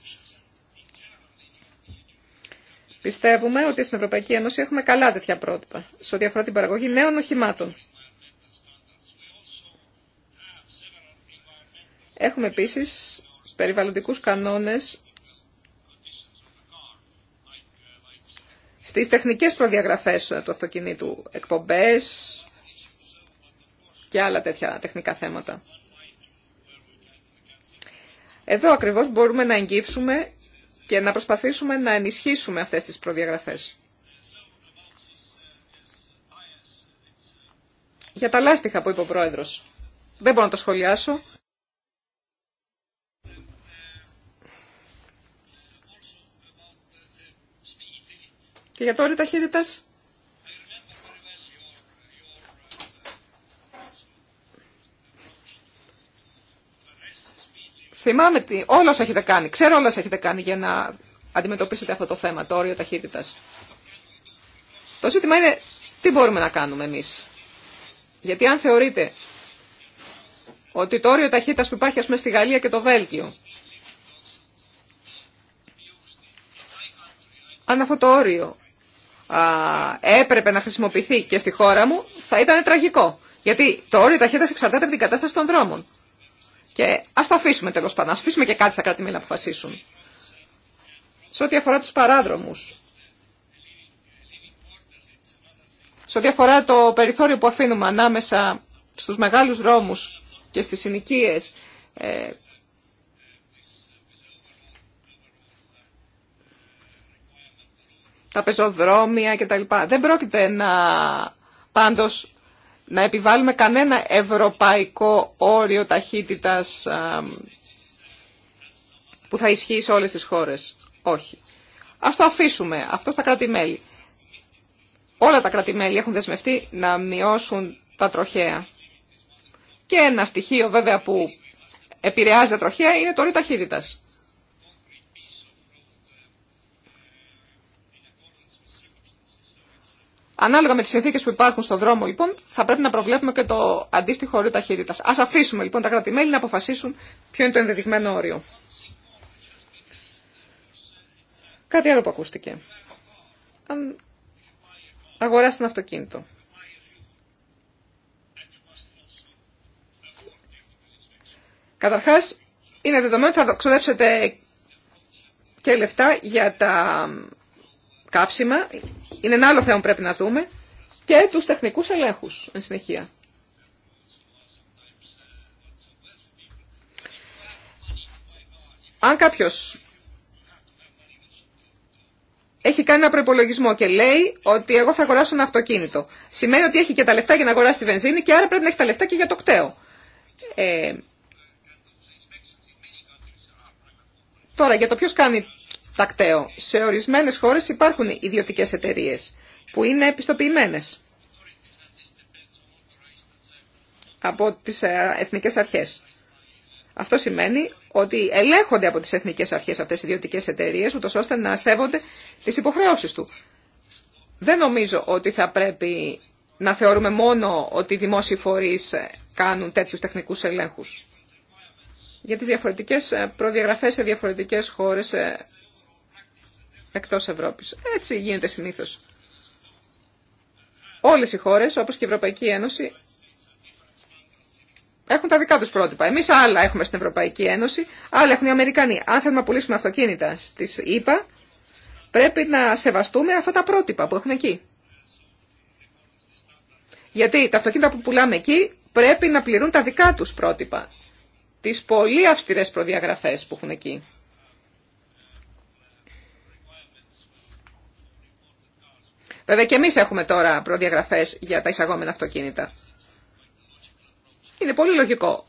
Πιστεύουμε ότι στην Ευρωπαϊκή Ένωση έχουμε καλά τέτοια πρότυπα σε ό,τι αφορά την παραγωγή νέων οχημάτων. Έχουμε επίσης περιβαλλοντικούς κανόνες στις τεχνικές προδιαγραφές ε, του αυτοκινήτου, εκπομπές και άλλα τέτοια τεχνικά θέματα. Εδώ ακριβώς μπορούμε να εγγύψουμε και να προσπαθήσουμε να ενισχύσουμε αυτές τις προδιαγραφές. Για τα λάστιχα που είπε ο Πρόεδρος. Δεν μπορώ να το σχολιάσω. Και για το όριο ταχύτητα. Θυμάμαι ότι όλα όσα έχετε κάνει, ξέρω όλα όσα έχετε κάνει για να αντιμετωπίσετε αυτό το θέμα, το όριο ταχύτητας. Το ζήτημα είναι τι μπορούμε να κάνουμε εμείς. Γιατί αν θεωρείτε ότι το όριο ταχύτητας που υπάρχει ας πούμε στη Γαλλία και το Βέλγιο, αν αυτό το όριο έπρεπε να χρησιμοποιηθεί και στη χώρα μου, θα ήταν τραγικό. Γιατί το όριο ταχύτητα εξαρτάται από την κατάσταση των δρόμων. Και α το αφήσουμε τέλο πάντων, Α αφήσουμε και κάτι στα κρατη να αποφασίσουν. Σε ό,τι αφορά τους παράδρομους, σε ό,τι αφορά το περιθώριο που αφήνουμε ανάμεσα στους μεγάλους δρόμους και στις συνοικίες, ε, τα πεζοδρόμια κτλ. Δεν πρόκειται να πάντως να επιβάλλουμε κανένα ευρωπαϊκό όριο ταχύτητας που θα ισχύει σε όλες τις χώρες. Όχι. Ας το αφήσουμε αυτό στα κράτη-μέλη. Όλα τα κράτη-μέλη έχουν δεσμευτεί να μειώσουν τα τροχέα. Και ένα στοιχείο βέβαια που επηρεάζει τα τροχέα είναι το όριο ταχύτητας. Ανάλογα με τι συνθήκε που υπάρχουν στον δρόμο, λοιπόν, θα πρέπει να προβλέπουμε και το αντίστοιχο όριο ταχύτητα. Α αφήσουμε λοιπόν τα κράτη-μέλη να αποφασίσουν ποιο είναι το ενδεδειγμένο όριο. Κάτι άλλο που ακούστηκε. Αν αγοράσετε ένα αυτοκίνητο. Καταρχάς, είναι δεδομένο θα ξοδέψετε και λεφτά για τα κάψιμα, είναι ένα άλλο θέμα που πρέπει να δούμε, και τους τεχνικούς ελέγχους, εν συνεχεία. Αν κάποιος έχει κάνει ένα προπολογισμό και λέει ότι εγώ θα αγοράσω ένα αυτοκίνητο. Σημαίνει ότι έχει και τα λεφτά για να αγοράσει τη βενζίνη και άρα πρέπει να έχει τα λεφτά και για το κταίο. Ε, τώρα, για το ποιο κάνει τακταίο. Σε ορισμένες χώρες υπάρχουν ιδιωτικές εταιρείε που είναι επιστοποιημένες από τις ε, εθνικές αρχές. Αυτό σημαίνει ότι ελέγχονται από τις εθνικές αρχές αυτές οι ιδιωτικές εταιρείε, ούτως ώστε να σέβονται τις υποχρεώσεις του. Δεν νομίζω ότι θα πρέπει να θεωρούμε μόνο ότι οι δημόσιοι φορείς κάνουν τέτοιους τεχνικούς ελέγχους. Για τις διαφορετικές ε, προδιαγραφές σε διαφορετικές χώρες ε, εκτός Ευρώπης. Έτσι γίνεται συνήθως. Όλες οι χώρες, όπως και η Ευρωπαϊκή Ένωση, έχουν τα δικά τους πρότυπα. Εμείς άλλα έχουμε στην Ευρωπαϊκή Ένωση, άλλα έχουν οι Αμερικανοί. Αν θέλουμε να πουλήσουμε αυτοκίνητα στις ΗΠΑ, πρέπει να σεβαστούμε αυτά τα πρότυπα που έχουν εκεί. Γιατί τα αυτοκίνητα που πουλάμε εκεί πρέπει να πληρούν τα δικά τους πρότυπα, τις πολύ αυστηρές προδιαγραφές που έχουν εκεί. Βέβαια και εμείς έχουμε τώρα προδιαγραφές για τα εισαγόμενα αυτοκίνητα. Είναι πολύ λογικό.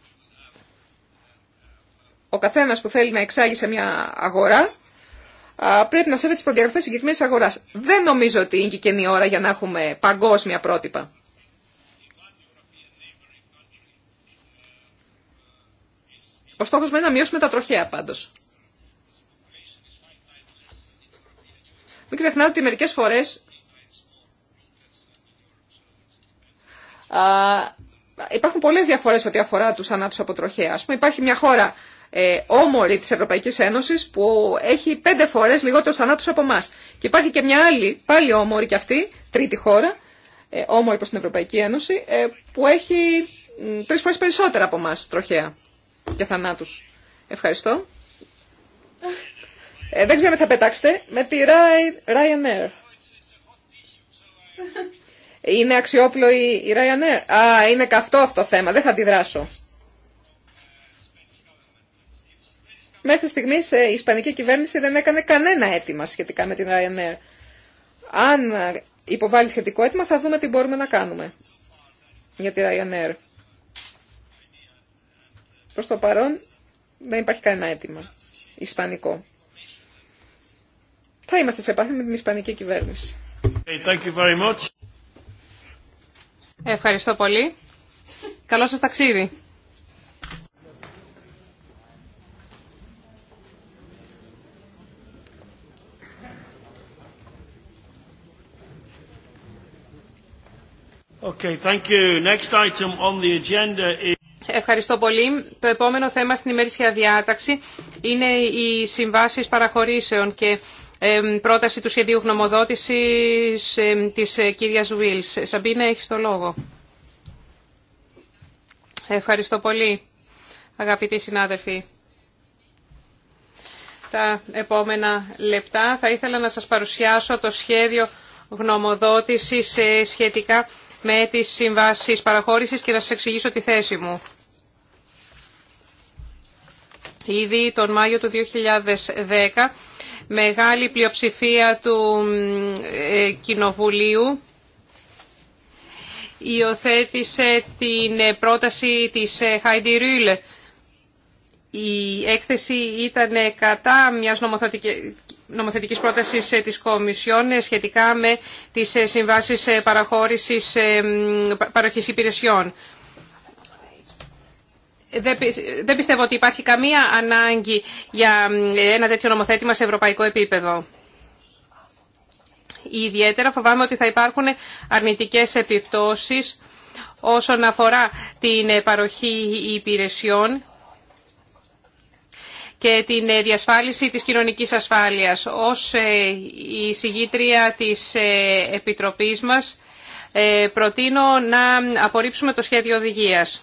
Ο καθένας που θέλει να εξάγει σε μια αγορά πρέπει να σέβεται τις προδιαγραφές συγκεκριμένη αγοράς. Δεν νομίζω ότι είναι και καινή ώρα για να έχουμε παγκόσμια πρότυπα. Ο στόχος μας είναι να μειώσουμε τα τροχέα πάντως. Μην ξεχνάτε ότι μερικές φορές υπάρχουν πολλές διαφορές ό,τι αφορά τους θανάτους από τροχέα. πούμε, υπάρχει μια χώρα ε, όμορη της Ευρωπαϊκής Ένωσης που έχει πέντε φορές λιγότερους θανάτους από εμά. Και υπάρχει και μια άλλη, πάλι όμορη και αυτή, τρίτη χώρα, ε, όμορη προς την Ευρωπαϊκή Ένωση, ε, που έχει τρεις φορές περισσότερα από εμά τροχέα και θανάτους. Ευχαριστώ. Ε, δεν ξέρω αν θα πετάξετε. Με τη Ryanair. Είναι αξιόπλοη η Ryanair. Α, είναι καυτό αυτό το θέμα. Δεν θα αντιδράσω. Μέχρι στιγμή ε, η Ισπανική κυβέρνηση δεν έκανε κανένα αίτημα σχετικά με την Ryanair. Αν ε, υποβάλει σχετικό αίτημα θα δούμε τι μπορούμε να κάνουμε για τη Ryanair. Προς το παρόν δεν υπάρχει κανένα αίτημα ισπανικό. Θα είμαστε σε επαφή με την ισπανική κυβέρνηση. Ευχαριστώ πολύ. Καλό σας ταξίδι. Okay, thank you. Next item on the agenda is... Ευχαριστώ πολύ. Το επόμενο θέμα στην ημερήσια διάταξη είναι οι συμβάσεις παραχωρήσεων και πρόταση του σχεδίου γνωμοδότησης της ε, κυρίας Βίλς. Σαμπίνα, έχεις το λόγο. Ευχαριστώ πολύ, αγαπητοί συνάδελφοι. Τα επόμενα λεπτά θα ήθελα να σας παρουσιάσω το σχέδιο γνωμοδότησης ε, σχετικά με τις συμβάσεις παραχώρησης και να σας εξηγήσω τη θέση μου. Ήδη τον Μάιο του 2010 μεγάλη πλειοψηφία του ε, Κοινοβουλίου υιοθέτησε την ε, πρόταση της Χάιντι Ρούλε. Η έκθεση ήταν ε, κατά μιας νομοθετικής πρότασης της Κομισιόν σχετικά με τις συμβάσεις παραχώρησης παροχής υπηρεσιών δεν πιστεύω ότι υπάρχει καμία ανάγκη για ένα τέτοιο νομοθέτημα σε ευρωπαϊκό επίπεδο. Ιδιαίτερα φοβάμαι ότι θα υπάρχουν αρνητικές επιπτώσεις όσον αφορά την παροχή υπηρεσιών και την διασφάλιση της κοινωνικής ασφάλειας. Ως ε, η συγγήτρια της ε, Επιτροπής μας ε, προτείνω να απορρίψουμε το σχέδιο οδηγίας.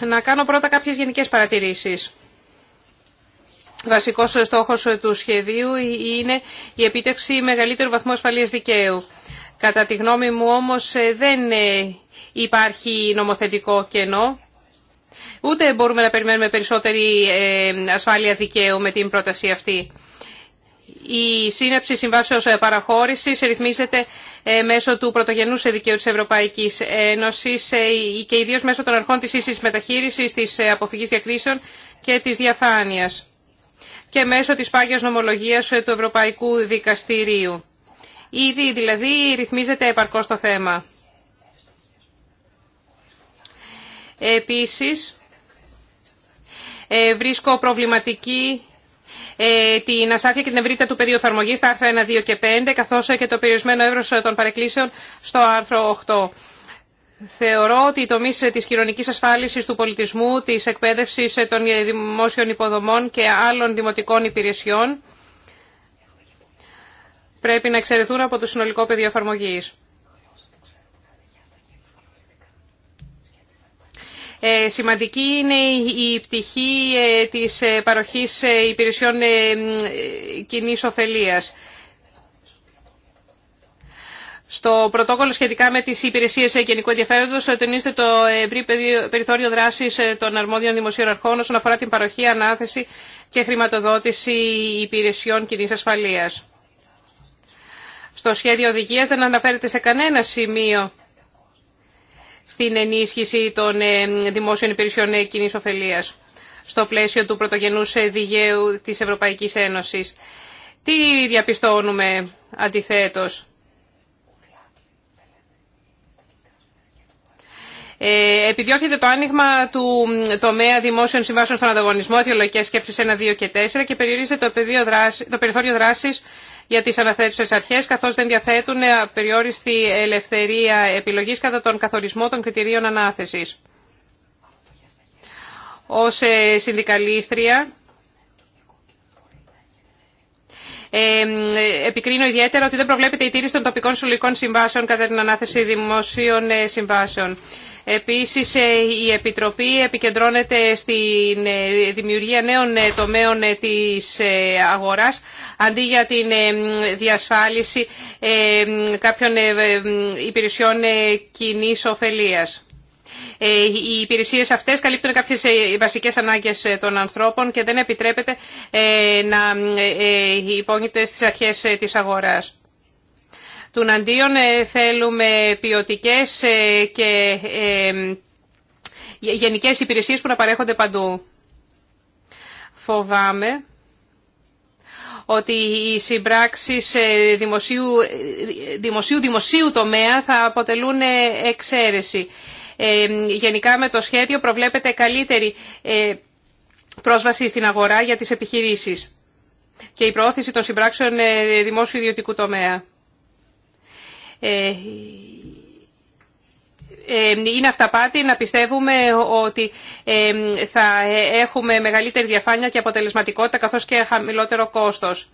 Να κάνω πρώτα κάποιες γενικές παρατηρήσεις. Βασικός στόχος του σχεδίου είναι η επίτευξη μεγαλύτερου βαθμού ασφαλείας δικαίου. Κατά τη γνώμη μου όμως ε, δεν ε, υπάρχει νομοθετικό κενό. Ούτε μπορούμε να περιμένουμε περισσότερη ε, ασφάλεια δικαίου με την πρόταση αυτή. Η σύναψη συμβάσεως ε, παραχώρηση ρυθμίζεται ε, μέσω του πρωτογενού σε δικαίου Ευρωπαϊκής Ένωσης ε, και ιδίω μέσω των αρχών της ίση μεταχείρισης, της αποφυγή διακρίσεων και της διαφάνειας και μέσω της πάγιας νομολογίας του Ευρωπαϊκού Δικαστηρίου. Ήδη δηλαδή ρυθμίζεται επαρκώς το θέμα. Επίσης, βρίσκω προβληματική ε, την ασάφεια και την ευρύτητα του πεδίου εφαρμογή στα άρθρα 1, 2 και 5, καθώς και το περιορισμένο εύρο των παρεκκλήσεων στο άρθρο 8. Θεωρώ ότι οι τομεί τη κοινωνική ασφάλιση, του πολιτισμού, τη εκπαίδευση των δημόσιων υποδομών και άλλων δημοτικών υπηρεσιών πρέπει να εξαιρεθούν από το συνολικό πεδίο εφαρμογή. Ε, σημαντική είναι η πτυχή ε, της ε, παροχής υπηρεσιών κοινής ωφελίας. Στο πρωτόκολλο σχετικά με τις υπηρεσίες γενικού ενδιαφέροντος τονίζεται το ευρύ περιθώριο δράσης των αρμόδιων δημοσίων αρχών όσον αφορά την παροχή, ανάθεση και χρηματοδότηση υπηρεσιών κοινής ασφαλείας. Στο σχέδιο οδηγίας δεν αναφέρεται σε κανένα σημείο στην ενίσχυση των ε, δημόσιων υπηρεσιών ε, κοινή ωφελία στο πλαίσιο του πρωτογενούς ε, διγέου της Ευρωπαϊκής Ένωσης. Τι διαπιστώνουμε αντιθέτως. Ε, επιδιώκεται το άνοιγμα του τομέα δημόσιων συμβάσεων στον ανταγωνισμό, αιτιολογικέ σκέψει 1, 2 και 4 και περιορίζεται το, δράση, το περιθώριο δράση για τις αναθέτουσες αρχές, καθώς δεν διαθέτουν απεριόριστη ελευθερία επιλογής κατά τον καθορισμό των κριτηρίων ανάθεσης. Ως ε, συνδικαλίστρια, ε, επικρίνω ιδιαίτερα ότι δεν προβλέπεται η τήρηση των τοπικών συλλογικών συμβάσεων κατά την ανάθεση δημοσίων ε, συμβάσεων. Επίσης, ε, η Επιτροπή επικεντρώνεται στη ε, δημιουργία νέων ε, τομέων της αγοράς, αντί για την διασφάλιση κάποιων υπηρεσιών κοινή ωφελία. Οι υπηρεσίες αυτές καλύπτουν κάποιες βασικές ανάγκες των ανθρώπων και δεν επιτρέπεται να υπόγειται στις αρχές της αγοράς. Του ε, θέλουμε ποιοτικές ε, και ε, γενικές υπηρεσίες που να παρέχονται παντού. Φοβάμαι ότι οι συμπράξεις δημοσίου, δημοσίου, δημοσίου τομέα θα αποτελούν εξαίρεση. γενικά με το σχέδιο προβλέπεται καλύτερη πρόσβαση στην αγορά για τις επιχειρήσεις και η προώθηση των συμπράξεων δημόσιο-ιδιωτικού τομέα. Ε, ε, είναι αυταπάτη να πιστεύουμε ότι ε, θα έχουμε μεγαλύτερη διαφάνεια και αποτελεσματικότητα καθώς και χαμηλότερο κόστος.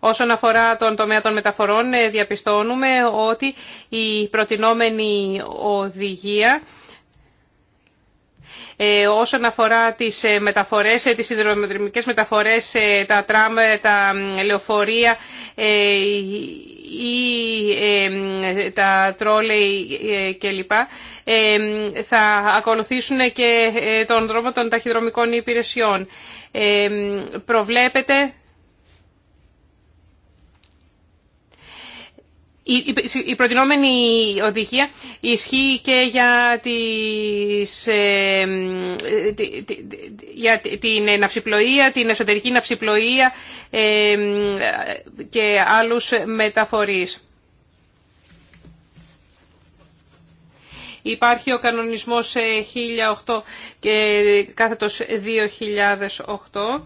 Όσον αφορά τον τομέα των μεταφορών, διαπιστώνουμε ότι η προτινόμενη οδηγία όσον αφορά τις μεταφορές, τις σιδηροδρομικές μεταφορές, τα τραμ, τα λεωφορεία, ή τα τρόλεϊ ε, κλπ. θα ακολουθήσουν και ε, τον δρόμο των ταχυδρομικών υπηρεσιών. Προβλέπετε Η προτινόμενη οδηγία ισχύει και για, τις, ε, για την ναυσιπλοεία, την εσωτερική ναυσιπλοεία ε, και άλλους μεταφορείς. Υπάρχει ο κανονισμός 1008 ε, και κάθετος 2008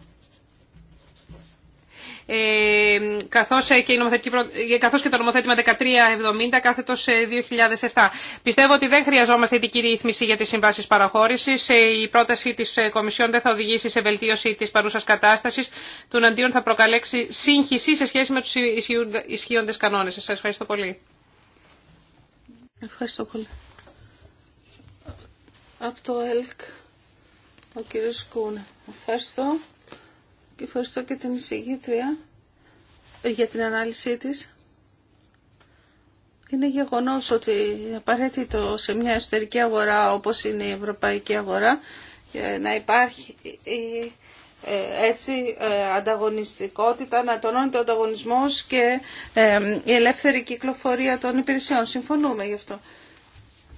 καθώς ε, και, ε, καθώς και το νομοθέτημα 1370 κάθετος 2007. Ε, Πιστεύω ότι δεν χρειαζόμαστε ειδική ρύθμιση για τις συμβάσεις παραχώρησης. Η πρόταση της Κομισιόν δεν θα οδηγήσει σε βελτίωση της παρούσας κατάστασης. Του αντίον θα προκαλέξει σύγχυση σε σχέση με τους ισχύοντες κανόνες. Σας ευχαριστώ πολύ. Ευχαριστώ πολύ. Από το ΕΛΚ, ο κύριος Ευχαριστώ. Και ευχαριστώ και την εισηγήτρια ε, για την ανάλυση της. Είναι γεγονός ότι απαραίτητο σε μια εσωτερική αγορά όπως είναι η ευρωπαϊκή αγορά ε, να υπάρχει ε, έτσι ανταγωνιστικότητα, να τονώνεται ο ανταγωνισμός και η ελεύθερη κυκλοφορία των υπηρεσιών. Συμφωνούμε γι' αυτό.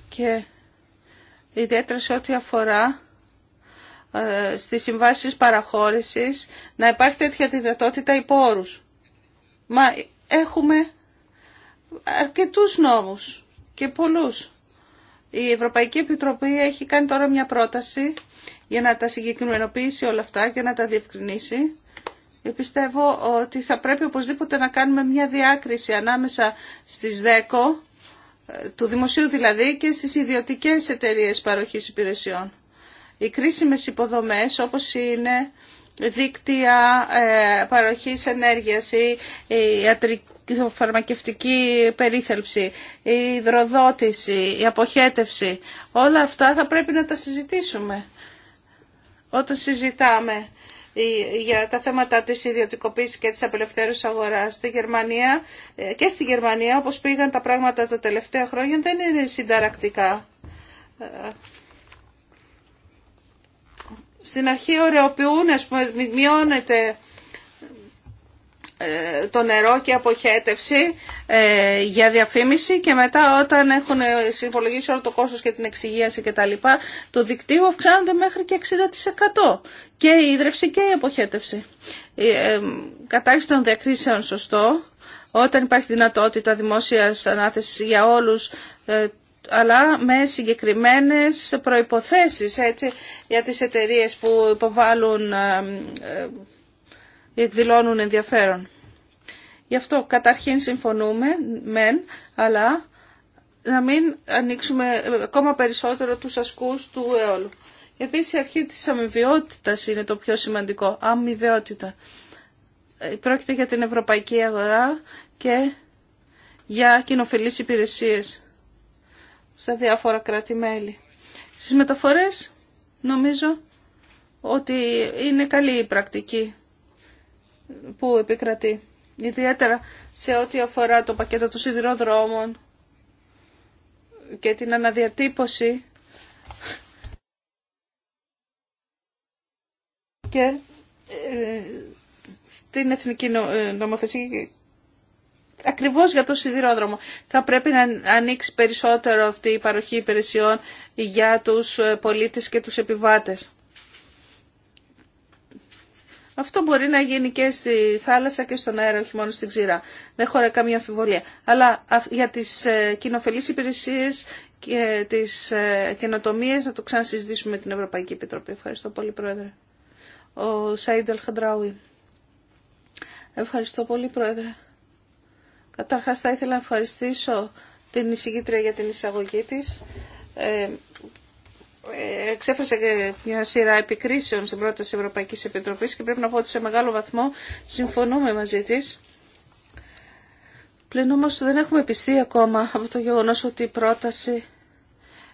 Και ιδιαίτερα σε ό,τι αφορά ε, στις συμβάσεις παραχώρησης να υπάρχει τέτοια δυνατότητα υπό όρους. Μα έχουμε αρκετούς νόμους και πολλούς. Η Ευρωπαϊκή Επιτροπή έχει κάνει τώρα μια πρόταση για να τα συγκεκριμενοποιήσει όλα αυτά και να τα διευκρινίσει. Πιστεύω ότι θα πρέπει οπωσδήποτε να κάνουμε μια διάκριση ανάμεσα στις ΔΕΚΟ, ε, του δημοσίου δηλαδή, και στις ιδιωτικές εταιρείες παροχής υπηρεσιών οι κρίσιμες υποδομές όπως είναι δίκτυα ε, παροχής ενέργειας ή η φαρμακευτική περίθαλψη, η υδροδότηση, η αποχέτευση. Όλα αυτά θα πρέπει να τα συζητήσουμε όταν συζητάμε για τα θέματα της ιδιωτικοποίησης και της απελευθέρωσης αγοράς στη Γερμανία ε, και στη Γερμανία όπως πήγαν τα πράγματα τα τελευταία χρόνια δεν είναι συνταρακτικά. Ε, στην αρχή ωρεοποιούν, ας πούμε, μειώνεται ε, το νερό και αποχέτευση ε, για διαφήμιση και μετά όταν έχουν ε, συμπολογίσει όλο το κόστος και την εξυγίαση και τα λοιπά, το δικτύο αυξάνονται μέχρι και 60% και η ίδρυυση και η αποχέτευση. ε, των διακρίσεων σωστό, όταν υπάρχει δυνατότητα δημόσιας ανάθεσης για όλους αλλά με συγκεκριμένες προϋποθέσεις έτσι, για τις εταιρείες που υποβάλλουν, ε, ε, ε, εκδηλώνουν ενδιαφέρον. Γι' αυτό καταρχήν συμφωνούμε, μεν, αλλά να μην ανοίξουμε ακόμα περισσότερο τους ασκούς του αιώλου. Επίσης η αρχή της αμοιβαιότητας είναι το πιο σημαντικό. Αμοιβαιότητα. Πρόκειται για την ευρωπαϊκή αγορά και για κοινοφιλείς υπηρεσίες σε διάφορα κράτη-μέλη. Στις μεταφορές νομίζω ότι είναι καλή η πρακτική που επικρατεί. Ιδιαίτερα σε ό,τι αφορά το πακέτο των σιδηροδρόμων και την αναδιατύπωση και ε, στην εθνική ε, νομοθεσία ακριβώς για το σιδηρόδρομο. Θα πρέπει να ανοίξει περισσότερο αυτή η παροχή υπηρεσιών για τους ε, πολίτες και τους επιβάτες. Αυτό μπορεί να γίνει και στη θάλασσα και στον αέρα, όχι μόνο στην ξηρά. Δεν χωρά καμία αμφιβολία. Αλλά για τις ε, κοινοφελείς υπηρεσίες και τις ε, καινοτομίες να το ξανασυζητήσουμε με την Ευρωπαϊκή Επιτροπή. Ευχαριστώ πολύ, Πρόεδρε. Ο Σάιντ Ευχαριστώ πολύ, Πρόεδρε. Καταρχάς θα ήθελα να ευχαριστήσω την εισηγήτρια για την εισαγωγή της. Ε, ε, εξέφρασε και μια σειρά επικρίσεων στην πρόταση Ευρωπαϊκής Επιτροπής και πρέπει να πω ότι σε μεγάλο βαθμό συμφωνούμε μαζί της. Πλην όμως δεν έχουμε πιστεί ακόμα από το γεγονός ότι η πρόταση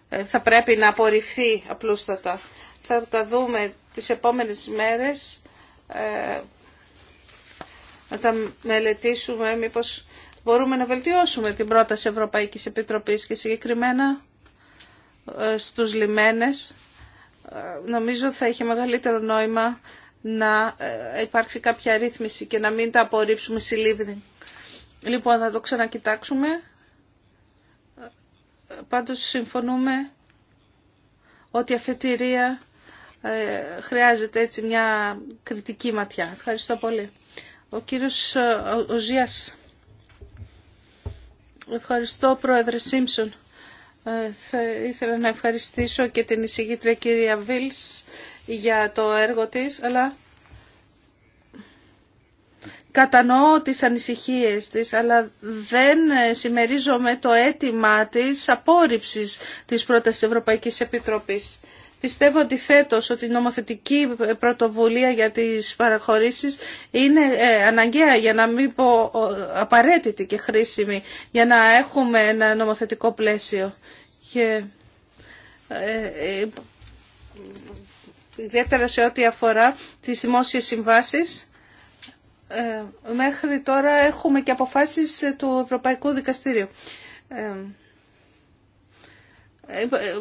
ε, θα πρέπει να απορριφθεί απλούστατα. Θα τα δούμε τις επόμενες μέρες, ε, να τα μελετήσουμε μήπως μπορούμε να βελτιώσουμε την πρόταση Ευρωπαϊκής Επιτροπής και συγκεκριμένα ε, στους λιμένες. Ε, νομίζω θα είχε μεγαλύτερο νόημα να ε, υπάρξει κάποια ρύθμιση και να μην τα απορρίψουμε συλλήβδη. Λοιπόν, θα το ξανακοιτάξουμε. Πάντως συμφωνούμε ότι η αφετηρία χρειάζεται έτσι μια κριτική ματιά. Ευχαριστώ πολύ. Ο κύριος Οζίας. Ευχαριστώ, Πρόεδρε Σίμψον. Ε, θα ήθελα να ευχαριστήσω και την εισηγήτρια κυρία Βίλς για το έργο της, αλλά κατανοώ τις ανησυχίες της, αλλά δεν συμμερίζομαι το αίτημα της απόρριψης της πρότασης Ευρωπαϊκής Επιτροπής. Πιστεύω αντιθέτως ότι η νομοθετική πρωτοβουλία για τις παραχωρήσεις είναι ε, αναγκαία για να μην πω απαραίτητη και χρήσιμη για να έχουμε ένα νομοθετικό πλαίσιο. Και, ε, ε, ιδιαίτερα σε ό,τι αφορά τις δημόσιες συμβάσεις. μέχρι τώρα έχουμε και αποφάσεις του Ευρωπαϊκού Δικαστήριου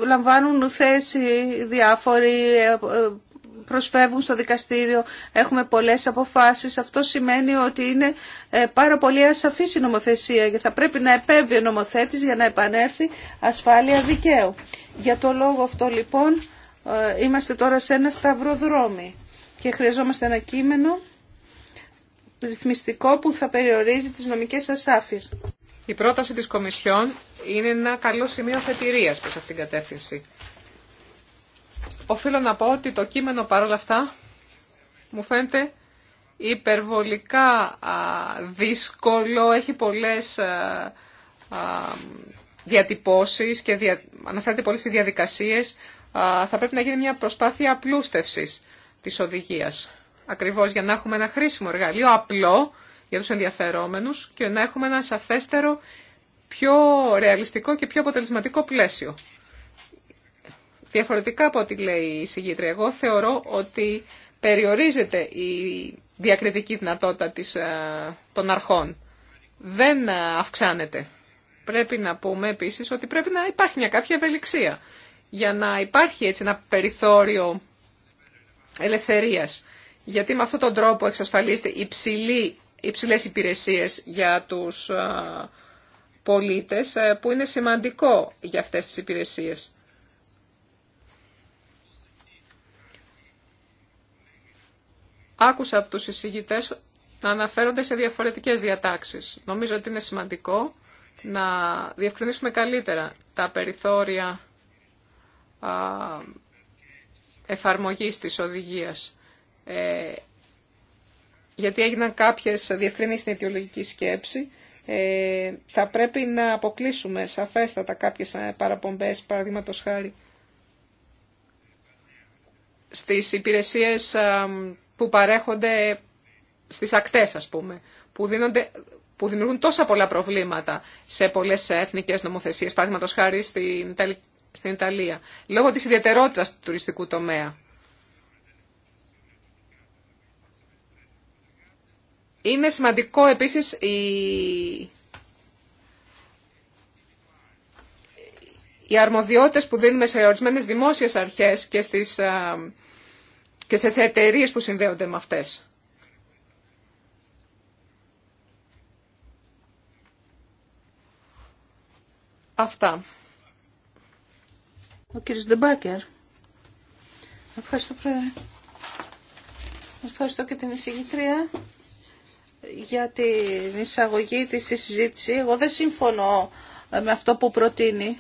λαμβάνουν θέση διάφοροι, ε, ε, προσφεύγουν στο δικαστήριο, έχουμε πολλές αποφάσεις. Αυτό σημαίνει ότι είναι ε, πάρα πολύ ασαφής η νομοθεσία και θα πρέπει να επέμβει ο νομοθέτης για να επανέλθει ασφάλεια δικαίου. Για το λόγο αυτό λοιπόν είμαστε τώρα σε ένα σταυροδρόμι και χρειαζόμαστε ένα κείμενο ρυθμιστικό που θα περιορίζει τις νομικές ασάφειες. Η πρόταση της Κομισιόν είναι ένα καλό σημείο θετηρία προς αυτήν την κατεύθυνση. Οφείλω να πω ότι το κείμενο παρόλα αυτά μου φαίνεται υπερβολικά δύσκολο, έχει πολλές διατυπώσεις και αναφέρεται πολλές οι διαδικασίες. Θα πρέπει να γίνει μια προσπάθεια απλούστευσης της οδηγίας. Ακριβώς για να έχουμε ένα χρήσιμο εργαλείο, απλό για τους ενδιαφερόμενους και να έχουμε ένα σαφέστερο πιο ρεαλιστικό και πιο αποτελεσματικό πλαίσιο. Διαφορετικά από ό,τι λέει η συγγήτρια, εγώ θεωρώ ότι περιορίζεται η διακριτική δυνατότητα της, ε, των αρχών. Δεν ε, αυξάνεται. Πρέπει να πούμε επίσης ότι πρέπει να υπάρχει μια κάποια ευελιξία για να υπάρχει έτσι ένα περιθώριο ελευθερίας. Γιατί με αυτόν τον τρόπο εξασφαλίζεται υψηλή, υψηλές υπηρεσίες για τους ε, πολίτες ε, που είναι σημαντικό για αυτές τις υπηρεσίες. Άκουσα από τους εισηγητές να αναφέρονται σε διαφορετικές διατάξεις. Νομίζω ότι είναι σημαντικό να διευκρινίσουμε καλύτερα τα περιθώρια εφαρμογής της οδηγίας. Ε, γιατί έγιναν κάποιες διευκρινήσεις στην αιτιολογική σκέψη ε, θα πρέπει να αποκλείσουμε σαφέστατα κάποιες ε, παραπομπές, παραδείγματο χάρη, στις υπηρεσίες ε, που παρέχονται στις ακτές, ας πούμε, που, που δημιουργούν τόσα πολλά προβλήματα σε πολλές εθνικές νομοθεσίες, παραδείγματο χάρη στην, στην Ιταλία, λόγω της ιδιαιτερότητας του τουριστικού τομέα. Είναι σημαντικό επίσης η... οι αρμοδιότητες που δίνουμε σε ορισμένες δημόσιες αρχές και, στις, και σε εταιρείε που συνδέονται με αυτές. Αυτά. Ο κύριος Ντεμπάκερ. Ευχαριστώ, Ευχαριστώ και την εισηγητρία για την εισαγωγή της στη συζήτηση. Εγώ δεν συμφωνώ με αυτό που προτείνει.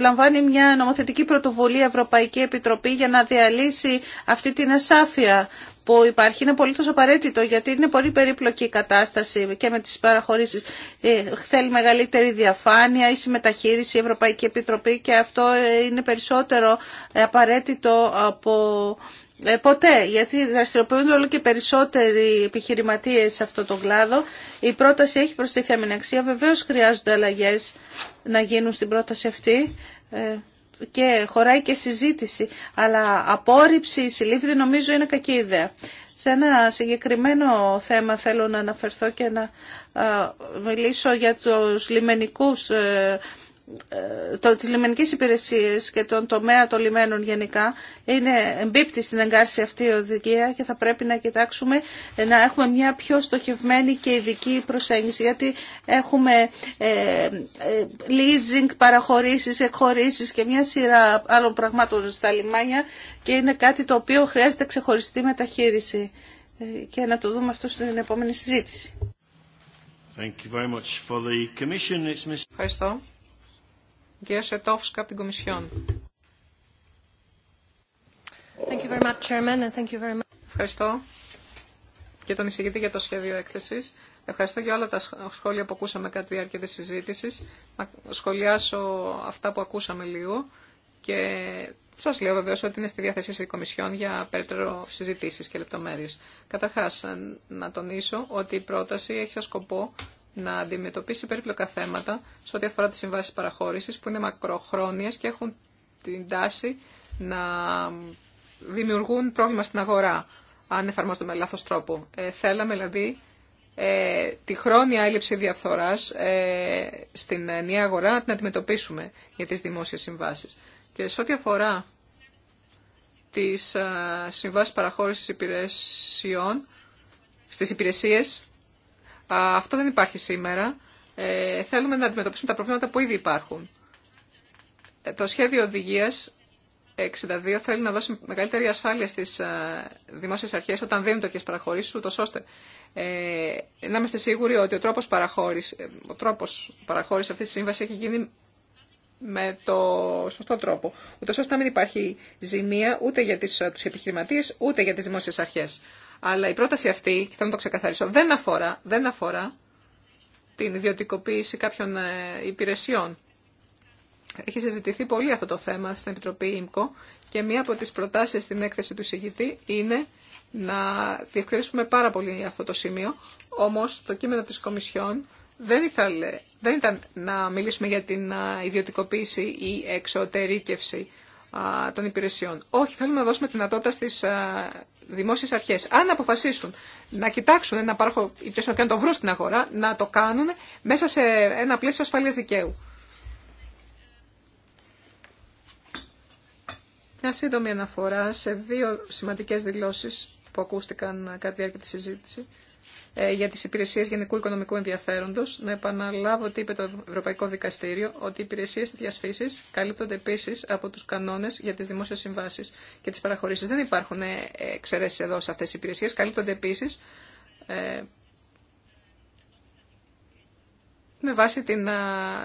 Λαμβάνει μια νομοθετική πρωτοβουλία Ευρωπαϊκή Επιτροπή για να διαλύσει αυτή την ασάφεια που υπάρχει. Είναι πολύ τόσο απαραίτητο γιατί είναι πολύ περίπλοκη η κατάσταση και με τις παραχωρήσεις. Ε, θέλει μεγαλύτερη διαφάνεια, η συμμεταχείριση, η Ευρωπαϊκή Επιτροπή και αυτό είναι περισσότερο απαραίτητο από ε, ποτέ, γιατί δραστηριοποιούνται όλο και περισσότεροι επιχειρηματίε σε αυτό το κλάδο. Η πρόταση έχει προστιθέμενη αμυναξία, Βεβαίως χρειάζονται αλλαγέ να γίνουν στην πρόταση αυτή ε, και χωράει και συζήτηση. Αλλά απόρριψη, η συλλήφθη νομίζω είναι κακή ιδέα. Σε ένα συγκεκριμένο θέμα θέλω να αναφερθώ και να μιλήσω για τους λιμενικούς ε, ε, το, τις λιμενικές υπηρεσίες και τον τομέα των λιμένων γενικά είναι εμπίπτη στην εγκάρση αυτή η οδηγία και θα πρέπει να κοιτάξουμε ε, να έχουμε μια πιο στοχευμένη και ειδική προσέγγιση γιατί έχουμε ε, ε, leasing, παραχωρήσεις, εκχωρήσεις και μια σειρά άλλων πραγμάτων στα λιμάνια και είναι κάτι το οποίο χρειάζεται ξεχωριστή μεταχείριση και να το δούμε αυτό στην επόμενη συζήτηση. Thank you very much for the commission. It's... Ευχαριστώ από την Κομισιόν. Ευχαριστώ και τον εισηγητή για το σχέδιο έκθεσης. Ευχαριστώ για όλα τα σχόλια που ακούσαμε κατά τη διάρκεια της συζήτησης. Να σχολιάσω αυτά που ακούσαμε λίγο και σα λέω βεβαίω ότι είναι στη διάθεσή της Κομισιόν για περαιτέρω συζητήσει και λεπτομέρειε. Καταρχά να τονίσω ότι η πρόταση έχει σαν σκοπό να αντιμετωπίσει περίπλοκα θέματα σε ό,τι αφορά τις συμβάσεις παραχώρησης που είναι μακροχρόνιες και έχουν την τάση να δημιουργούν πρόβλημα στην αγορά αν εφαρμόζονται με λάθος τρόπο. Ε, θέλαμε δηλαδή ε, τη χρόνια έλλειψη διαφθοράς ε, στην νέα αγορά να την αντιμετωπίσουμε για τις δημόσιες συμβάσεις. Και σε ό,τι αφορά τις συμβάσει συμβάσεις παραχώρησης υπηρεσιών, στις υπηρεσίες, αυτό δεν υπάρχει σήμερα. Ε, θέλουμε να αντιμετωπίσουμε τα προβλήματα που ήδη υπάρχουν. Ε, το σχέδιο οδηγία, 62 θέλει να δώσει μεγαλύτερη ασφάλεια στις ε, δημόσιες αρχές όταν δίνουν τέτοιε παραχωρήσει, ούτω ώστε ε, να είμαστε σίγουροι ότι ο τρόπος παραχώρησης, ε, ο τρόπος παραχώρησης αυτής της σύμβασης έχει γίνει με το σωστό τρόπο, Ούτω ώστε να μην υπάρχει ζημία ούτε για του επιχειρηματίε ούτε για τι δημόσιε αρχέ. Αλλά η πρόταση αυτή, και θέλω να το ξεκαθαρίσω, δεν αφορά, δεν αφορά την ιδιωτικοποίηση κάποιων ε, υπηρεσιών. Έχει συζητηθεί πολύ αυτό το θέμα στην Επιτροπή ΙΜΚΟ και μία από τις προτάσεις στην έκθεση του εισηγητή είναι να διευκρινίσουμε πάρα πολύ αυτό το σημείο. Όμως το κείμενο της Κομισιόν δεν, δεν ήταν να μιλήσουμε για την ε, ιδιωτικοποίηση ή εξωτερήκευση των υπηρεσιών. Όχι, θέλουμε να δώσουμε τη δυνατότητα στι δημόσιε αρχέ. Αν αποφασίσουν να κοιτάξουν ένα πάροχο υπηρεσιών και να το βρουν στην αγορά, να το κάνουν μέσα σε ένα πλαίσιο ασφαλεία δικαίου. Μια σύντομη αναφορά σε δύο σημαντικέ δηλώσει που ακούστηκαν κατά τη διάρκεια τη συζήτηση. Ε, για τις υπηρεσίες γενικού οικονομικού ενδιαφέροντος. Να επαναλάβω ότι είπε το Ευρωπαϊκό Δικαστήριο ότι οι υπηρεσίες της διασφύσης καλύπτονται επίσης από τους κανόνες για τις δημόσιες συμβάσεις και τις παραχωρήσεις. Δεν υπάρχουν ε, εξαιρέσεις εδώ σε αυτές οι υπηρεσίες. Καλύπτονται επίσης ε, με βάση την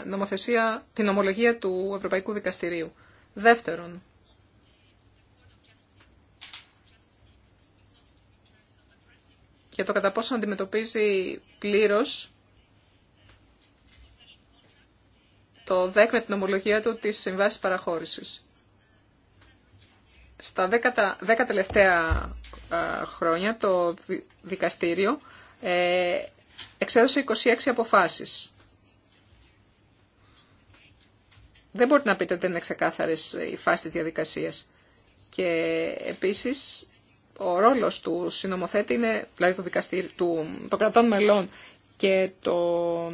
νομοθεσία, την ομολογία του Ευρωπαϊκού Δικαστηρίου. Δεύτερον, για το κατά πόσο αντιμετωπίζει πλήρω το ΔΕΚ την ομολογία του τη συμβάση παραχώρησης. Στα δέκα, τελευταία χρόνια το δικαστήριο ε, εξέδωσε 26 αποφάσεις. Δεν μπορείτε να πείτε ότι δεν είναι ξεκάθαρες οι φάσεις της διαδικασίας. Και επίσης ο ρόλος του συνομοθέτη είναι, δηλαδή του του, των κρατών μελών και, το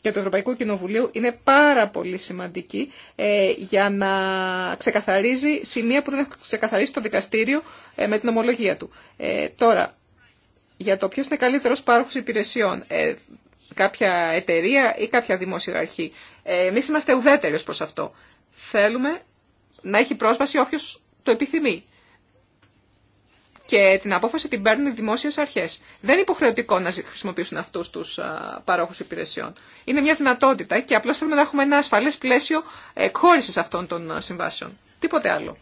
και του Ευρωπαϊκού Κοινοβουλίου είναι πάρα πολύ σημαντική ε, για να ξεκαθαρίζει σημεία που δεν έχουν ξεκαθαρίσει το δικαστήριο ε, με την ομολογία του. Ε, τώρα, για το ποιος είναι καλύτερος πάροχος υπηρεσιών, κάποια εταιρεία ή κάποια δημόσια αρχή. Εμείς είμαστε ουδέτεροι προς αυτό. Θέλουμε να έχει πρόσβαση όποιος το επιθυμεί και την απόφαση την παίρνουν οι δημόσιες αρχές. Δεν είναι υποχρεωτικό να χρησιμοποιήσουν αυτούς τους παρόχους υπηρεσιών. Είναι μια δυνατότητα και απλώς θέλουμε να έχουμε ένα ασφαλές πλαίσιο εκχώρησης αυτών των συμβάσεων. Τίποτε άλλο.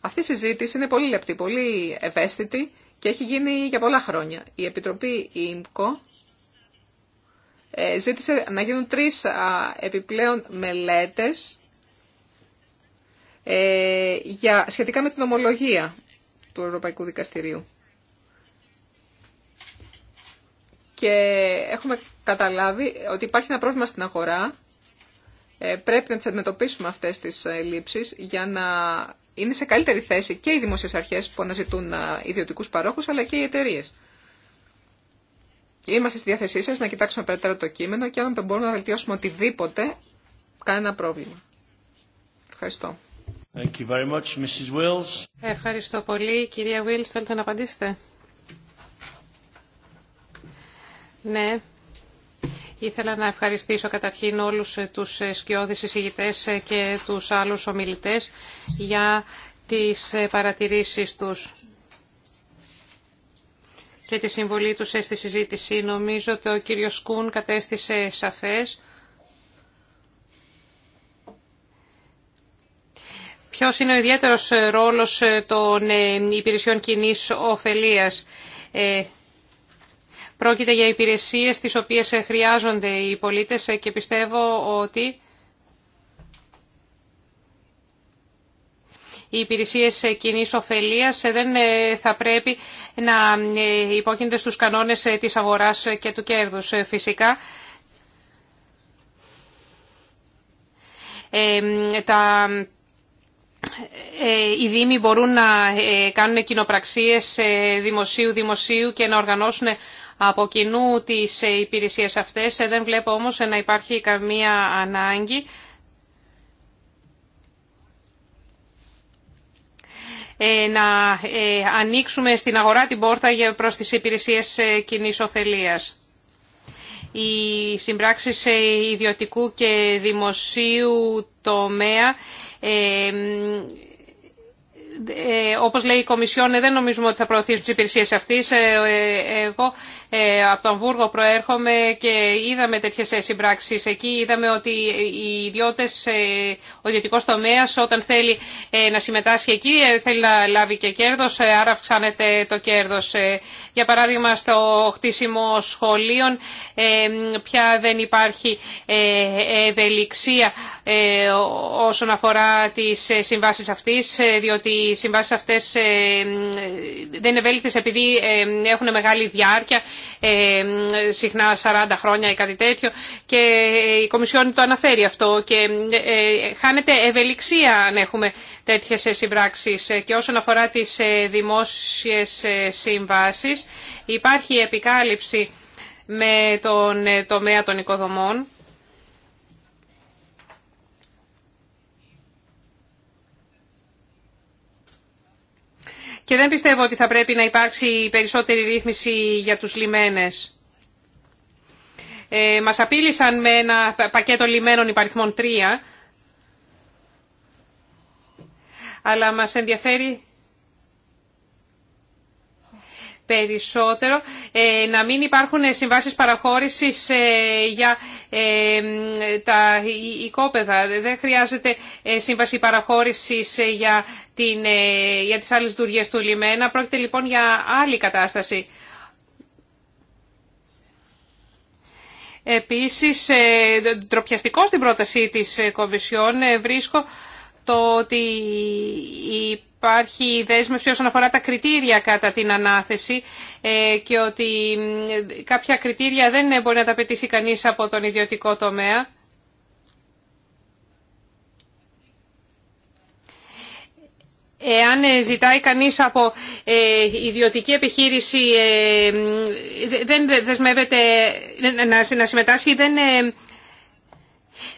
Αυτή η συζήτηση είναι πολύ λεπτή, πολύ ευαίσθητη και έχει γίνει για πολλά χρόνια. Η Επιτροπή ΙΜΚΟ ε, ζήτησε να γίνουν τρεις επιπλέον μελέτες ε, για, σχετικά με την ομολογία του Ευρωπαϊκού Δικαστηρίου. Και έχουμε καταλάβει ότι υπάρχει ένα πρόβλημα στην αγορά. Ε, πρέπει να τις αντιμετωπίσουμε αυτές τις ελλείψεις για να είναι σε καλύτερη θέση και οι δημόσιες αρχές που αναζητούν ε, ιδιωτικούς παρόχους αλλά και οι εταιρείε. Είμαστε στη διάθεσή σας να κοιτάξουμε περαιτέρω το κείμενο και αν μπορούμε να βελτιώσουμε οτιδήποτε, κανένα πρόβλημα. Ευχαριστώ. Ευχαριστώ πολύ. Κυρία Wills, θέλετε να απαντήσετε. Ναι. Ήθελα να ευχαριστήσω καταρχήν όλους τους σκιώδεις εισηγητές και τους άλλους ομιλητές για τις παρατηρήσεις τους και τη συμβολή τους στη συζήτηση. Νομίζω ότι ο κύριος Κούν κατέστησε σαφές Ποιος είναι ο ιδιαίτερος ε, ρόλος ε, των ε, υπηρεσιών κοινή ωφελίας. Πρόκειται για υπηρεσίες τις οποίες χρειάζονται οι πολίτες και πιστεύω ότι οι υπηρεσίες κοινή ωφελία. δεν θα πρέπει να υπόκεινται στους κανόνες της αγοράς και του κέρδους φυσικά. τα ε, οι Δήμοι μπορούν να ε, κάνουν κοινοπραξίες δημοσίου-δημοσίου ε, και να οργανώσουν από κοινού τις υπηρεσίες αυτές. Δεν βλέπω όμως να υπάρχει καμία ανάγκη να ανοίξουμε στην αγορά την πόρτα προς τις υπηρεσίες κοινής ωφελίας. Οι συμπράξεις ιδιωτικού και δημοσίου τομέα ε, όπως λέει η Κομισιόν, ε, δεν νομίζουμε ότι θα προωθήσουν τις υπηρεσίες αυτής. Ε, εγώ ε, από τον Βούργο προέρχομαι και είδαμε τέτοιες ε, συμπράξεις. Εκεί είδαμε ότι οι ιδιώτες, ε, ο ιδιωτικό τομέας όταν θέλει να συμμετάσχει εκεί θέλει να λάβει και κέρδος, άρα αυξάνεται το κέρδος. Για παράδειγμα στο χτίσιμο σχολείων πια δεν υπάρχει ευελιξία όσον αφορά τις συμβάσεις αυτής, διότι οι συμβάσεις αυτές δεν είναι ευέλικτες επειδή έχουν μεγάλη διάρκεια ε, συχνά 40 χρόνια ή κάτι τέτοιο και ε, η Κομισιόν το αναφέρει αυτό και ε, χάνεται ευελιξία αν έχουμε τέτοιες συμπράξεις και όσον αφορά τις δημόσιες συμβάσεις υπάρχει επικάλυψη με τον τομέα των οικοδομών και δεν πιστεύω ότι θα πρέπει να υπάρξει περισσότερη ρύθμιση για τους λιμένες. Ε, μας απείλησαν με ένα πακέτο λιμένων υπαριθμών 3, αλλά μας ενδιαφέρει περισσότερο, ε, να μην υπάρχουν συμβάσεις παραχώρησης ε, για ε, τα οικόπεδα. Δεν χρειάζεται σύμβαση παραχώρησης για, την, για τις άλλες δουλειές του λιμένα. Πρόκειται λοιπόν για άλλη κατάσταση. Επίσης, τροπιαστικό στην πρότασή της Κομισιόν βρίσκω το ότι η υπάρχει δέσμευση όσον αφορά τα κριτήρια κατά την ανάθεση ε, και ότι κάποια κριτήρια δεν μπορεί να τα απαιτήσει κανείς από τον ιδιωτικό τομέα. Εάν ε, ζητάει κανείς από ε, ιδιωτική επιχείρηση δεν δεσμεύεται να συμμετάσχει, δεν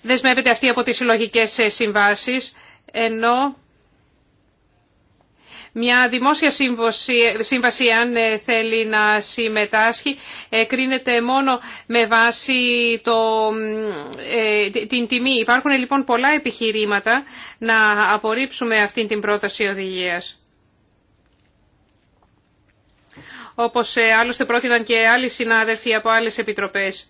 δεσμεύεται αυτή από τις συλλογικές συμβάσεις, ενώ μια δημόσια σύμβαση, αν ε, θέλει να συμμετάσχει, ε, κρίνεται μόνο με βάση το, ε, την τιμή. Υπάρχουν λοιπόν πολλά επιχειρήματα να απορρίψουμε αυτή την πρόταση οδηγίας. Όπως άλλωστε πρόκειταν και άλλοι συνάδελφοι από άλλες επιτροπές.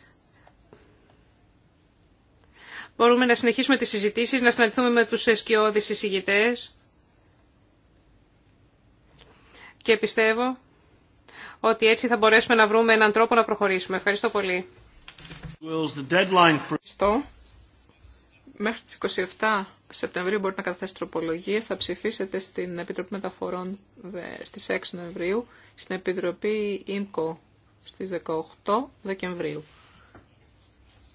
Μπορούμε να συνεχίσουμε τις συζητήσεις, να συναντηθούμε με τους εσκιώδεις εισηγητές και πιστεύω ότι έτσι θα μπορέσουμε να βρούμε έναν τρόπο να προχωρήσουμε. Ευχαριστώ πολύ. Ευχαριστώ. Μέχρι τις 27 Σεπτεμβρίου μπορείτε να καταθέσετε τροπολογίες. Θα ψηφίσετε στην Επιτροπή Μεταφορών στις 6 Νοεμβρίου, στην Επιτροπή ΙΜΚΟ στις 18 Δεκεμβρίου.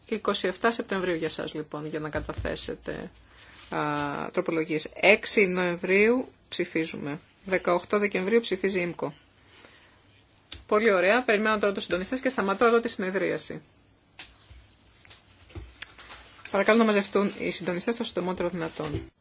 27 Σεπτεμβρίου για σας λοιπόν, για να καταθέσετε α, τροπολογίες. 6 Νοεμβρίου ψηφίζουμε. 18 Δεκεμβρίου ψηφίζει ΙΜΚΟ. Πολύ ωραία. Περιμένω τώρα τους συντονιστές και σταματώ εδώ τη συνεδρίαση. Παρακαλώ να μαζευτούν οι συντονιστές το συντομότερο δυνατόν.